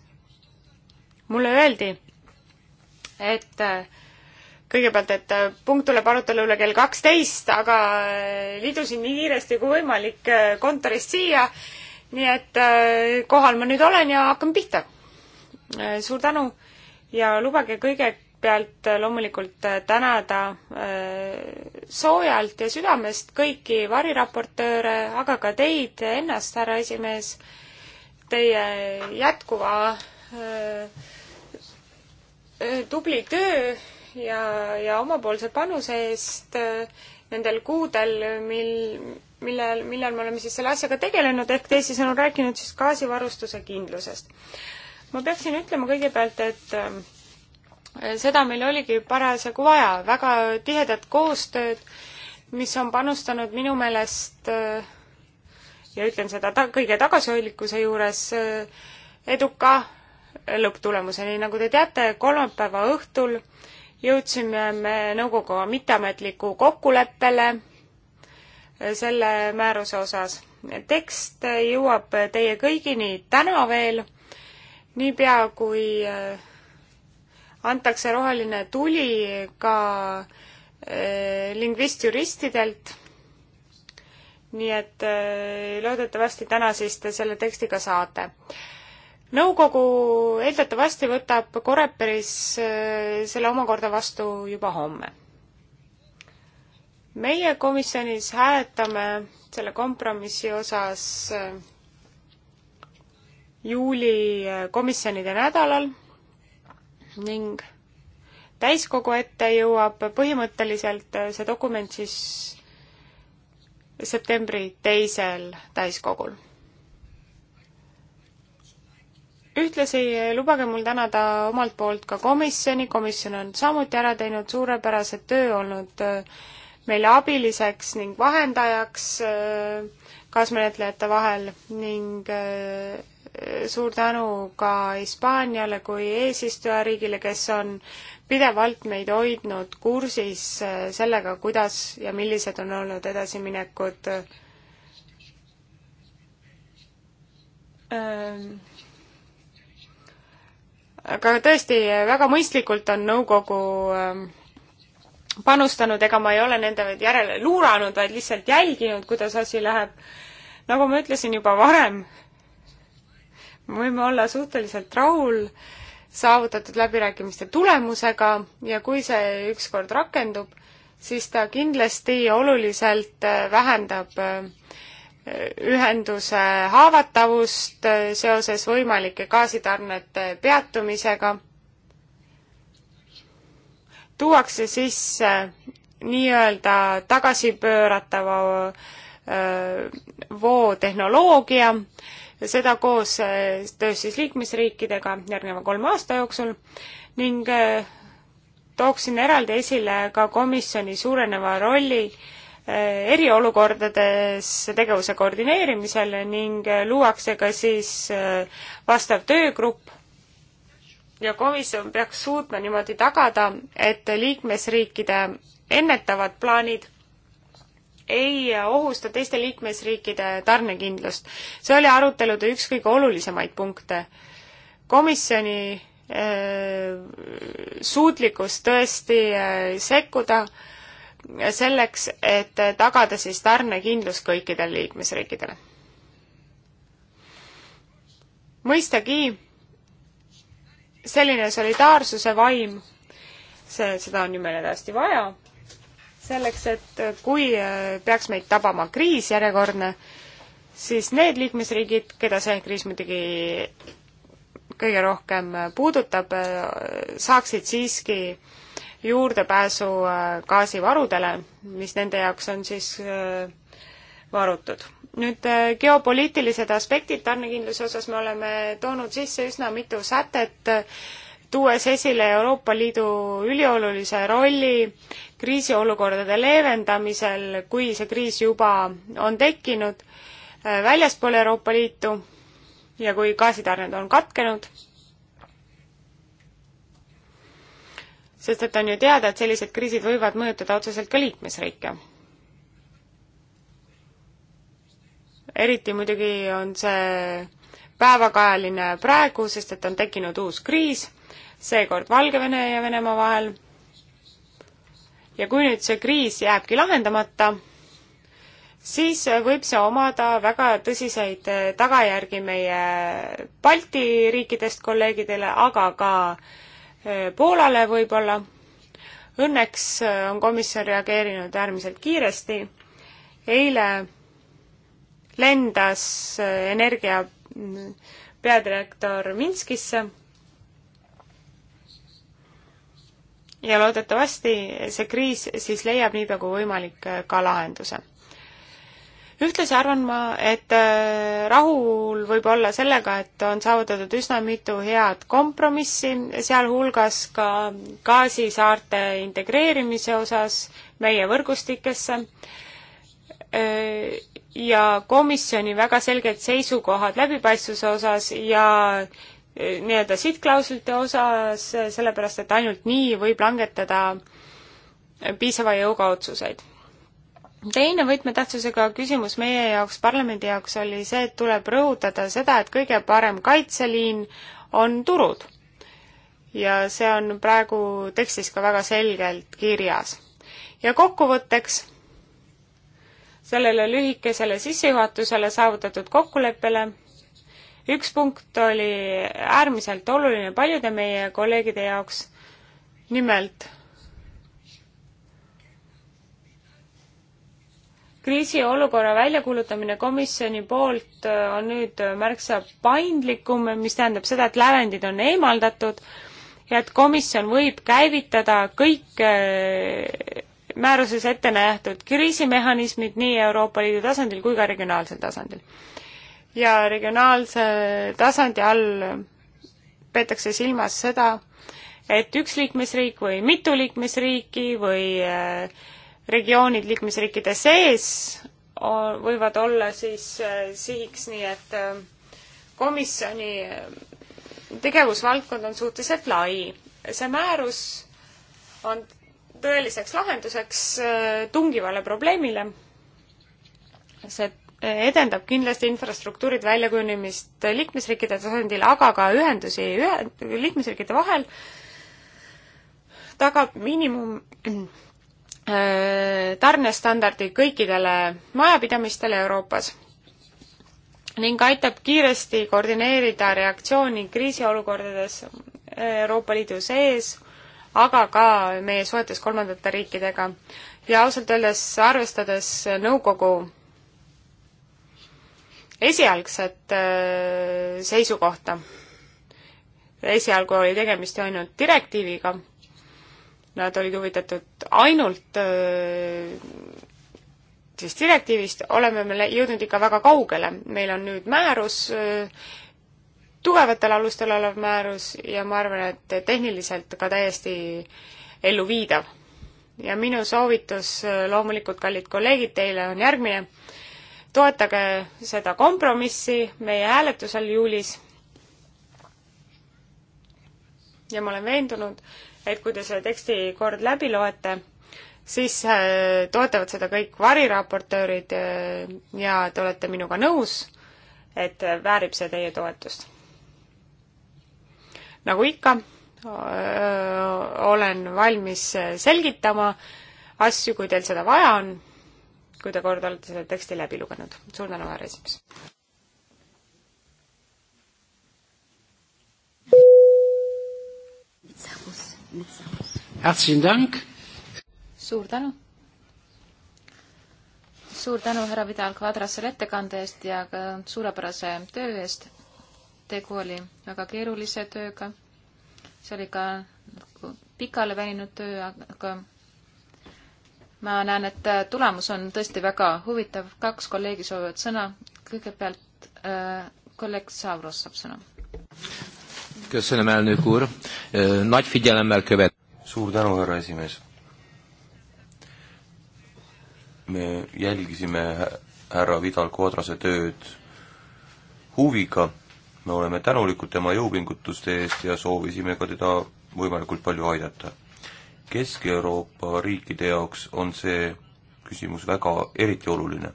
Speaker 2: mulle öeldi, et äh, kõigepealt, et äh, punkt tuleb arutelule kell kaksteist, aga äh, lidusin nii kiiresti kui võimalik kontorist siia. nii et kohal ma nüüd olen ja hakkame pihta. suur tänu ja lubage kõige pealt äh, loomulikult äh, tänada äh, soojalt ja südamest kõiki variraportööre, aga ka teid ennast, härra esimees, teie jätkuva tubli töö ja, ja omapoolse panuse eest nendel kuudel, mil, millel, millal me oleme siis selle asjaga tegelenud, ehk teisisõnu rääkinud siis gaasivarustuse kindlusest. ma peaksin ütlema kõigepealt, et Eh, seda meil oligi parasjagu vaja, väga tihedat koostööd, mis on panustanud minu meelest eh, ja ütlen seda ta-, kõige tagasihoidlikkuse juures eh, eduka lõpptulemuseni, nagu te teate, kolmapäeva õhtul jõudsime me nõukoguga mitteametliku kokkuleppele selle määruse osas. tekst jõuab teie kõigini täna veel, niipea kui äh, antakse roheline tuli ka eh, lingvist-juristidelt, nii et eh, loodetavasti täna siis te selle teksti ka saate. nõukogu eeldatavasti võtab Koreperis eh, selle omakorda vastu juba homme. meie komisjonis hääletame selle kompromissi osas juuli komisjonide nädalal ning täiskogu ette jõuab põhimõtteliselt äh, see dokument siis septembri teisel täiskogul. ühtlasi lubage mul tänada omalt poolt ka komisjoni, komisjon on samuti ära teinud suurepärase töö, olnud äh, meile abiliseks ning vahendajaks äh, kaasmenetlejate vahel ning suur tänu ka Hispaaniale kui eesistujariigile, kes on pidevalt meid hoidnud kursis äh, sellega, kuidas ja millised on olnud edasiminekud ähm. aga tõesti, väga mõistlikult on nõukogu ähm, panustanud, ega ma ei ole nende järele luuranud, vaid lihtsalt jälginud, kuidas asi läheb. nagu ma ütlesin juba varem, võime olla suhteliselt rahul saavutatud läbirääkimiste tulemusega ja kui see ükskord rakendub, siis ta kindlasti oluliselt äh, vähendab äh, ühenduse haavatavust äh, seoses võimalike gaasitarnete peatumisega. tuuakse sisse nii-öelda tagasipööratava vootehnoloogia äh, seda koos äh, töös siis liikmesriikidega järgneva kolme aasta jooksul ning äh, tooksin eraldi esile ka komisjoni suureneva rolli äh, eriolukordades tegevuse koordineerimisel ning luuakse ka siis vastav töögrupp ja komisjon peaks suutma niimoodi tagada, et liikmesriikide ennetavad plaanid ei ohusta teiste liikmesriikide tarnekindlust. see oli arutelude üks kõige olulisemaid punkte. komisjoni äh, suutlikkus tõesti äh, sekkuda selleks, et tagada siis tarnekindlus kõikidele liikmesriikidele. mõistagi, selline solidaarsuse vaim, see, seda on ju meile täiesti vaja selleks, et kui äh, peaks meid tabama kriis järjekordne, siis need liikmesriigid, keda see kriis muidugi kõige rohkem äh, puudutab, äh, saaksid siiski juurdepääsu gaasivarudele, mis nende jaoks on siis varutud. nüüd geopoliitilised aspektid tarnekindluse osas me oleme toonud sisse üsna mitu sätet, tuues esile Euroopa Liidu üliolulise rolli kriisiolukordade leevendamisel, kui see kriis juba on tekkinud äh, väljaspool Euroopa Liitu ja kui gaasitarned on katkenud. sest et on ju teada, et sellised kriisid võivad mõjutada otseselt ka liikmesriike eriti muidugi on see päevakajaline praegu, sest et on tekkinud uus kriis seekord Valgevene ja Venemaa vahel. ja kui nüüd see kriis jääbki lahendamata, siis võib see omada väga tõsiseid eh, tagajärgi meie Balti riikidest kolleegidele, aga ka eh, Poolale võib-olla. Õnneks eh, on komisjon reageerinud äärmiselt kiiresti. eile lendas energia mm, peadirektor Minskisse ja loodetavasti see kriis siis leiab niipea kui võimalik äh, ka lahenduse. ühtlasi arvan ma, et äh, rahul võib olla sellega, et on saavutatud üsna mitu head kompromissi, sealhulgas ka gaasisaarte integreerimise osas meie võrgustikesse äh, ja komisjoni väga selged seisukohad läbipaistvuse osas ja nii-öelda sihtklauslite osas, sellepärast et ainult nii võib langetada piisava jõuga otsuseid. teine võtmetähtsusega küsimus meie jaoks, parlamendi jaoks oli see, et tuleb rõhutada seda, et kõige parem kaitseliin on turud. ja see on praegu tekstis ka väga selgelt kirjas. ja kokkuvõtteks sellele lühikesele sissejuhatusele saavutatud kokkuleppele üks punkt oli äärmiselt oluline paljude meie kolleegide jaoks, nimelt kriisiolukorra väljakuulutamine komisjoni poolt äh, on nüüd märksa paindlikum, mis tähendab seda, et lävendid on eemaldatud ja et komisjon võib käivitada kõik äh, määruses ette nähtud kriisimehhanismid nii Euroopa Liidu tasandil kui ka regionaalsel tasandil ja regionaalse tasandi all peetakse silmas seda, et üks liikmesriik või mitu liikmesriiki või äh, regioonid liikmesriikide sees võivad olla siis äh, sihiks, nii et äh, komisjoni tegevusvaldkond on suhteliselt lai. see määrus on tõeliseks lahenduseks tungivale probleemile. see edendab kindlasti infrastruktuurid väljakujunemist liikmesriikide tasandil, aga ka ühendusi ühe, liikmesriikide vahel, tagab miinimum äh, tarnestandardi kõikidele majapidamistele Euroopas ning aitab kiiresti koordineerida reaktsiooni kriisiolukordades Euroopa Liidu sees, aga ka meie suhetes kolmandate riikidega. ja ausalt öeldes, arvestades nõukogu esialgset äh, seisukohta. esialgu oli tegemist ju ainult direktiiviga, nad olid huvitatud ainult äh, siis direktiivist, oleme me jõudnud ikka väga kaugele, meil on nüüd määrus, äh, tugevatel alustel olev määrus ja ma arvan, et tehniliselt ka täiesti elluviidav. ja minu soovitus loomulikult, kallid kolleegid, teile on järgmine toetage seda kompromissi meie hääletusel juulis. ja ma olen veendunud, et kui te selle teksti kord läbi loete, siis äh, toetavad seda kõik variraportöörid äh, ja te olete minuga nõus, et väärib see teie toetust. nagu ikka, äh, olen valmis selgitama asju, kui teil seda vaja on kui te kord olete selle teksti läbi lugenud. suur tänu, härra esimees!
Speaker 3: suur tänu! suur tänu, härra Vidal Kadras, selle ettekande eest ja ka suurepärase töö eest. tegu oli väga keerulise tööga. see oli ka pikale väinud töö, aga ma näen, et äh, tulemus on tõesti väga huvitav, kaks kolleegi soovivad sõna, kõigepealt äh, kolleeg Savros saab sõna.
Speaker 1: köszönöm, elnök úr, nagy figyelemmel követ-. suur tänu, härra esimees. me jälgisime härra Vidal Quadrase tööd huviga, me oleme tänulikud tema jõupingutuste eest ja soovisime ka teda võimalikult palju aidata Kesk-Euroopa riikide jaoks on see küsimus väga eriti oluline.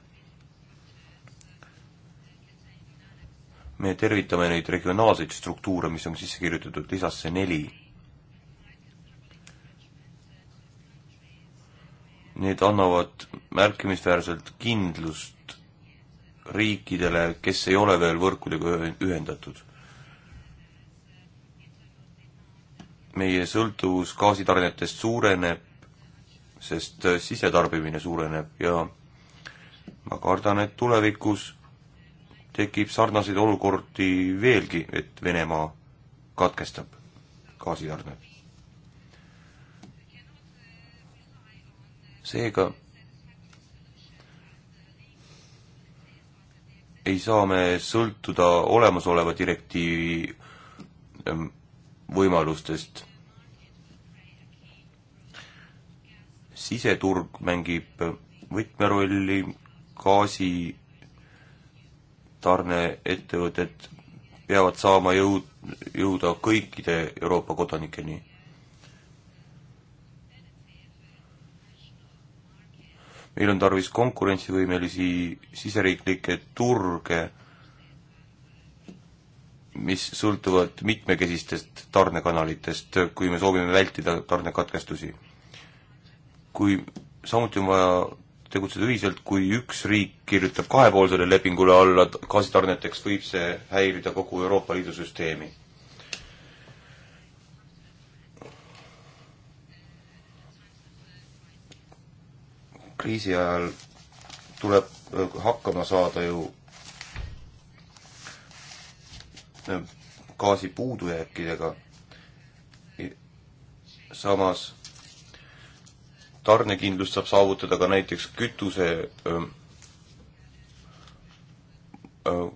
Speaker 1: me tervitame neid regionaalseid struktuure, mis on sisse kirjutatud lisasse neli. Need annavad märkimisväärselt kindlust riikidele, kes ei ole veel võrkudega ühendatud meie sõltuvus gaasitarnetest suureneb, sest äh, sisetarbimine suureneb ja ma kardan, et tulevikus tekib sarnaseid olukordi veelgi, et Venemaa katkestab gaasitarned. seega ei saa me sõltuda olemasoleva direktiivi ähm, võimalustest. siseturg mängib võtmerolli, gaasi tarneettevõtted peavad saama jõud, jõuda kõikide Euroopa kodanikeni meil on tarvis konkurentsivõimelisi siseriiklikke turge mis sõltuvad mitmekesistest tarnekanalitest, kui me soovime vältida tarnekatkestusi. kui, samuti on vaja tegutseda ühiselt, kui üks riik kirjutab kahepoolsele lepingule alla gaasitarneteks, võib see häirida kogu Euroopa Liidu süsteemi. kriisi ajal tuleb äh, hakkama saada ju Äh, gaasi puudujääkidega. samas tarnekindlust saab saavutada ka näiteks kütuse, äh, äh,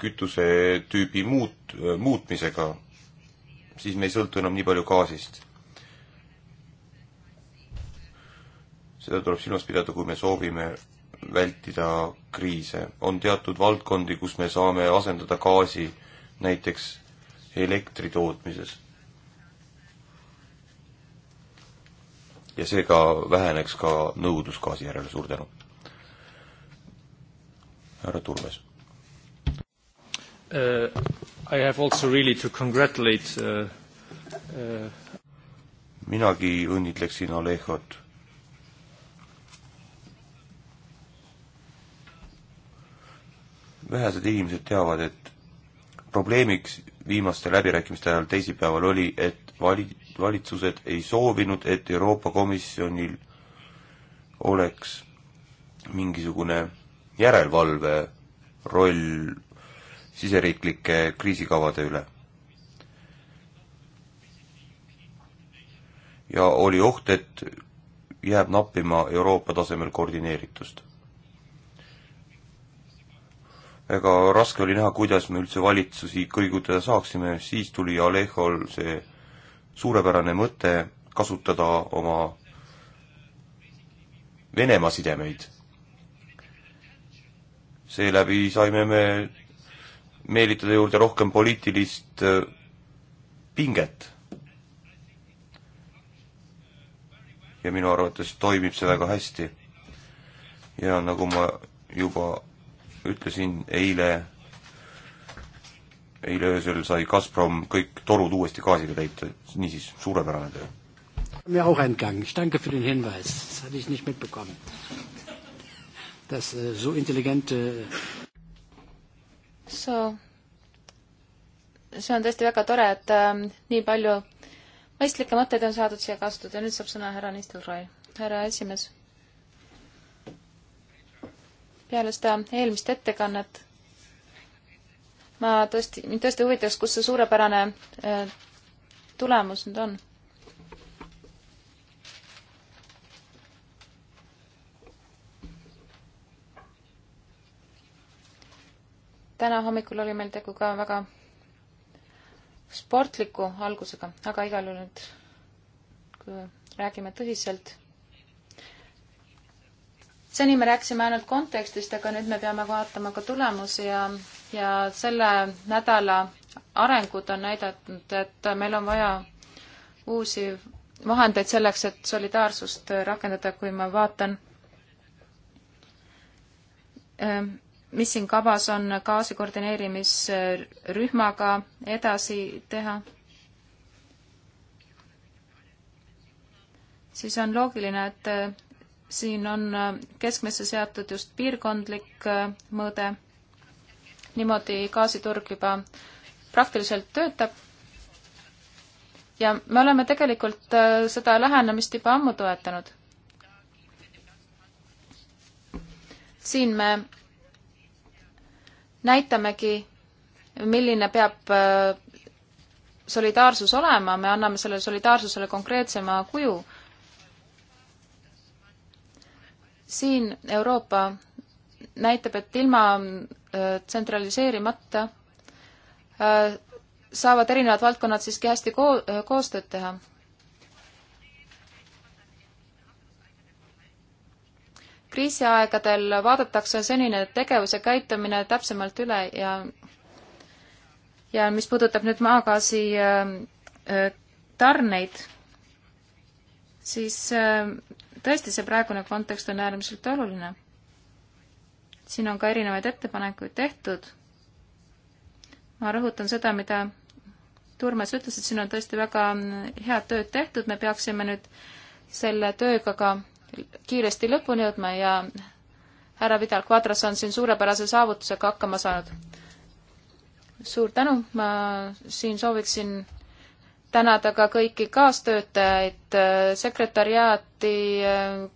Speaker 1: kütusetüübi muut-, muutmisega, siis me ei sõltu enam nii palju gaasist. seda tuleb silmas pidada, kui me soovime vältida kriise. on teatud valdkondi, kus me saame asendada gaasi äh, näiteks elektri tootmises. ja seega väheneks ka nõudlus gaasi järele, suur tänu. härra Turmes uh,. I have also really to congratulate uh, uh... minagi õnnitleksin Alehot vähesed inimesed teavad, et probleemiks viimaste läbirääkimiste ajal teisipäeval oli, et vali-, valitsused ei soovinud, et Euroopa Komisjonil oleks mingisugune järelevalve roll siseriiklike kriisikavade üle. ja oli oht, et jääb nappima Euroopa tasemel koordineeritust väga raske oli näha, kuidas me üldse valitsusi kõigutada saaksime, siis tuli Alehol see suurepärane mõte kasutada oma Venemaa sidemeid. seeläbi saime me meelitada juurde rohkem poliitilist äh, pinget. ja minu arvates toimib see väga hästi. ja nagu ma juba ütlesin eile, eile öösel sai Gazprom kõik torud uuesti gaasiga täita, niisiis suurepärane töö.
Speaker 2: Mir auch entgangen. Ich danke für den Hinweis. Das hatte ich nicht mitbekommen. Dass äh, so intelligente. Äh,
Speaker 3: so. See on tõesti väga tore, et äh, nii palju mõistlikke mõtteid on saadud siia kasutada. Nüüd saab sõna härra Nistelrooy. Härra esimees peale seda eelmist ettekannet. ma tõesti, mind tõesti huvitaks, kus see suurepärane äh, tulemus nüüd on. täna hommikul oli meil tegu ka väga sportliku algusega, aga igal juhul nüüd, kui räägime tõsiselt seni me rääkisime ainult kontekstist, aga nüüd me peame vaatama ka tulemusi ja, ja selle nädala arengud on näidanud, et meil on vaja uusi vahendeid selleks, et solidaarsust rakendada, kui ma vaatan, ehm, mis siin kavas on gaasi koordineerimisrühmaga edasi teha, siis on loogiline, et siin on äh, keskmesse seatud just piirkondlik äh, mõõde. niimoodi gaasiturg juba praktiliselt töötab. ja me oleme tegelikult äh, seda lähenemist juba ammu toetanud. siin me näitamegi, milline peab solidaarsus olema, me anname sellele solidaarsusele konkreetsema kuju siin Euroopa näitab, et ilma äh, tsentraliseerimata äh, saavad erinevad valdkonnad siiski hästi ko äh, koostööd teha. kriisiaegadel vaadatakse senine tegevus ja käitumine täpsemalt üle ja ja mis puudutab nüüd maagaasi tarneid, siis tõesti, see praegune kontekst on äärmiselt oluline. siin on ka erinevaid ettepanekuid tehtud. ma rõhutan seda, mida Turmes ütles, et siin on tõesti väga head tööd tehtud, me peaksime nüüd selle tööga ka kiiresti lõpuni jõudma ja härra Vidal Quadras on siin suurepärase saavutusega hakkama saanud. suur tänu, ma siin sooviksin tänada ka kõiki kaastöötajaid, sekretariaati,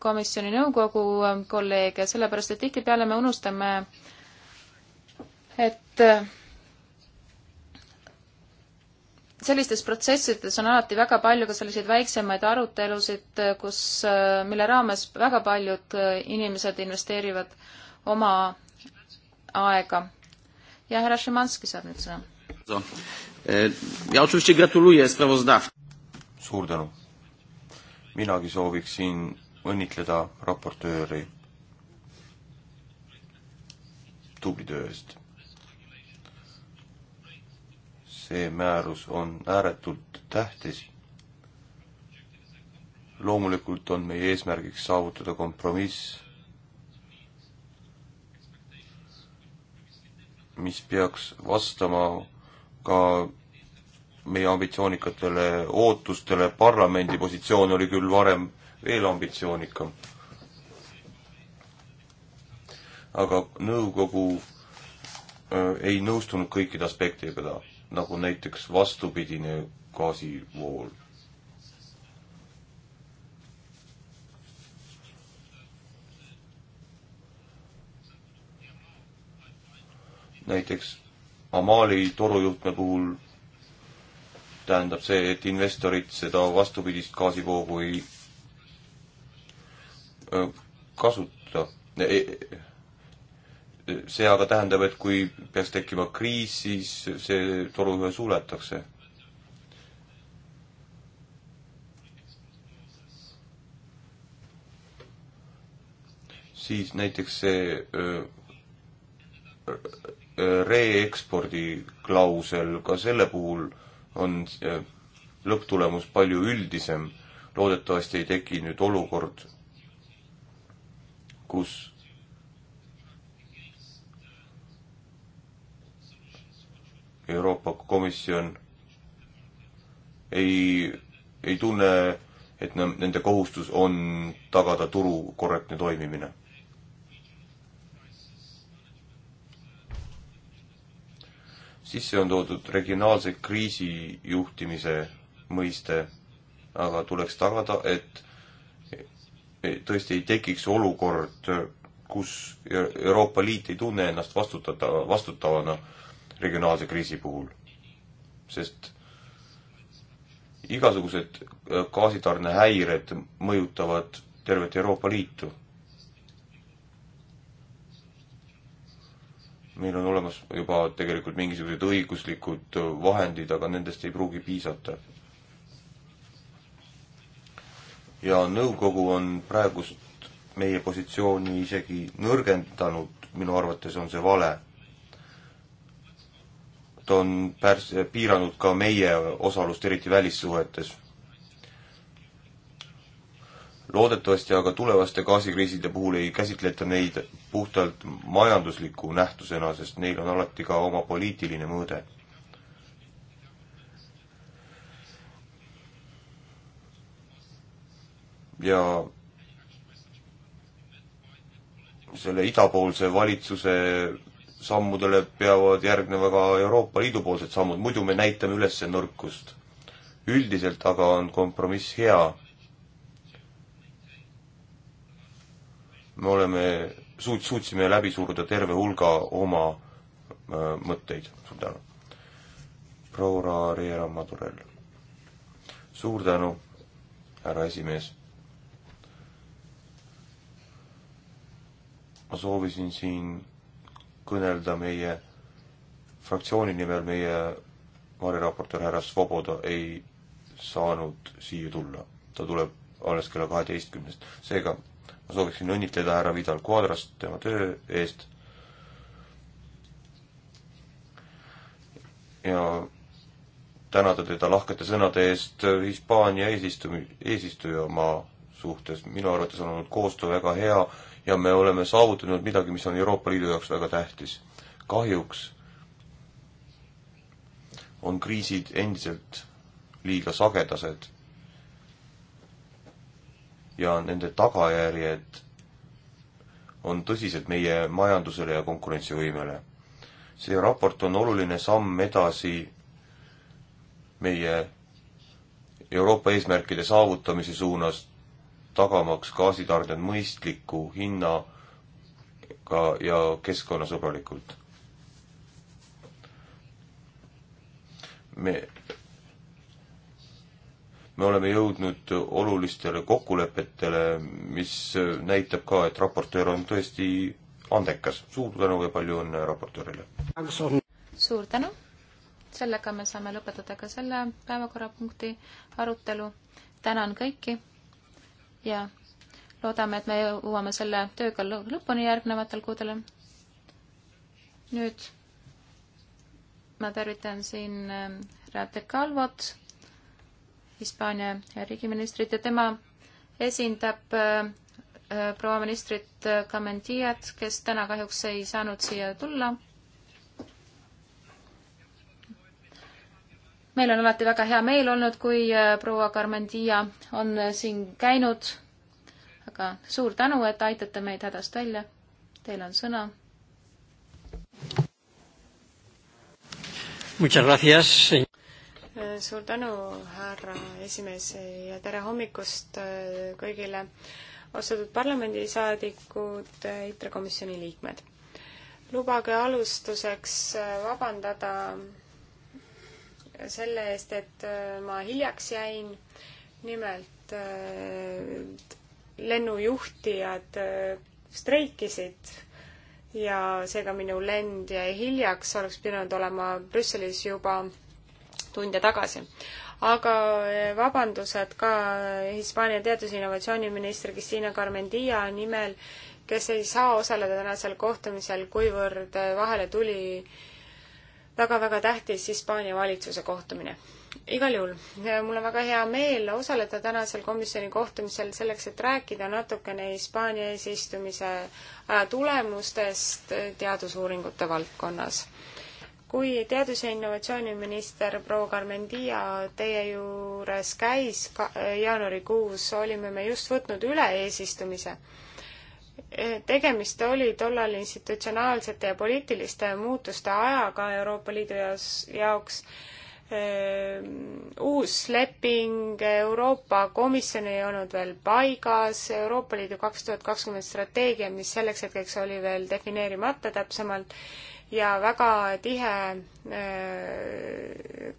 Speaker 3: komisjoni nõukogu kolleege, sellepärast et tihtipeale me unustame, et sellistes protsessides on alati väga palju ka selliseid väiksemaid arutelusid, kus, mille raames väga paljud inimesed investeerivad oma aega. ja härra Šimanski saab nüüd sõna.
Speaker 1: E, ja oczywiście gratuluję sprawozdawcy. suur tänu. minagi sooviksin õnnitleda raportööri tubli töö eest. see määrus on ääretult tähtis. loomulikult on meie eesmärgiks saavutada kompromiss, mis peaks vastama ka meie ambitsioonikatele ootustele, parlamendi positsioon oli küll varem veel ambitsioonikam. aga nõukogu äh, ei nõustunud kõikide aspektidega, nagu näiteks vastupidine gaasivool. näiteks Amali torujuhtme puhul tähendab see, et investorid seda vastupidist gaasivoogu ei kasuta. E, e, see aga tähendab, et kui peaks tekkima kriis, siis see torujuhe suletakse. siis näiteks see Äh, reekspordi klausel, ka selle puhul on äh, lõpptulemus palju üldisem. loodetavasti ei teki nüüd olukord, kus Euroopa Komisjon ei, ei tunne, et nende kohustus on tagada turu korrektne toimimine sisse on toodud regionaalse kriisijuhtimise mõiste, aga tuleks tagada, et tõesti ei tekiks olukord, kus Euroopa Liit ei tunne ennast vastutada, vastutavana regionaalse kriisi puhul. sest igasugused gaasitarnehäired mõjutavad tervet Euroopa Liitu meil on olemas juba tegelikult mingisugused õiguslikud äh, vahendid, aga nendest ei pruugi piisata. ja nõukogu on praegust meie positsiooni isegi nõrgendanud, minu arvates on see vale. ta on pärs-, piiranud ka meie osalust, eriti välissuhetes loodetavasti aga tulevaste gaasikriiside puhul ei käsitleta neid puhtalt majandusliku nähtusena, sest neil on alati ka oma poliitiline mõõde. ja selle idapoolse valitsuse sammudele peavad järgnema ka Euroopa Liidu poolsed sammud, muidu me näitame üles nõrkust. üldiselt aga on kompromiss hea me oleme, suut-, suutsime läbi suruda terve hulga oma öö, mõtteid. suur tänu. proua Riera Madurell. suur tänu, härra esimees. ma soovisin siin kõnelda meie fraktsiooni nimel, meie variraportöör härra Svoboda ei saanud siia tulla. ta tuleb alles kella kaheteistkümnest. seega ma sooviksin õnnitleda härra Vidal Quadrast tema töö eest. ja tänada teda lahkete sõnade eest Hispaania eesistu-, eesistujamaa suhtes. minu arvates on olnud koostöö väga hea ja me oleme saavutanud midagi, mis on Euroopa Liidu jaoks väga tähtis. kahjuks on kriisid endiselt liiga sagedased ja nende tagajärjed on tõsised meie majandusele ja konkurentsivõimele. see raport on oluline samm edasi meie Euroopa eesmärkide saavutamise suunas, tagamaks gaasitarned mõistliku hinnaga ja keskkonnasõbralikult. me me oleme jõudnud olulistele kokkulepetele, mis näitab ka, et raportöör on tõesti andekas. suur tänu ja palju õnne raportöörile!
Speaker 3: suur tänu! sellega me saame lõpetada ka selle päevakorrapunkti arutelu. tänan kõiki ja loodame, et me jõuame selle tööga lõpuni järgnevatel kuudel. nüüd ma tervitan siin äh, Radek Kalvot Hispaania riigiministrit ja tema esindab äh, äh, proua ministrit Kamendijat, äh, kes täna kahjuks ei saanud siia tulla. meil on alati väga hea meel olnud, kui proua Karmendia on siin käinud. aga suur tänu, et aitate meid hädast välja. Teil
Speaker 2: on sõna. Muchas gracias suur tänu, härra esimees ja tere hommikust äh, kõigile austatud parlamendisaadikud, äh, ITRE komisjoni liikmed. lubage alustuseks äh, vabandada selle eest, et ma hiljaks jäin. nimelt lennujuhtijad streikisid ja seega minu lend jäi hiljaks, oleks pidanud olema Brüsselis juba tunde tagasi. aga eh, vabandused ka Hispaania teadus- ja innovatsiooniministri Cristina Carmendia nimel, kes ei saa osaleda tänasel kohtumisel, kuivõrd eh, vahele tuli väga-väga tähtis Hispaania valitsuse kohtumine. igal juhul, eh, mul on väga hea meel osaleda tänasel komisjoni kohtumisel selleks, et rääkida natukene Hispaania eesistumise aja tulemustest teadusuuringute valdkonnas kui teadus- ja innovatsiooniminister proua Carmen Dia teie juures käis ka, äh, jaanuarikuus, olime me just võtnud üle eesistumise. Äh, tegemist oli tollal institutsionaalsete ja poliitiliste muutuste ajaga Euroopa Liidu jaos, jaoks äh, uus leping, Euroopa Komisjon ei olnud veel paigas, Euroopa Liidu kaks tuhat kakskümmend strateegia, mis selleks hetkeks oli veel defineerimata täpsemalt ja väga tihe äh,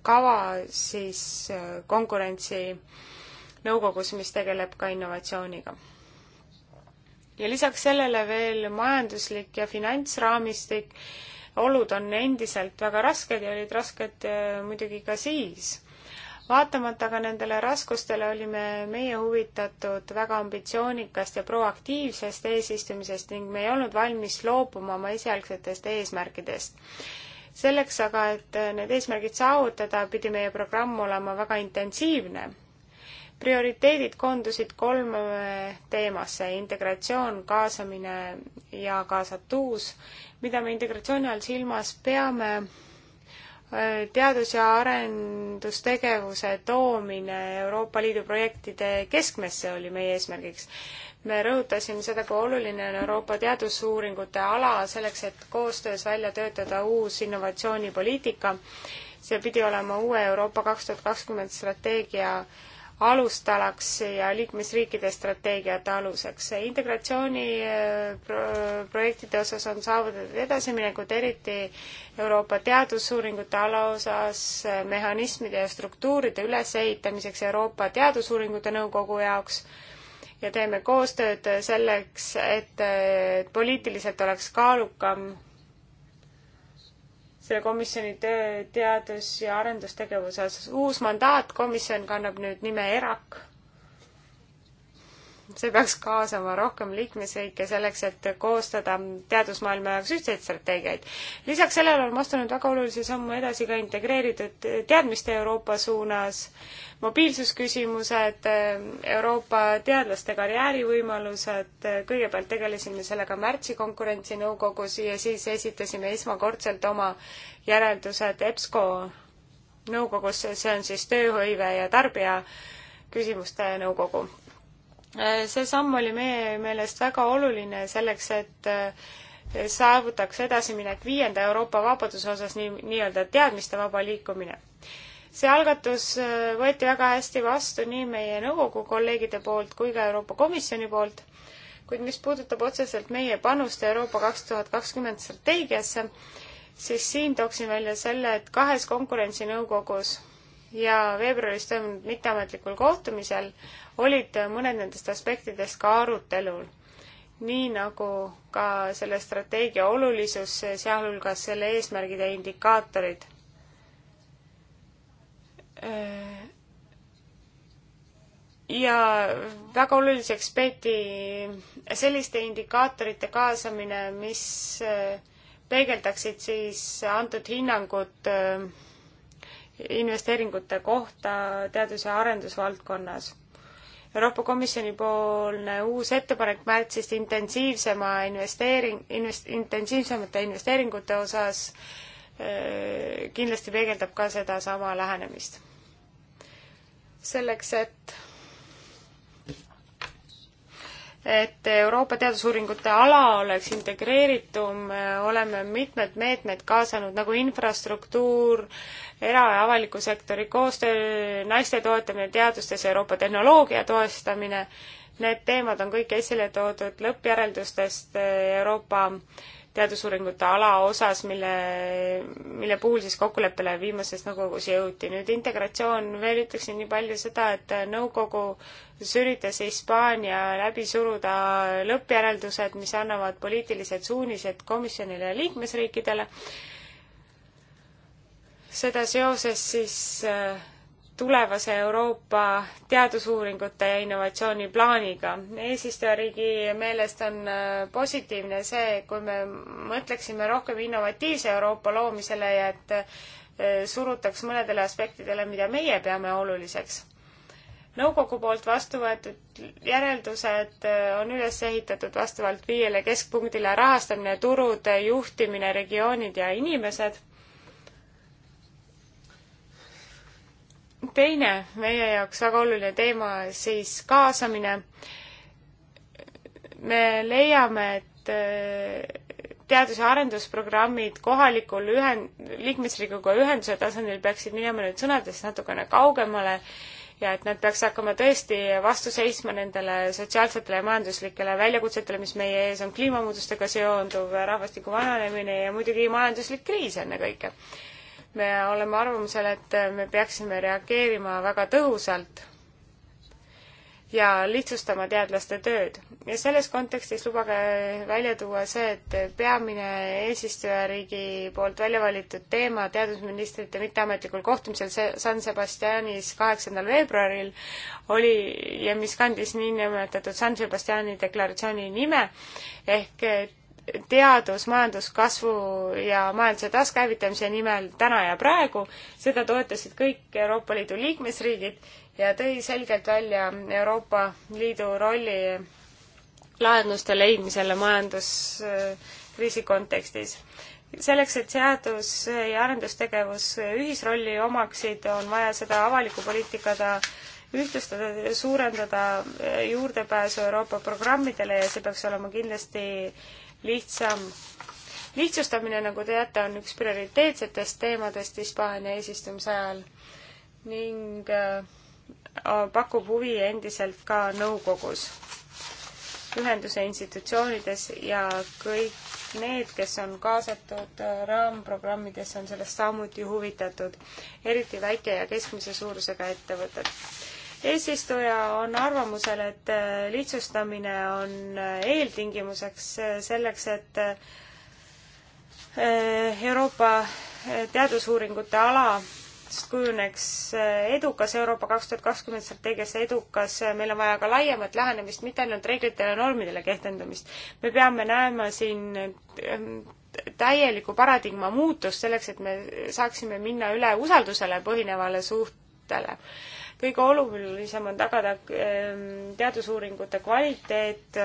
Speaker 2: kava siis äh, konkurentsinõukogus, mis tegeleb ka innovatsiooniga. ja lisaks sellele veel majanduslik ja finantsraamistik, olud on endiselt väga rasked ja olid rasked äh, muidugi ka siis vaatamata ka nendele raskustele olime meie huvitatud väga ambitsioonikast ja proaktiivsest eesistumisest ning me ei olnud valmis loobuma oma esialgsetest eesmärkidest. selleks aga, et need eesmärgid saavutada, pidi meie programm olema väga intensiivne. prioriteedid koondusid kolme teemasse, integratsioon, kaasamine ja kaasatuus. mida me integratsiooni all silmas peame, teadus- ja arendustegevuse toomine Euroopa Liidu projektide keskmesse oli meie eesmärgiks. me rõhutasime seda, kui oluline on Euroopa teadusuuringute ala selleks, et koostöös välja töötada uus innovatsioonipoliitika. see pidi olema uue Euroopa kaks tuhat kakskümmend strateegia alustalaks ja liikmesriikide strateegiate aluseks. integratsiooniprojektide äh, osas on saavutatud edasiminekut, eriti Euroopa teadusuuringute alaosas äh, mehhanismide ja struktuuride ülesehitamiseks Euroopa Teadusuuringute Nõukogu jaoks ja teeme koostööd selleks, et äh, poliitiliselt oleks kaalukam selle komisjoni töö teadus- ja arendustegevuse osas. uus mandaat, komisjon kannab nüüd nime ERAK see peaks kaasama rohkem liikmesriike selleks, et koostada teadusmaailma jaoks ühtseid strateegiaid. lisaks sellele on astunud väga olulise sammu edasi ka integreeritud teadmiste Euroopa suunas, mobiilsusküsimused, Euroopa teadlaste karjäärivõimalused, kõigepealt tegelesime sellega märtsi konkurentsinõukogus ja siis esitasime esmakordselt oma järeldused EBSCO nõukogusse, see on siis tööhõive ja tarbija küsimuste nõukogu. Äh, see samm oli meie meelest väga oluline selleks, et äh, saavutaks edasiminek viienda Euroopa vabaduse osas nii, nii-öelda teadmiste vaba liikumine see algatus äh, võeti väga hästi vastu nii meie nõukogu kolleegide poolt kui ka Euroopa Komisjoni poolt, kuid mis puudutab otseselt meie panust Euroopa kaks tuhat kakskümmend strateegiasse, siis siin tooksin välja selle, et kahes konkurentsinõukogus ja veebruaris toimunud mitteametlikul kohtumisel olid mõned nendest aspektidest ka arutelul. nii nagu ka selle strateegia olulisus, sealhulgas selle eesmärgid ja indikaatorid. ja väga oluliseks peeti selliste indikaatorite kaasamine, mis peegeldaksid siis antud hinnangut äh, investeeringute kohta teadus- ja arendusvaldkonnas. Euroopa Komisjoni poolne uus ettepanek märtsist intensiivsema investeering, invest-, intensiivsemate investeeringute osas kindlasti peegeldab ka sedasama lähenemist. selleks, et et Euroopa teadusuuringute ala oleks integreeritum, oleme mitmed meetmed kaasanud, nagu infrastruktuur, era- ja avaliku sektori koostöö, naiste toetamine teadustes, Euroopa tehnoloogia toestamine, need teemad on kõik esile toodud lõppjäreldustest Euroopa teadusuuringute ala osas, mille, mille puhul siis kokkuleppele viimases nõukogus jõuti. nüüd integratsioon, veel ütleksin nii palju seda, et nõukogu üritas Hispaania läbi suruda lõppjäreldused, mis annavad poliitilised suunised komisjonile ja liikmesriikidele. seda seoses siis äh, tulevase Euroopa teadusuuringute ja innovatsiooniplaaniga. eesistujariigi meelest on äh, positiivne see, kui me mõtleksime rohkem innovatiivse Euroopa loomisele ja et äh, surutaks mõnedele aspektidele, mida meie peame oluliseks. nõukogu poolt vastu võetud järeldused äh, on üles ehitatud vastavalt viiele keskpunktile rahastamine, turud, juhtimine, regioonid ja inimesed teine meie jaoks väga oluline teema siis kaasamine. me leiame, et äh, teadus- ja arendusprogrammid kohalikul ühen-, liikmesriigiga ühenduse tasandil peaksid minema nüüd sõnadest natukene kaugemale ja et nad peaks hakkama tõesti vastu seisma nendele sotsiaalsetele ja majanduslikele väljakutsetele, mis meie ees on, kliimamuutustega seonduv, rahvastiku vananemine ja muidugi majanduslik kriis ennekõike me oleme arvamusel, et me peaksime reageerima väga tõhusalt ja lihtsustama teadlaste tööd. ja selles kontekstis lubage välja tuua see, et peamine eesistujariigi poolt välja valitud teema teadusministrite mitteametlikul kohtumisel San Sebastianis kaheksandal veebruaril oli ja mis kandis niinimetatud San Sebastiani deklaratsiooni nime ehk teadus majanduskasvu ja majanduse taaskäivitamise nimel täna ja praegu, seda toetasid kõik Euroopa Liidu liikmesriigid ja tõi selgelt välja Euroopa Liidu rolli lahenduste leidmisele majanduskriisi kontekstis. selleks, et seadus- ja arendustegevus ühisrolli omaksid, on vaja seda avaliku poliitikaga ühtlustada ja suurendada juurdepääsu Euroopa programmidele ja see peaks olema kindlasti lihtsam. lihtsustamine, nagu teate, on üks prioriteetsetest teemadest Hispaania eesistumise ajal ning äh, pakub huvi endiselt ka nõukogus, ühenduse institutsioonides ja kõik need, kes on kaasatud äh, raamprogrammidesse, on sellest samuti huvitatud, eriti väike- ja keskmise suurusega ettevõtted eesistuja on arvamusel, et äh, lihtsustamine on äh, eeltingimuseks äh, selleks, et Euroopa teadusuuringute ala kujuneks edukas Euroopa kaks tuhat kakskümmend strateegiasse edukas, meil on vaja ka laiemat lähenemist, mitte ainult reeglitele ja normidele kehtendamist. me peame näema siin täielikku paradigma muutust selleks, et me saaksime minna üle usaldusele põhinevale suhtele kõige olulisem on tagada ehm, teadusuuringute kvaliteet.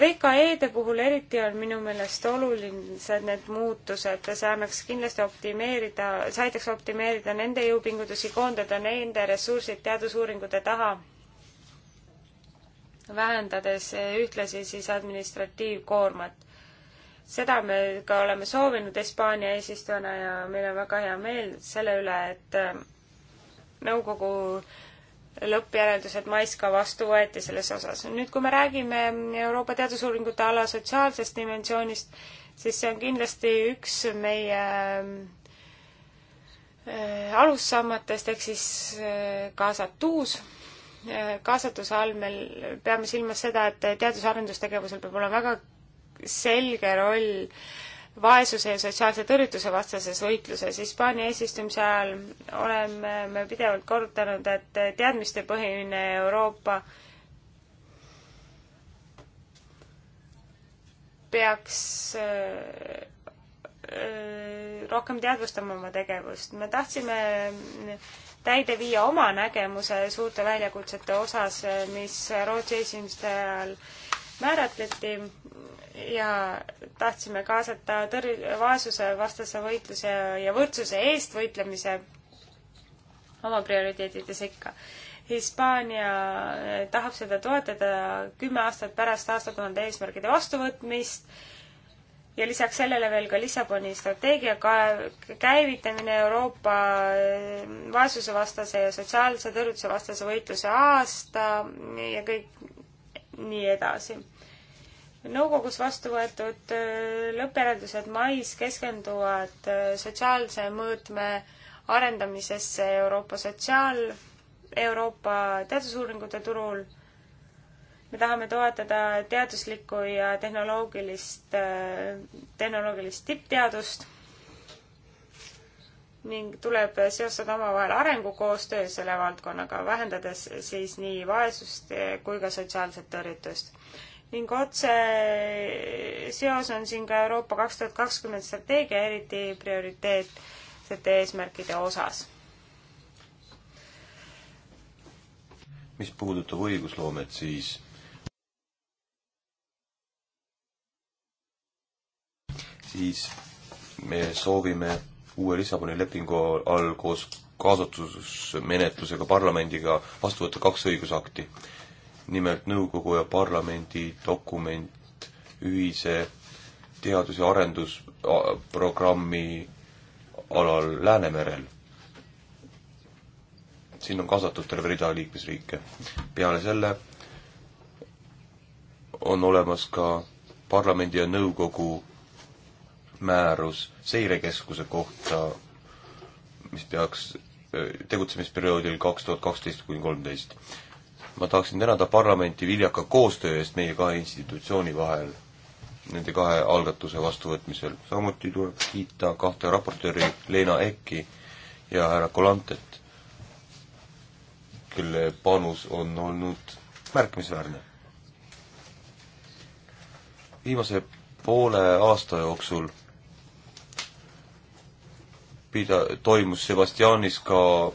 Speaker 2: VKE-de puhul eriti on minu meelest olulised need muutused, see annaks kindlasti optimeerida, see aitaks optimeerida nende jõupingutusi, koondada nende ressursid teadusuuringute taha, vähendades ühtlasi siis administratiivkoormat seda me ka oleme soovinud Hispaania eesistujana ja meil on väga hea meel selle üle, et nõukogu lõppjäreldused mais ka vastu võeti selles osas. nüüd, kui me räägime Euroopa teadusuuringute ala sotsiaalsest dimensioonist, siis see on kindlasti üks meie äh, alussammatest ehk siis äh, kaasatuus. Äh, kaasatuse all me peame silmas seda, et teadus- ja arendustegevusel peab olema väga selge roll vaesuse ja sotsiaalse tõrjutuse vastases võitluses. Hispaania eesistumise ajal oleme me pidevalt korrutanud, et teadmistepõhine Euroopa peaks äh, äh, rohkem teadvustama oma tegevust. me tahtsime täide viia oma nägemuse suurte väljakutsete osas, mis Rootsi eesistumise ajal määratleti ja tahtsime kaasata tõr-, vaesusevastase võitluse ja võrdsuse eest võitlemise oma prioriteetides ikka. Hispaania eh, tahab seda toetada kümme aastat pärast aastatuhande eesmärgide vastuvõtmist ja lisaks sellele veel ka Lissaboni strateegia käivitamine Euroopa eh, vaesusevastase ja sotsiaalse tõrjutuse vastase võitluse aasta ja kõik nii edasi. nõukogus vastu võetud äh, lõppjäreldused mais keskenduvad äh, sotsiaalse mõõtme arendamisesse Euroopa sotsiaal, Euroopa teadusuuringute turul. me tahame toetada teaduslikku ja tehnoloogilist, äh, tehnoloogilist tippteadust ning tuleb seostada omavahel arengukoostöö selle valdkonnaga, vähendades siis nii vaesust eh, kui ka sotsiaalset tõrjutust. ning otse seos on siin ka Euroopa kaks tuhat kakskümmend strateegia, eriti prioriteetsete eesmärkide osas.
Speaker 1: mis puudutab õigusloomet, siis siis me soovime uue Lissaboni lepingu all koos kaasatusmenetlusega parlamendiga vastu võtta kaks õigusakti. nimelt nõukogu ja parlamendi dokument ühise teadus- ja arendusprogrammi alal Läänemerel. siin on kaasatud terve rida liikmesriike. peale selle on olemas ka parlamendi ja nõukogu määrus seirekeskuse kohta, mis peaks tegutsemisperioodil kaks tuhat kaksteist kuni kolmteist. ma tahaksin tänada parlamenti viljaka koostöö eest meie kahe institutsiooni vahel nende kahe algatuse vastuvõtmisel. samuti tuleb kiita kahte raportööri, Leena Ekki ja härra Kolantet, kelle panus on olnud märkimisväärne. viimase poole aasta jooksul pida-, toimus Sebastianis ka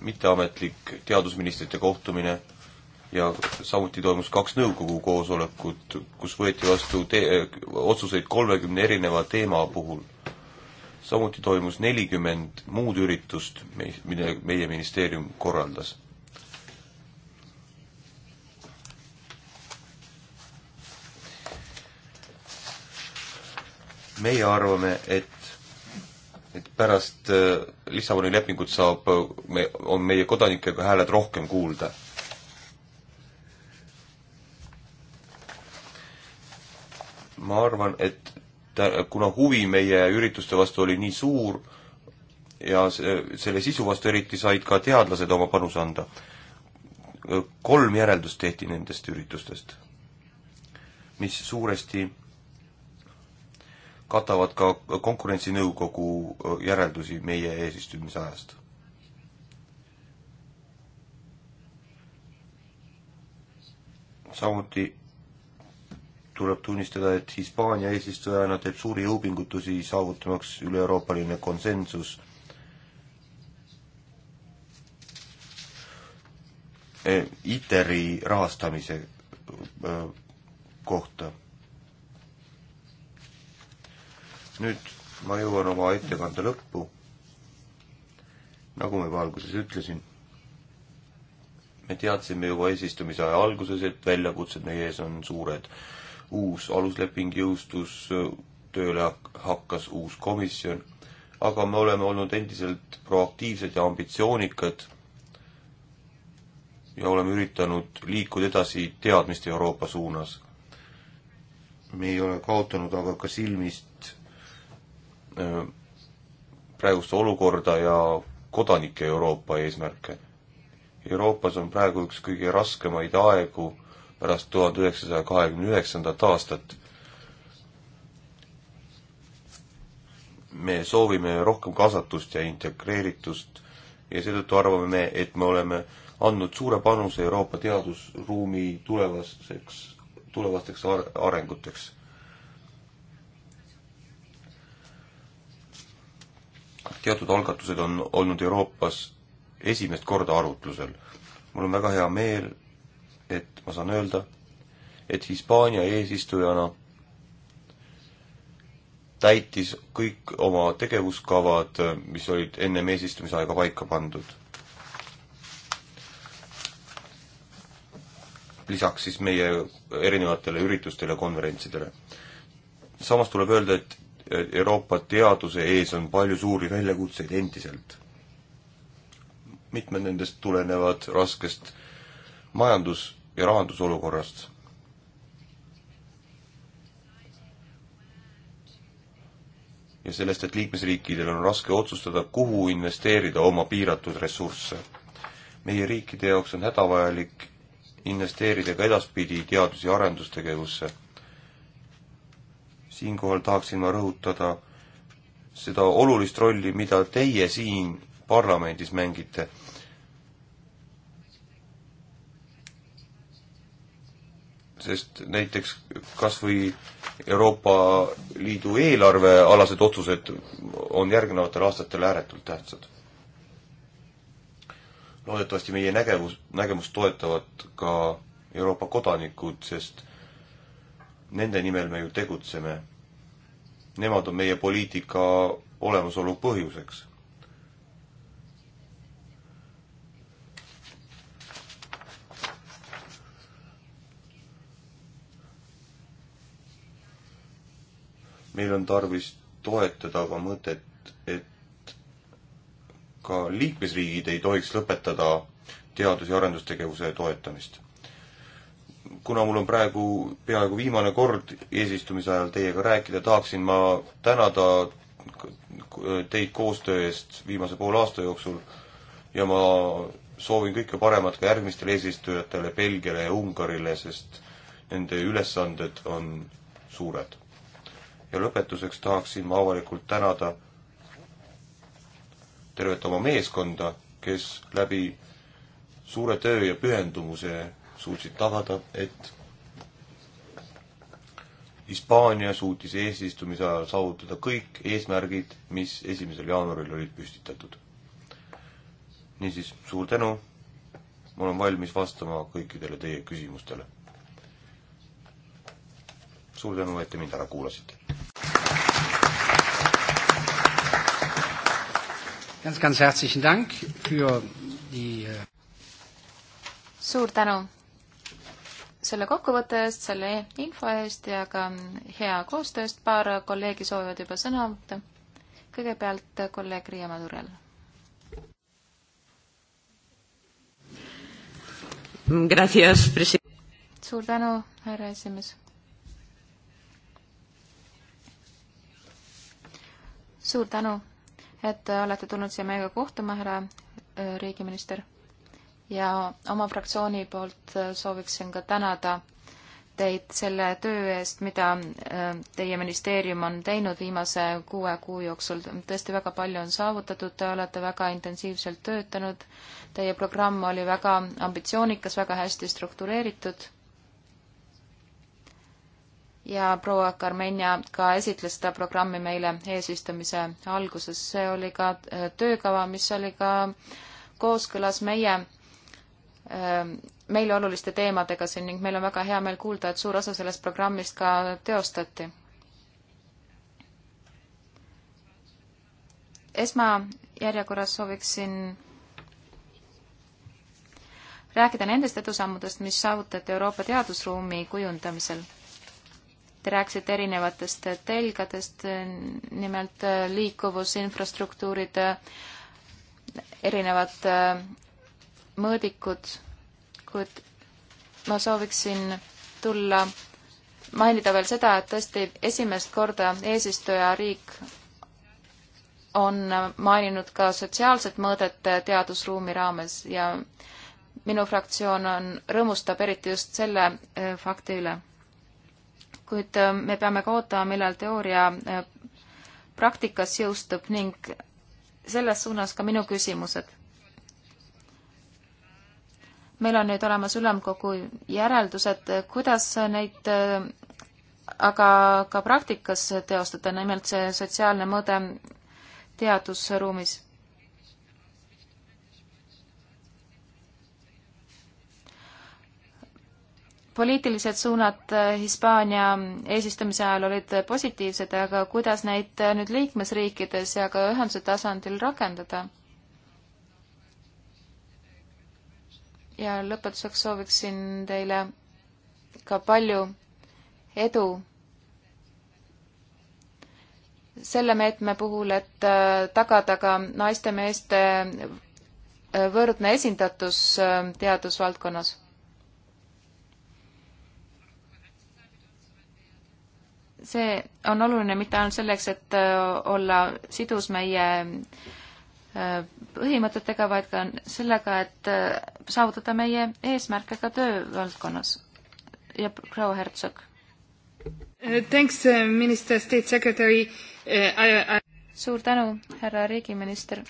Speaker 1: mitteametlik teadusministrite kohtumine ja samuti toimus kaks nõukogu koosolekut, kus võeti vastu te-, otsuseid kolmekümne erineva teema puhul. samuti toimus nelikümmend muud üritust, mille meie ministeerium korraldas meie arvame, et et pärast äh, Lissaboni lepingut saab, äh, me, on meie kodanikega hääled rohkem kuulda. ma arvan, et ta, kuna huvi meie ürituste vastu oli nii suur ja see, selle sisu vastu eriti said ka teadlased oma panuse anda, kolm järeldust tehti nendest üritustest, mis suuresti katavad ka konkurentsinõukogu järeldusi meie eesistumise ajast. samuti tuleb tunnistada, et Hispaania eesistujana teeb suuri jõupingutusi saavutamaks üle-euroopaline konsensus ITER-i rahastamise kohta nüüd ma jõuan oma ettekande lõppu. nagu ma juba alguses ütlesin, me teadsime juba eesistumise aja alguses, et väljakutsed meie ees on suured. uus alusleping jõustus, tööle hakkas uus komisjon, aga me oleme olnud endiselt proaktiivsed ja ambitsioonikad ja oleme üritanud liikuda edasi teadmiste Euroopa suunas. me ei ole kaotanud aga ka silmist Äh, praegust olukorda ja kodanike Euroopa eesmärke. Euroopas on praegu üks kõige raskemaid aegu pärast tuhande üheksasaja kahekümne üheksandat aastat. me soovime rohkem kaasatust ja integreeritust ja seetõttu arvame me, et me oleme andnud suure panuse Euroopa teadusruumi tulevaseks, tulevasteks arenguteks teatud algatused on olnud Euroopas esimest korda arutlusel. mul on väga hea meel, et ma saan öelda, et Hispaania eesistujana täitis kõik oma tegevuskavad, mis olid ennem eesistumisaega paika pandud. lisaks siis meie erinevatele üritustele, konverentsidele. samas tuleb öelda, et Euroopa teaduse ees on palju suuri väljakutseid endiselt. mitmed nendest tulenevad raskest majandus- ja rahandusolukorrast. ja sellest, et liikmesriikidel on raske otsustada, kuhu investeerida oma piiratud ressursse. meie riikide jaoks on hädavajalik investeerida ka edaspidi teadus- ja arendustegevusse siinkohal tahaksin ma rõhutada seda olulist rolli, mida teie siin parlamendis mängite. sest näiteks kas või Euroopa Liidu eelarvealased otsused on järgnevatel aastatel ääretult tähtsad. loodetavasti meie nägevus, nägemust toetavad ka Euroopa kodanikud, sest nende nimel me ju tegutseme. Nemad on meie poliitika olemasolu põhjuseks. meil on tarvis toetada ka mõtet, et ka liikmesriigid ei tohiks lõpetada teadus- ja arendustegevuse toetamist kuna mul on praegu peaaegu viimane kord eesistumise ajal teiega rääkida, tahaksin ma tänada teid koostöö eest viimase poole aasta jooksul ja ma soovin kõike paremat ka järgmistele eesistujatele, Belgiale ja Ungarile, sest nende ülesanded on suured. ja lõpetuseks tahaksin ma avalikult tänada tervet oma meeskonda, kes läbi suure töö ja pühendumuse suutsid tagada, et Hispaania suutis eesistumise ajal saavutada kõik eesmärgid, mis esimesel jaanuaril olid püstitatud. niisiis, suur tänu, ma olen valmis vastama kõikidele teie küsimustele. suur tänu, et te mind ära kuulasite.
Speaker 2: Äh
Speaker 3: suur tänu selle kokkuvõtte eest, selle info eest ja ka hea koostöö eest. paar kolleegi soovivad juba sõna võtta. kõigepealt kolleeg Riia Madurel. suur tänu, härra esimees. suur tänu, et olete tulnud siia meiega kohtuma, härra äh, riigiminister ja oma fraktsiooni poolt äh, sooviksin ka tänada teid selle töö eest, mida äh, teie ministeerium on teinud viimase kuue kuu jooksul. tõesti väga palju on saavutatud, te olete väga intensiivselt töötanud, teie programm oli väga ambitsioonikas, väga hästi struktureeritud ja proua Carmenia ka esitles seda programmi meile eesistumise alguses. see oli ka äh, töökava, mis oli ka kooskõlas meie Ehm, meile oluliste teemadega siin ning meil on väga hea meel kuulda, et suur osa sellest programmist ka teostati. esmajärjekorras sooviksin rääkida nendest edusammudest, mis saavutati Euroopa teadusruumi kujundamisel. Te rääkisite erinevatest telgadest, nimelt liikuvusinfrastruktuuride erinevad mõõdikud, kuid ma sooviksin tulla, mainida veel seda, et tõesti esimest korda eesistujariik on maininud ka sotsiaalset mõõdet teadusruumi raames ja minu fraktsioon on, rõõmustab eriti just selle äh, fakti üle. kuid äh, me peame ka ootama, millal teooria äh, praktikas jõustub ning selles suunas ka minu küsimused meil on nüüd olemas ülemkogu järeldused, kuidas neid äh, aga ka praktikas teostada, nimelt see sotsiaalne mõõde teadusruumis. poliitilised suunad äh, Hispaania eesistumise ajal olid positiivsed, aga kuidas neid äh, nüüd liikmesriikides ja ka ühenduse tasandil rakendada? ja lõpetuseks sooviksin teile ka palju edu selle meetme puhul, et äh, tagada ka naiste-meeste äh, võrdne esindatus äh, teadusvaldkonnas. see on oluline mitte ainult selleks, et olla sidus meie põhimõtetega, vaid ka sellega, et äh, saavutada meie eesmärke ka töövaldkonnas. ja proua Hertsog. Äh, thanks, äh, minister, state secretary uh,. I, I... suur tänu, härra riigiminister.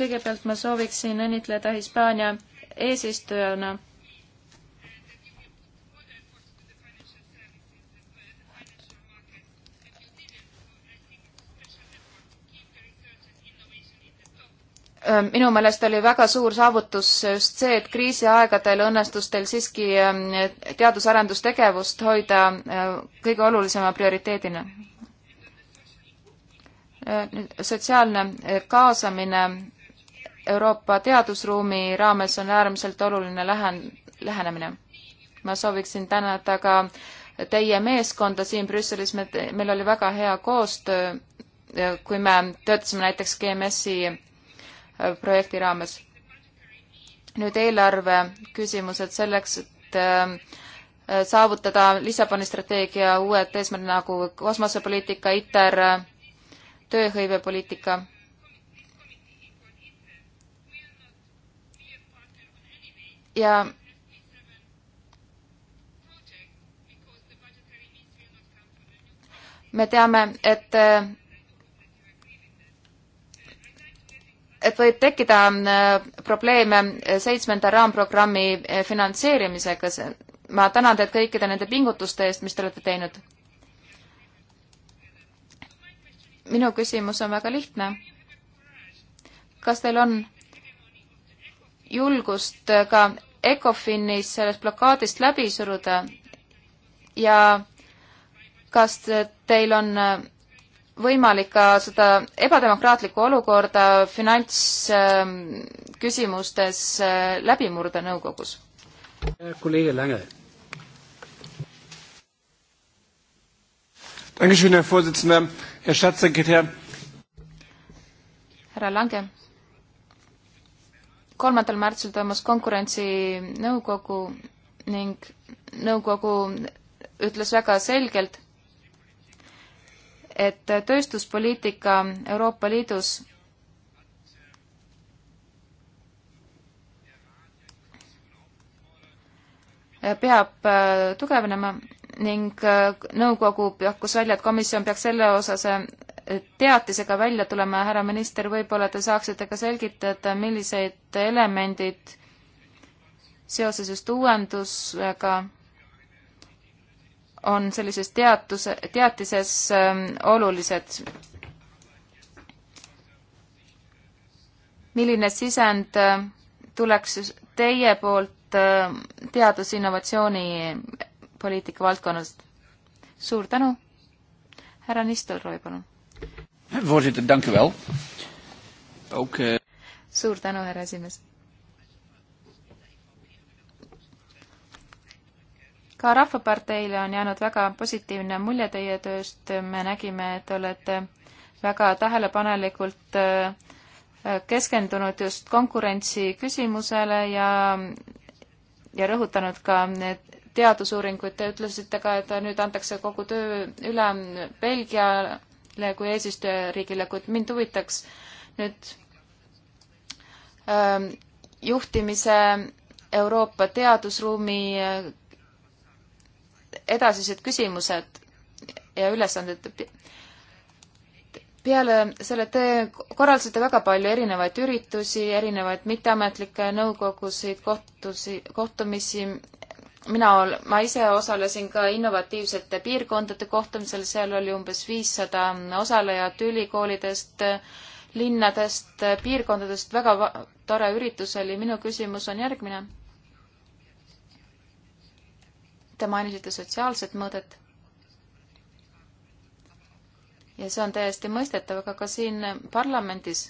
Speaker 3: kõigepealt ma sooviksin õnnitleda Hispaania eesistujana minu meelest oli väga suur saavutus just see, et kriisiaegadel õnnestus teil siiski teadus-arendustegevust hoida kõige olulisema prioriteedina. sotsiaalne kaasamine Euroopa teadusruumi raames on äärmiselt oluline lähen-, lähenemine. ma sooviksin tänada ka teie meeskonda siin Brüsselis, me, meil oli väga hea koostöö, kui me töötasime näiteks GMS-i Äh, projekti raames. nüüd eelarve küsimused selleks, et äh, äh, saavutada Lissaboni strateegia uued eesmärgid nagu kosmosepoliitika, ITER, tööhõivepoliitika ja me teame, et et võib tekkida äh, probleeme äh, seitsmenda raamprogrammi äh, finantseerimisega. ma tänan teid kõikide nende pingutuste eest, mis te olete teinud. minu küsimus on väga lihtne. kas teil on julgust ka ECOFINis sellest blokaadist läbi suruda ja kas teil on võimalik ka seda ebademokraatlikku olukorda finantsküsimustes äh, läbi murda nõukogus.
Speaker 2: kolleeg Lange. Dankeschön, Herr Vorsitzender, Herr Staatssekretär.
Speaker 3: härra Lange. kolmandal märtsil toimus konkurentsinõukogu ning nõukogu ütles väga selgelt, et tööstuspoliitika Euroopa Liidus peab äh, tugevnema ning äh, nõukogu pakkus välja, et komisjon peaks selle osas äh, teatisega välja tulema. härra minister, võib-olla te saaksite ka selgitada, millised elemendid seoses just uuendusega on sellises teatuse, teatises ähm, olulised. milline sisend äh, tuleks teie poolt äh, teadusinnovatsiooni poliitika valdkonnast? suur tänu, härra Nistelrooy, palun.
Speaker 2: Voorzitter, dank u wel. Ook, uh...
Speaker 3: Suur tänu, härra esimees ka Rahvaparteile on jäänud väga positiivne mulje teie tööst, me nägime, et olete väga tähelepanelikult äh, keskendunud just konkurentsi küsimusele ja, ja rõhutanud ka teadusuuringuid, te ütlesite ka, et nüüd antakse kogu töö üle Belgiale kui eesistujariigile, kuid mind huvitaks nüüd ähm, juhtimise Euroopa teadusruumi edasised küsimused ja ülesanded. peale selle te korraldasite väga palju erinevaid üritusi, erinevaid mitteametlikke nõukogusid, kohtusi, kohtumisi. mina, ma ise osalesin ka innovatiivsete piirkondade kohtumisel, seal oli umbes viissada osalejat ülikoolidest, linnadest, piirkondadest, väga tore üritus oli. minu küsimus on järgmine Te mainisite sotsiaalset mõõdet. ja see on täiesti mõistetav, aga ka siin parlamendis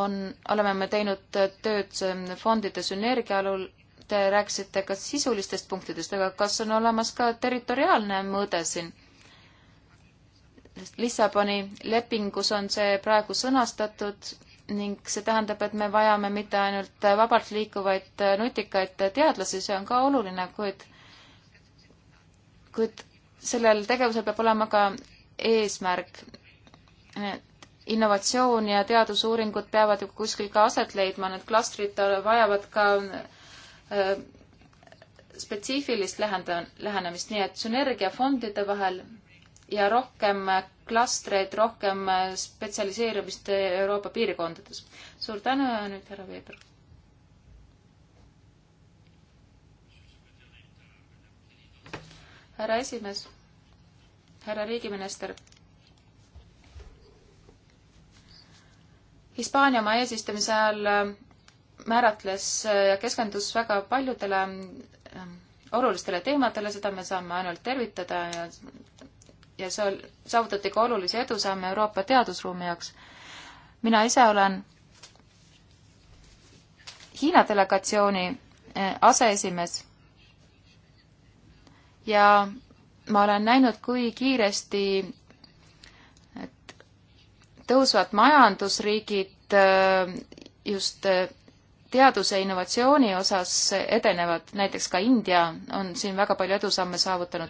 Speaker 3: on, oleme me teinud tööd fondide sünergia alul. Te rääkisite ka sisulistest punktidest, aga kas on olemas ka territoriaalne mõõde siin? sest Lissaboni lepingus on see praegu sõnastatud ning see tähendab, et me vajame mitte ainult vabalt liikuvaid nutikaid teadlasi, see on ka oluline, kuid kuid sellel tegevusel peab olema ka eesmärk. innovatsioon ja teadusuuringud peavad ju kuskil ka aset leidma, need klastrid vajavad ka äh, spetsiifilist lähenda-, lähenemist, nii et sünergia fondide vahel ja rohkem klastreid, rohkem spetsialiseerumist Euroopa piirkondades. suur tänu ja nüüd härra Veeber. härra esimees, härra riigiminister. Hispaania oma eesistumise ajal äh, määratles äh, ja keskendus väga paljudele ähm, olulistele teemadele, seda me saame ainult tervitada ja, ja seal saavutati ka olulisi edusamme Euroopa teadusruumi jaoks. mina ise olen Hiina delegatsiooni äh, aseesimees ja ma olen näinud, kui kiiresti tõusvad majandusriigid äh, just äh, teaduse innovatsiooni osas edenevad, näiteks ka India on siin väga palju edusamme saavutanud.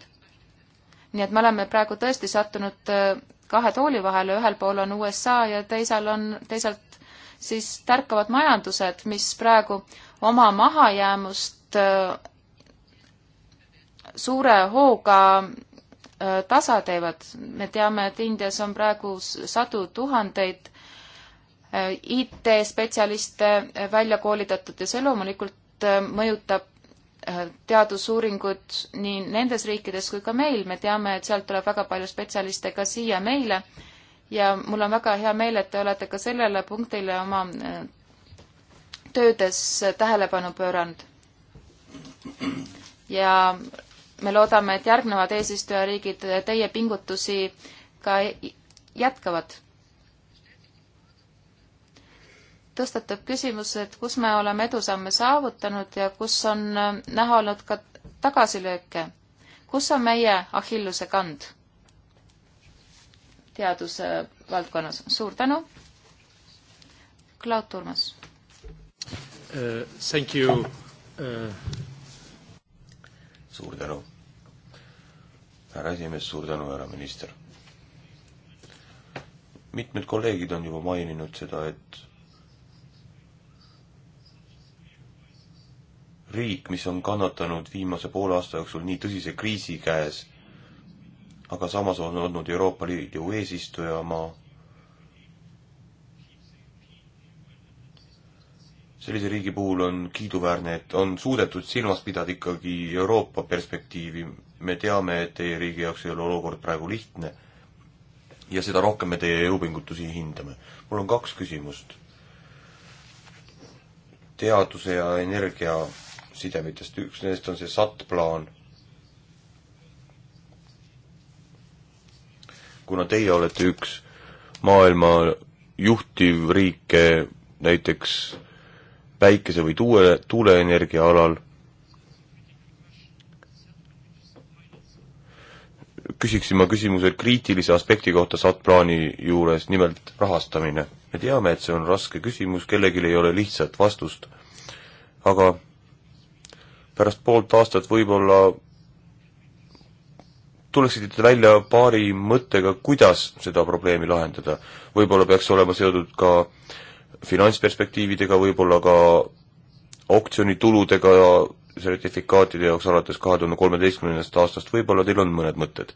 Speaker 3: nii et me oleme praegu tõesti sattunud äh, kahe tooli vahele, ühel pool on USA ja teisel on, teisalt siis tärkavad majandused, mis praegu oma mahajäämust suure hooga äh, tasa teevad. me teame, et Indias on praegu sadu tuhandeid äh, IT-spetsialiste äh, välja koolitatud ja see loomulikult mõjutab teadusuuringud nii nendes riikides kui ka meil. me teame, et sealt tuleb väga palju spetsialiste ka siia meile ja mul on väga hea meel, et te olete ka sellele punktile oma töödes tähelepanu pööranud. ja me loodame, et järgnevad eesistujariigid teie pingutusi ka jätkavad. tõstatab küsimus, et kus me oleme edusamme saavutanud ja kus on näha olnud ka tagasilööke. kus on meie Achilluse kand teaduse valdkonnas? suur tänu. Klaud Turmas
Speaker 1: uh,. Thank you uh.... suur tänu härra esimees, suur tänu, härra minister. mitmed kolleegid on juba maininud seda, et riik, mis on kannatanud viimase poole aasta jooksul nii tõsise kriisi käes, aga samas on olnud Euroopa Liidu eesistujamaa, sellise riigi puhul on kiiduväärne, et on suudetud silmas pidada ikkagi Euroopa perspektiivi, me teame, et teie riigi jaoks ei ole olukord praegu lihtne ja seda rohkem me teie jõupingutusi hindame. mul on kaks küsimust. teaduse ja energia sidemetest, üks nendest on see SAT plaan. kuna teie olete üks maailma juhtivriike näiteks päikese- või tuule, tuuleenergia alal küsiksin ma küsimuse kriitilise aspekti kohta SAT-plaani juures, nimelt rahastamine. me teame, et see on raske küsimus, kellelgi ei ole lihtsat vastust, aga pärast poolt aastat võib-olla tuleksite välja paari mõttega, kuidas seda probleemi lahendada. võib-olla peaks olema seotud ka finantsperspektiividega, võib-olla ka oktsioonituludega, sertifikaatide jaoks alates kahe tuhande kolmeteistkümnendast aastast, võib-olla teil on mõned mõtted?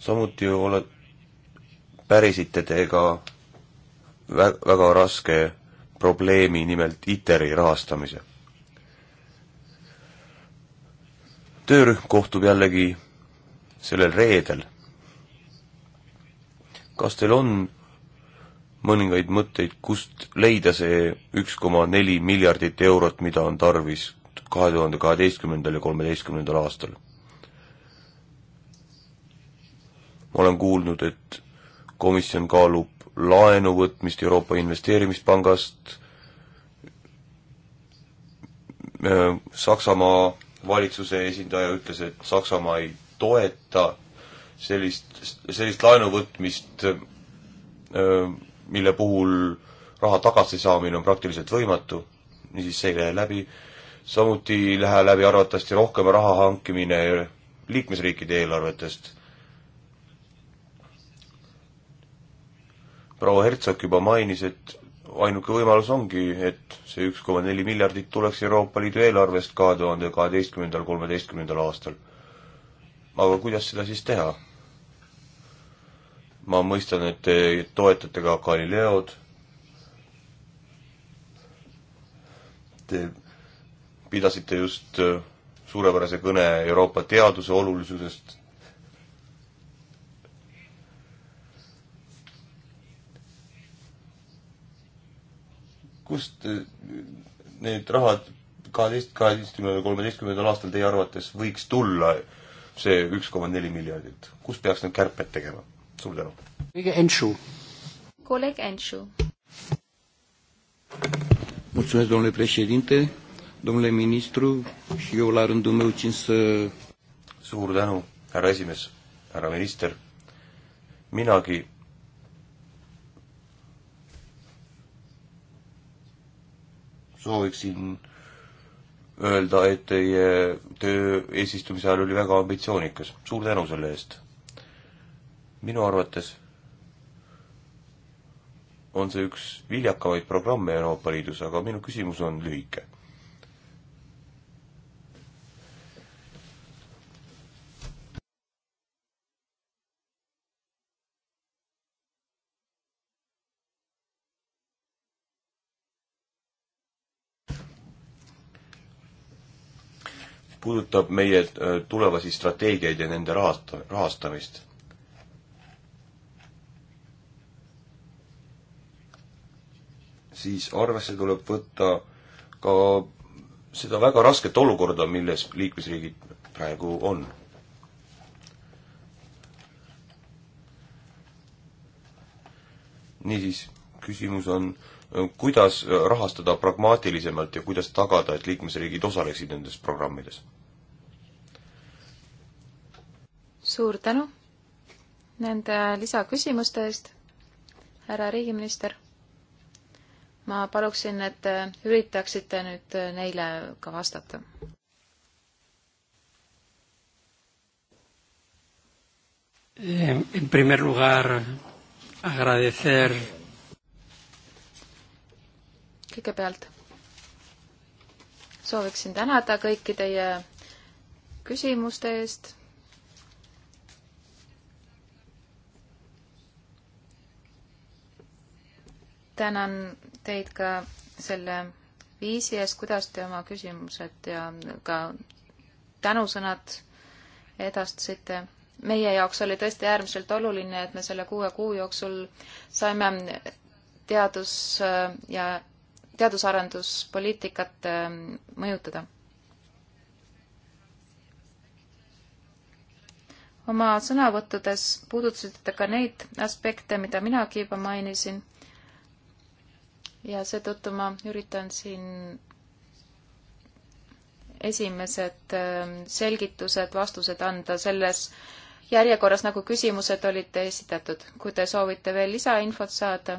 Speaker 1: samuti ole-, pärisite te ka vä-, väga raske probleemi, nimelt ITER-i rahastamise. töörühm kohtub jällegi sellel reedel. kas teil on mõningaid mõtteid, kust leida see üks koma neli miljardit eurot, mida on tarvis kahe tuhande kaheteistkümnendal ja kolmeteistkümnendal aastal. ma olen kuulnud, et komisjon kaalub laenu võtmist Euroopa Investeerimispangast, äh, Saksamaa valitsuse esindaja ütles, et Saksamaa ei toeta sellist, sellist laenu võtmist öö, äh, mille puhul raha tagasisaamine on praktiliselt võimatu, niisiis see ei lähe läbi, samuti ei lähe läbi arvatavasti rohkem raha hankimine liikmesriikide eelarvetest. proua Hertsog juba mainis, et ainuke võimalus ongi, et see üks koma neli miljardit tuleks Euroopa Liidu eelarvest kahe tuhande kaheteistkümnendal, kolmeteistkümnendal aastal. aga kuidas seda siis teha? ma mõistan, et te toetate ka Galileod. Te pidasite just äh, suurepärase kõne Euroopa teaduse olulisusest. kust äh, need rahad kaheteist, kaheteistkümnendal, kolmeteistkümnendal aastal teie arvates võiks tulla see üks koma neli miljardit, kus peaks need kärped tegema? suur tänu. kolleeg Enšu.
Speaker 3: kolleeg Enšu.
Speaker 1: mulțumesc, domnule președinte, domnule ministru și eu la rândul meu țin să... suur tänu, härra esimees, härra minister. minagi sooviksin öelda, et teie töö eesistumise ajal oli väga ambitsioonikas. suur tänu selle eest minu arvates on see üks viljakamaid programme Euroopa Liidus, aga minu küsimus on lühike. puudutab meie äh, tulevasi strateegiaid ja nende rahast-, rahastamist siis arvesse tuleb võtta ka seda väga rasket olukorda, milles liikmesriigid praegu on. niisiis, küsimus on, kuidas rahastada pragmaatilisemalt ja kuidas tagada, et liikmesriigid osaleksid nendes programmides?
Speaker 3: suur tänu nende lisaküsimuste eest, härra riigiminister ma paluksin, et äh, üritaksite nüüd äh, neile ka vastata.
Speaker 1: Eh, en primer lugar, agradecer.
Speaker 3: kõigepealt sooviksin tänada kõiki teie küsimuste eest tänan teid ka selle viisi eest, kuidas te oma küsimused ja ka tänusõnad edastasite. meie jaoks oli tõesti äärmiselt oluline, et me selle kuue kuu jooksul saime teadus äh, ja teadus-arenduspoliitikat äh, mõjutada. oma sõnavõttudes puudutasite ka neid aspekte, mida minagi juba mainisin ja seetõttu ma üritan siin esimesed ähm, selgitused, vastused anda selles järjekorras, nagu küsimused olid esitatud. kui te soovite veel lisainfot saada,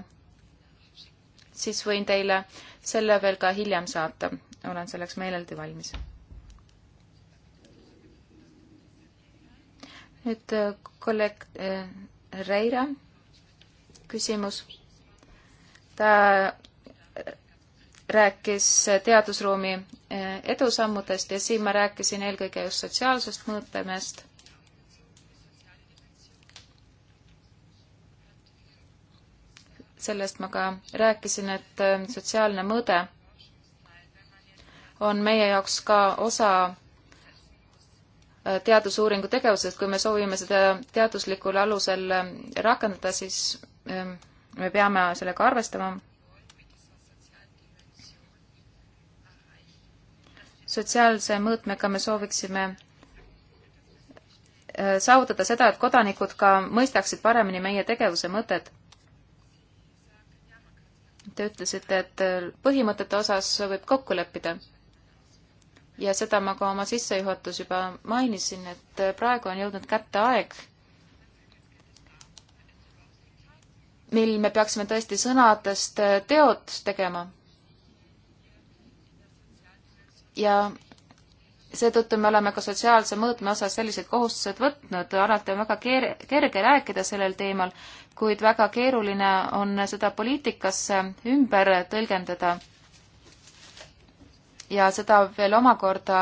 Speaker 3: siis võin teile selle veel ka hiljem saata. olen selleks meeleldi valmis. nüüd äh, kolleeg äh, Reira küsimus. ta rääkis teadusruumi eh, edusammudest ja siin ma rääkisin eelkõige just sotsiaalsest mõõtmest. sellest ma ka rääkisin, et eh, sotsiaalne mõõde on meie jaoks ka osa eh, teadusuuringu tegevusest, kui me soovime seda teaduslikul alusel rakendada, siis me peame sellega arvestama sotsiaalse mõõtmega me sooviksime äh, saavutada seda, et kodanikud ka mõistaksid paremini meie tegevuse mõtet. Te ütlesite, et äh, põhimõtete osas võib kokku leppida. ja seda ma ka oma sissejuhatus juba mainisin, et äh, praegu on jõudnud kätte aeg, mil me peaksime tõesti sõnadest teod tegema ja seetõttu me oleme ka sotsiaalse mõõtme osas sellised kohustused võtnud, alati on väga keer-, kerge rääkida sellel teemal, kuid väga keeruline on seda poliitikasse ümber tõlgendada. ja seda veel omakorda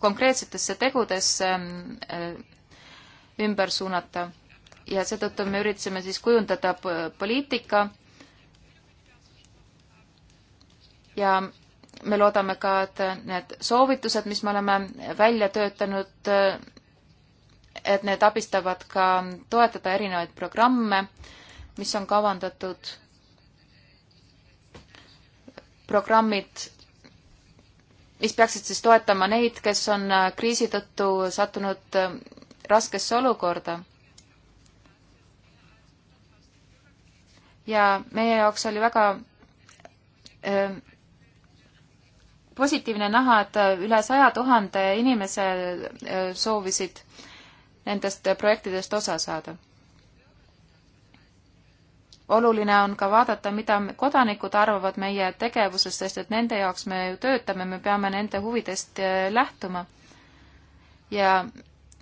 Speaker 3: konkreetsetesse tegudesse äh, ümber suunata. ja seetõttu me üritasime siis kujundada poliitika ja me loodame ka, et need soovitused, mis me oleme välja töötanud, et need abistavad ka toetada erinevaid programme, mis on kavandatud. programmid, mis peaksid siis toetama neid, kes on kriisi tõttu sattunud raskesse olukorda ja meie jaoks oli väga positiivne näha, et äh, üle saja tuhande inimese äh, soovisid nendest äh, projektidest osa saada. oluline on ka vaadata, mida kodanikud arvavad meie tegevusest, sest et nende jaoks me ju töötame, me peame nende huvidest lähtuma. ja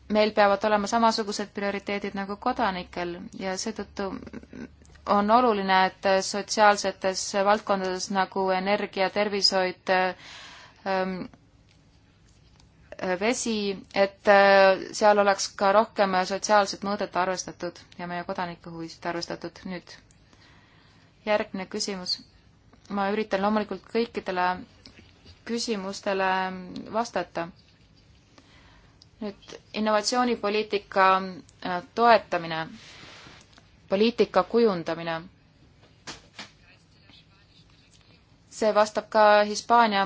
Speaker 3: meil peavad olema samasugused prioriteedid nagu kodanikel ja seetõttu on oluline, et sotsiaalsetes valdkondades nagu energia, tervishoid, Ähm, äh, vesi, et äh, seal oleks ka rohkem äh, sotsiaalset mõõdet arvestatud ja meie kodanike huvisid arvestatud. nüüd järgmine küsimus. ma üritan loomulikult kõikidele küsimustele vastata. nüüd innovatsioonipoliitika toetamine, poliitika kujundamine. see vastab ka Hispaania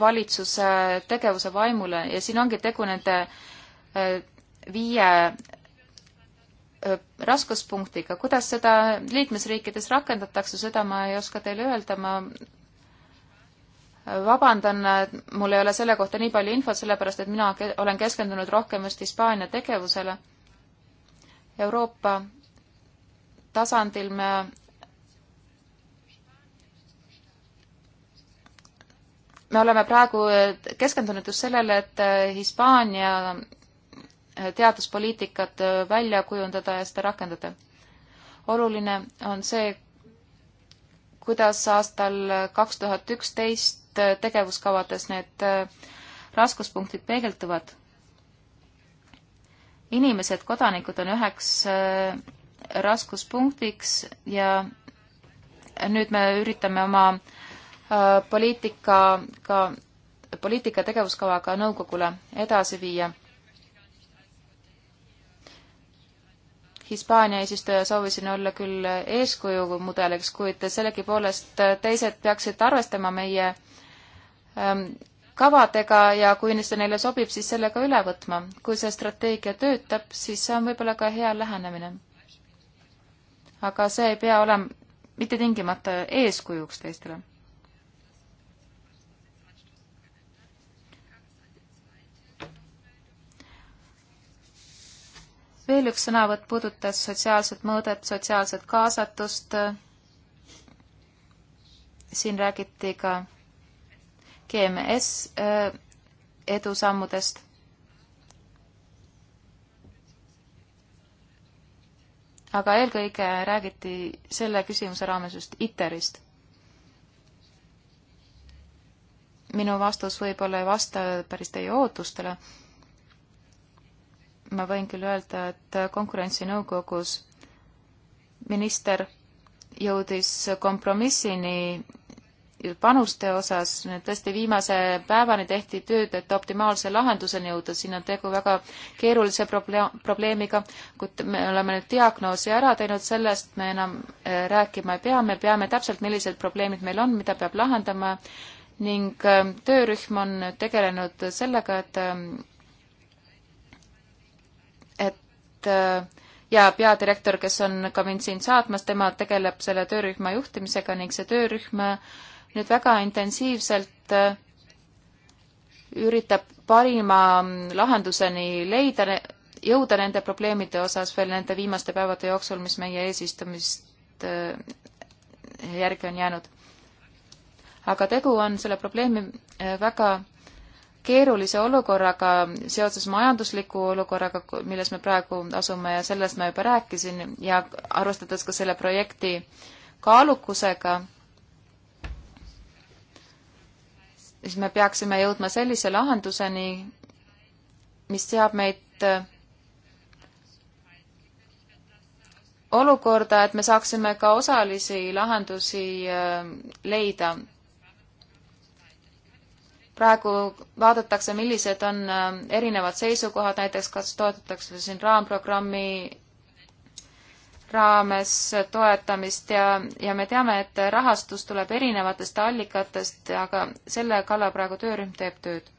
Speaker 3: valitsuse tegevuse vaimule ja siin ongi tegu nende äh, viie äh, raskuspunktiga. kuidas seda liikmesriikides rakendatakse, seda ma ei oska teile öelda, ma vabandan, mul ei ole selle kohta nii palju infot, sellepärast et mina olen keskendunud rohkem just Hispaania tegevusele. Euroopa tasandil me me oleme praegu keskendunud just sellele, et äh, Hispaania äh, teaduspoliitikat äh, välja kujundada ja seda rakendada. oluline on see, kuidas aastal kaks tuhat üksteist tegevuskavades need raskuspunktid peegelduvad. inimesed, kodanikud on üheks raskuspunktiks ja nüüd me üritame oma äh, Äh, poliitikaga, poliitika tegevuskavaga nõukogule edasi viia. Hispaania eesistuja soovisin olla küll eeskuju mudeliks, kuid sellegipoolest teised peaksid arvestama meie ähm, kavadega ja kui see neile sobib, siis selle ka üle võtma. kui see strateegia töötab, siis see on võib-olla ka hea lähenemine. aga see ei pea olema mitte tingimata eeskujuks teistele veel üks sõnavõtt puudutas sotsiaalset mõõdet, sotsiaalset kaasatust. siin räägiti ka GMS äh, edusammudest. aga eelkõige räägiti selle küsimuse raames just ITER-ist. minu vastus võib-olla ei vasta päris teie ootustele ma võin küll öelda, et konkurentsinõukogus minister jõudis kompromissini panuste osas, tõesti viimase päevani tehti tööd, et optimaalse lahenduseni jõuda, siin on tegu väga keerulise probleem, probleemiga, kuid me oleme nüüd diagnoosi ära teinud, sellest me enam eh, rääkima ei pea, me peame täpselt, millised probleemid meil on, mida peab lahendama ning eh, töörühm on tegelenud sellega, et eh, Äh, ja peadirektor, kes on ka mind siin saatmas, tema tegeleb selle töörühma juhtimisega ning see töörühm nüüd väga intensiivselt äh, üritab parima mm, lahenduseni leida, jõuda nende probleemide osas veel nende viimaste päevade jooksul, mis meie eesistumist äh, järgi on jäänud. aga tegu on selle probleemi väga keerulise olukorraga seoses majandusliku olukorraga, milles me praegu asume ja sellest ma juba rääkisin ja arvestades ka selle projekti kaalukusega, siis me peaksime jõudma sellise lahenduseni, mis seab meid olukorda, et me saaksime ka osalisi lahendusi äh, leida praegu vaadatakse, millised on äh, erinevad seisukohad, näiteks kas toetatakse siin raamprogrammi raames toetamist ja, ja me teame, et rahastus tuleb erinevatest allikatest, aga selle kallal praegu töörühm teeb tööd.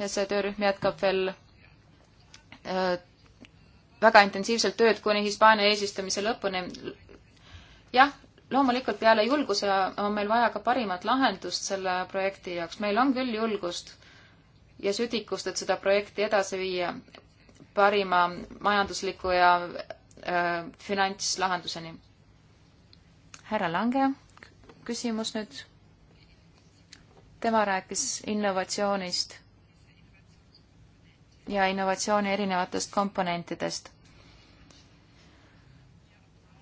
Speaker 3: ja see töörühm jätkab veel öö, äh, väga intensiivselt tööd kuni Hispaania eesistumise lõpuni jah, loomulikult peale julguse on meil vaja ka parimat lahendust selle projekti jaoks. meil on küll julgust ja südikust, et seda projekti edasi viia parima majandusliku ja äh, finantslahenduseni. härra Lange, küsimus nüüd. tema rääkis innovatsioonist ja innovatsiooni erinevatest komponentidest.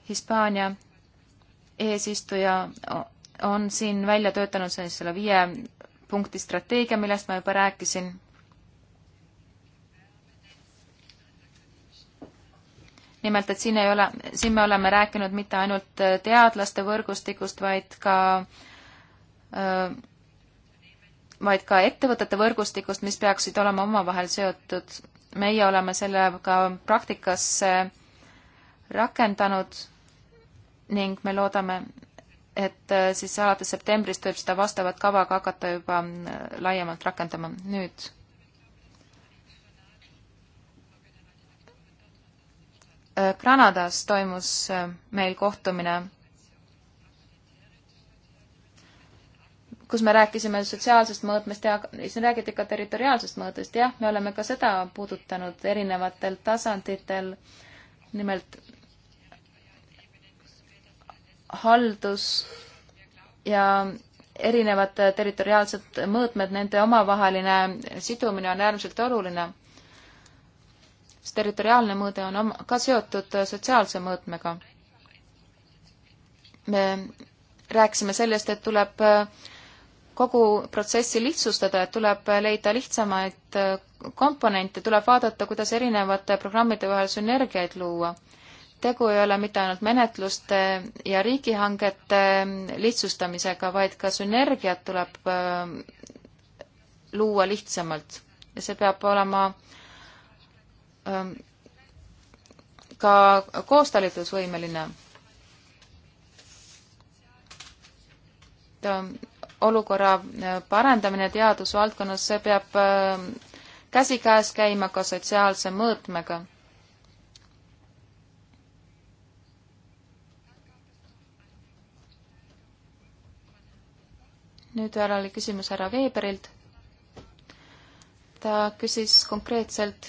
Speaker 3: Hispaania eesistuja on siin välja töötanud selle viie punkti strateegia, millest ma juba rääkisin. nimelt, et siin ei ole, siin me oleme rääkinud mitte ainult teadlaste võrgustikust, vaid ka äh, vaid ka ettevõtete võrgustikust, mis peaksid olema omavahel seotud. meie oleme selle ka praktikasse rakendanud ning me loodame, et äh, siis alates septembrist võib seda vastavat kava ka hakata juba äh, laiemalt rakendama. nüüd äh, Granadas toimus meil kohtumine, kus me rääkisime sotsiaalsest mõõtmest ja siin räägiti ka territoriaalsest mõõtmest. jah, me oleme ka seda puudutanud erinevatel tasanditel. nimelt haldus ja erinevad territoriaalsed mõõtmed, nende omavaheline sidumine on äärmiselt oluline. sest territoriaalne mõõde on oma, ka seotud sotsiaalse mõõtmega. me rääkisime sellest, et tuleb kogu protsessi lihtsustada, et tuleb leida lihtsamaid komponente, tuleb vaadata, kuidas erinevate programmide vahel sünergiaid luua tegu ei ole mitte ainult menetluste ja riigihangete lihtsustamisega, vaid ka sünergiat tuleb äh, luua lihtsamalt ja see peab olema ähm, ka koostalitlusvõimeline. Ähm, olukorra äh, parandamine teadusvaldkonnas, see peab äh, käsikäes käima ka sotsiaalse mõõtmega nüüd järele küsimus härra Veeberilt. ta küsis konkreetselt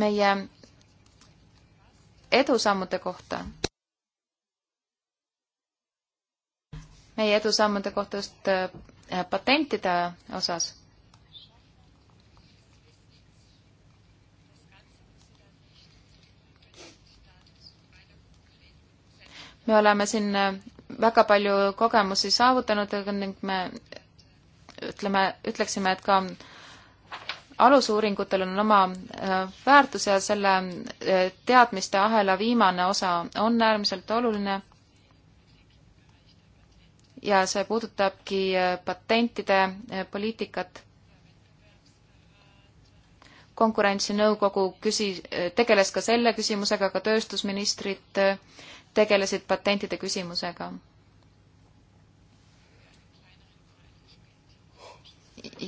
Speaker 3: meie edusammude kohta. meie edusammude kohta just äh, patentide osas me oleme siin äh, väga palju kogemusi saavutanud ning me ütleme, ütleksime, et ka alusuuringutel on oma äh, väärtus ja selle äh, teadmiste ahela viimane osa on äärmiselt oluline. ja see puudutabki patentide poliitikat. konkurentsinõukogu küsi-, tegeles ka selle küsimusega, ka tööstusministrid tegelesid patentide küsimusega.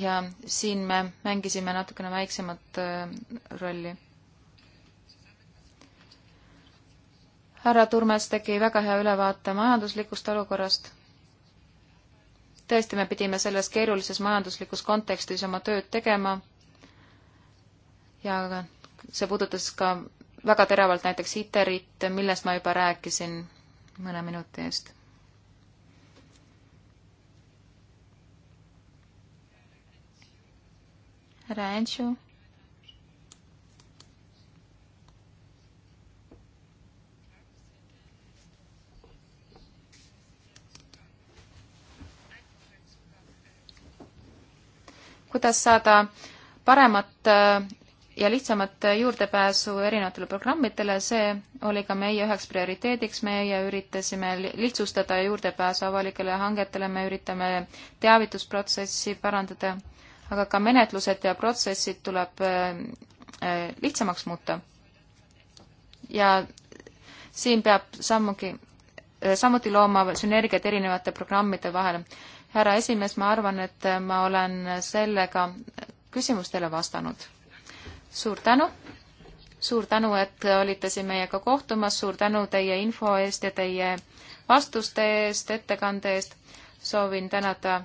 Speaker 3: ja siin me mängisime natukene väiksemat äh, rolli. härra Turmes tegi väga hea ülevaate majanduslikust olukorrast. tõesti, me pidime selles keerulises majanduslikus kontekstis oma tööd tegema ja see puudutas ka väga teravalt näiteks ITER-it, millest ma juba rääkisin mõne minuti eest. härra Entšu. kuidas saada paremat äh, ja lihtsamat juurdepääsu erinevatele programmidele, see oli ka meie üheks prioriteediks, meie üritasime lihtsustada juurdepääsu avalikele hangetele, me üritame teavitusprotsessi parandada, aga ka menetlused ja protsessid tuleb äh, äh, lihtsamaks muuta. ja siin peab sammugi, äh, samuti looma sünergiat erinevate programmide vahel. härra esimees, ma arvan, et ma olen sellega küsimustele vastanud suur tänu, suur tänu, et olite siin meiega kohtumas, suur tänu teie info eest ja teie vastuste eest, ettekande eest. soovin tänada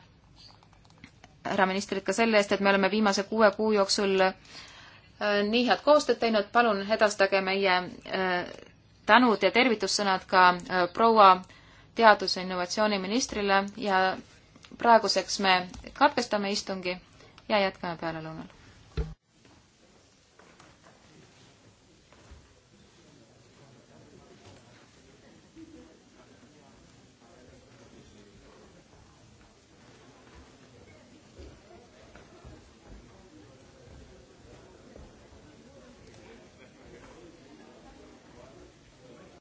Speaker 3: härra ministrit ka selle eest, et me oleme viimase kuue kuu jooksul äh, nii head koostööd teinud, palun edastage meie äh, tänud ja tervitussõnad ka äh, proua teadus- ja innovatsiooniministrile ja praeguseks me katkestame istungi ja jätkame pealelõunal.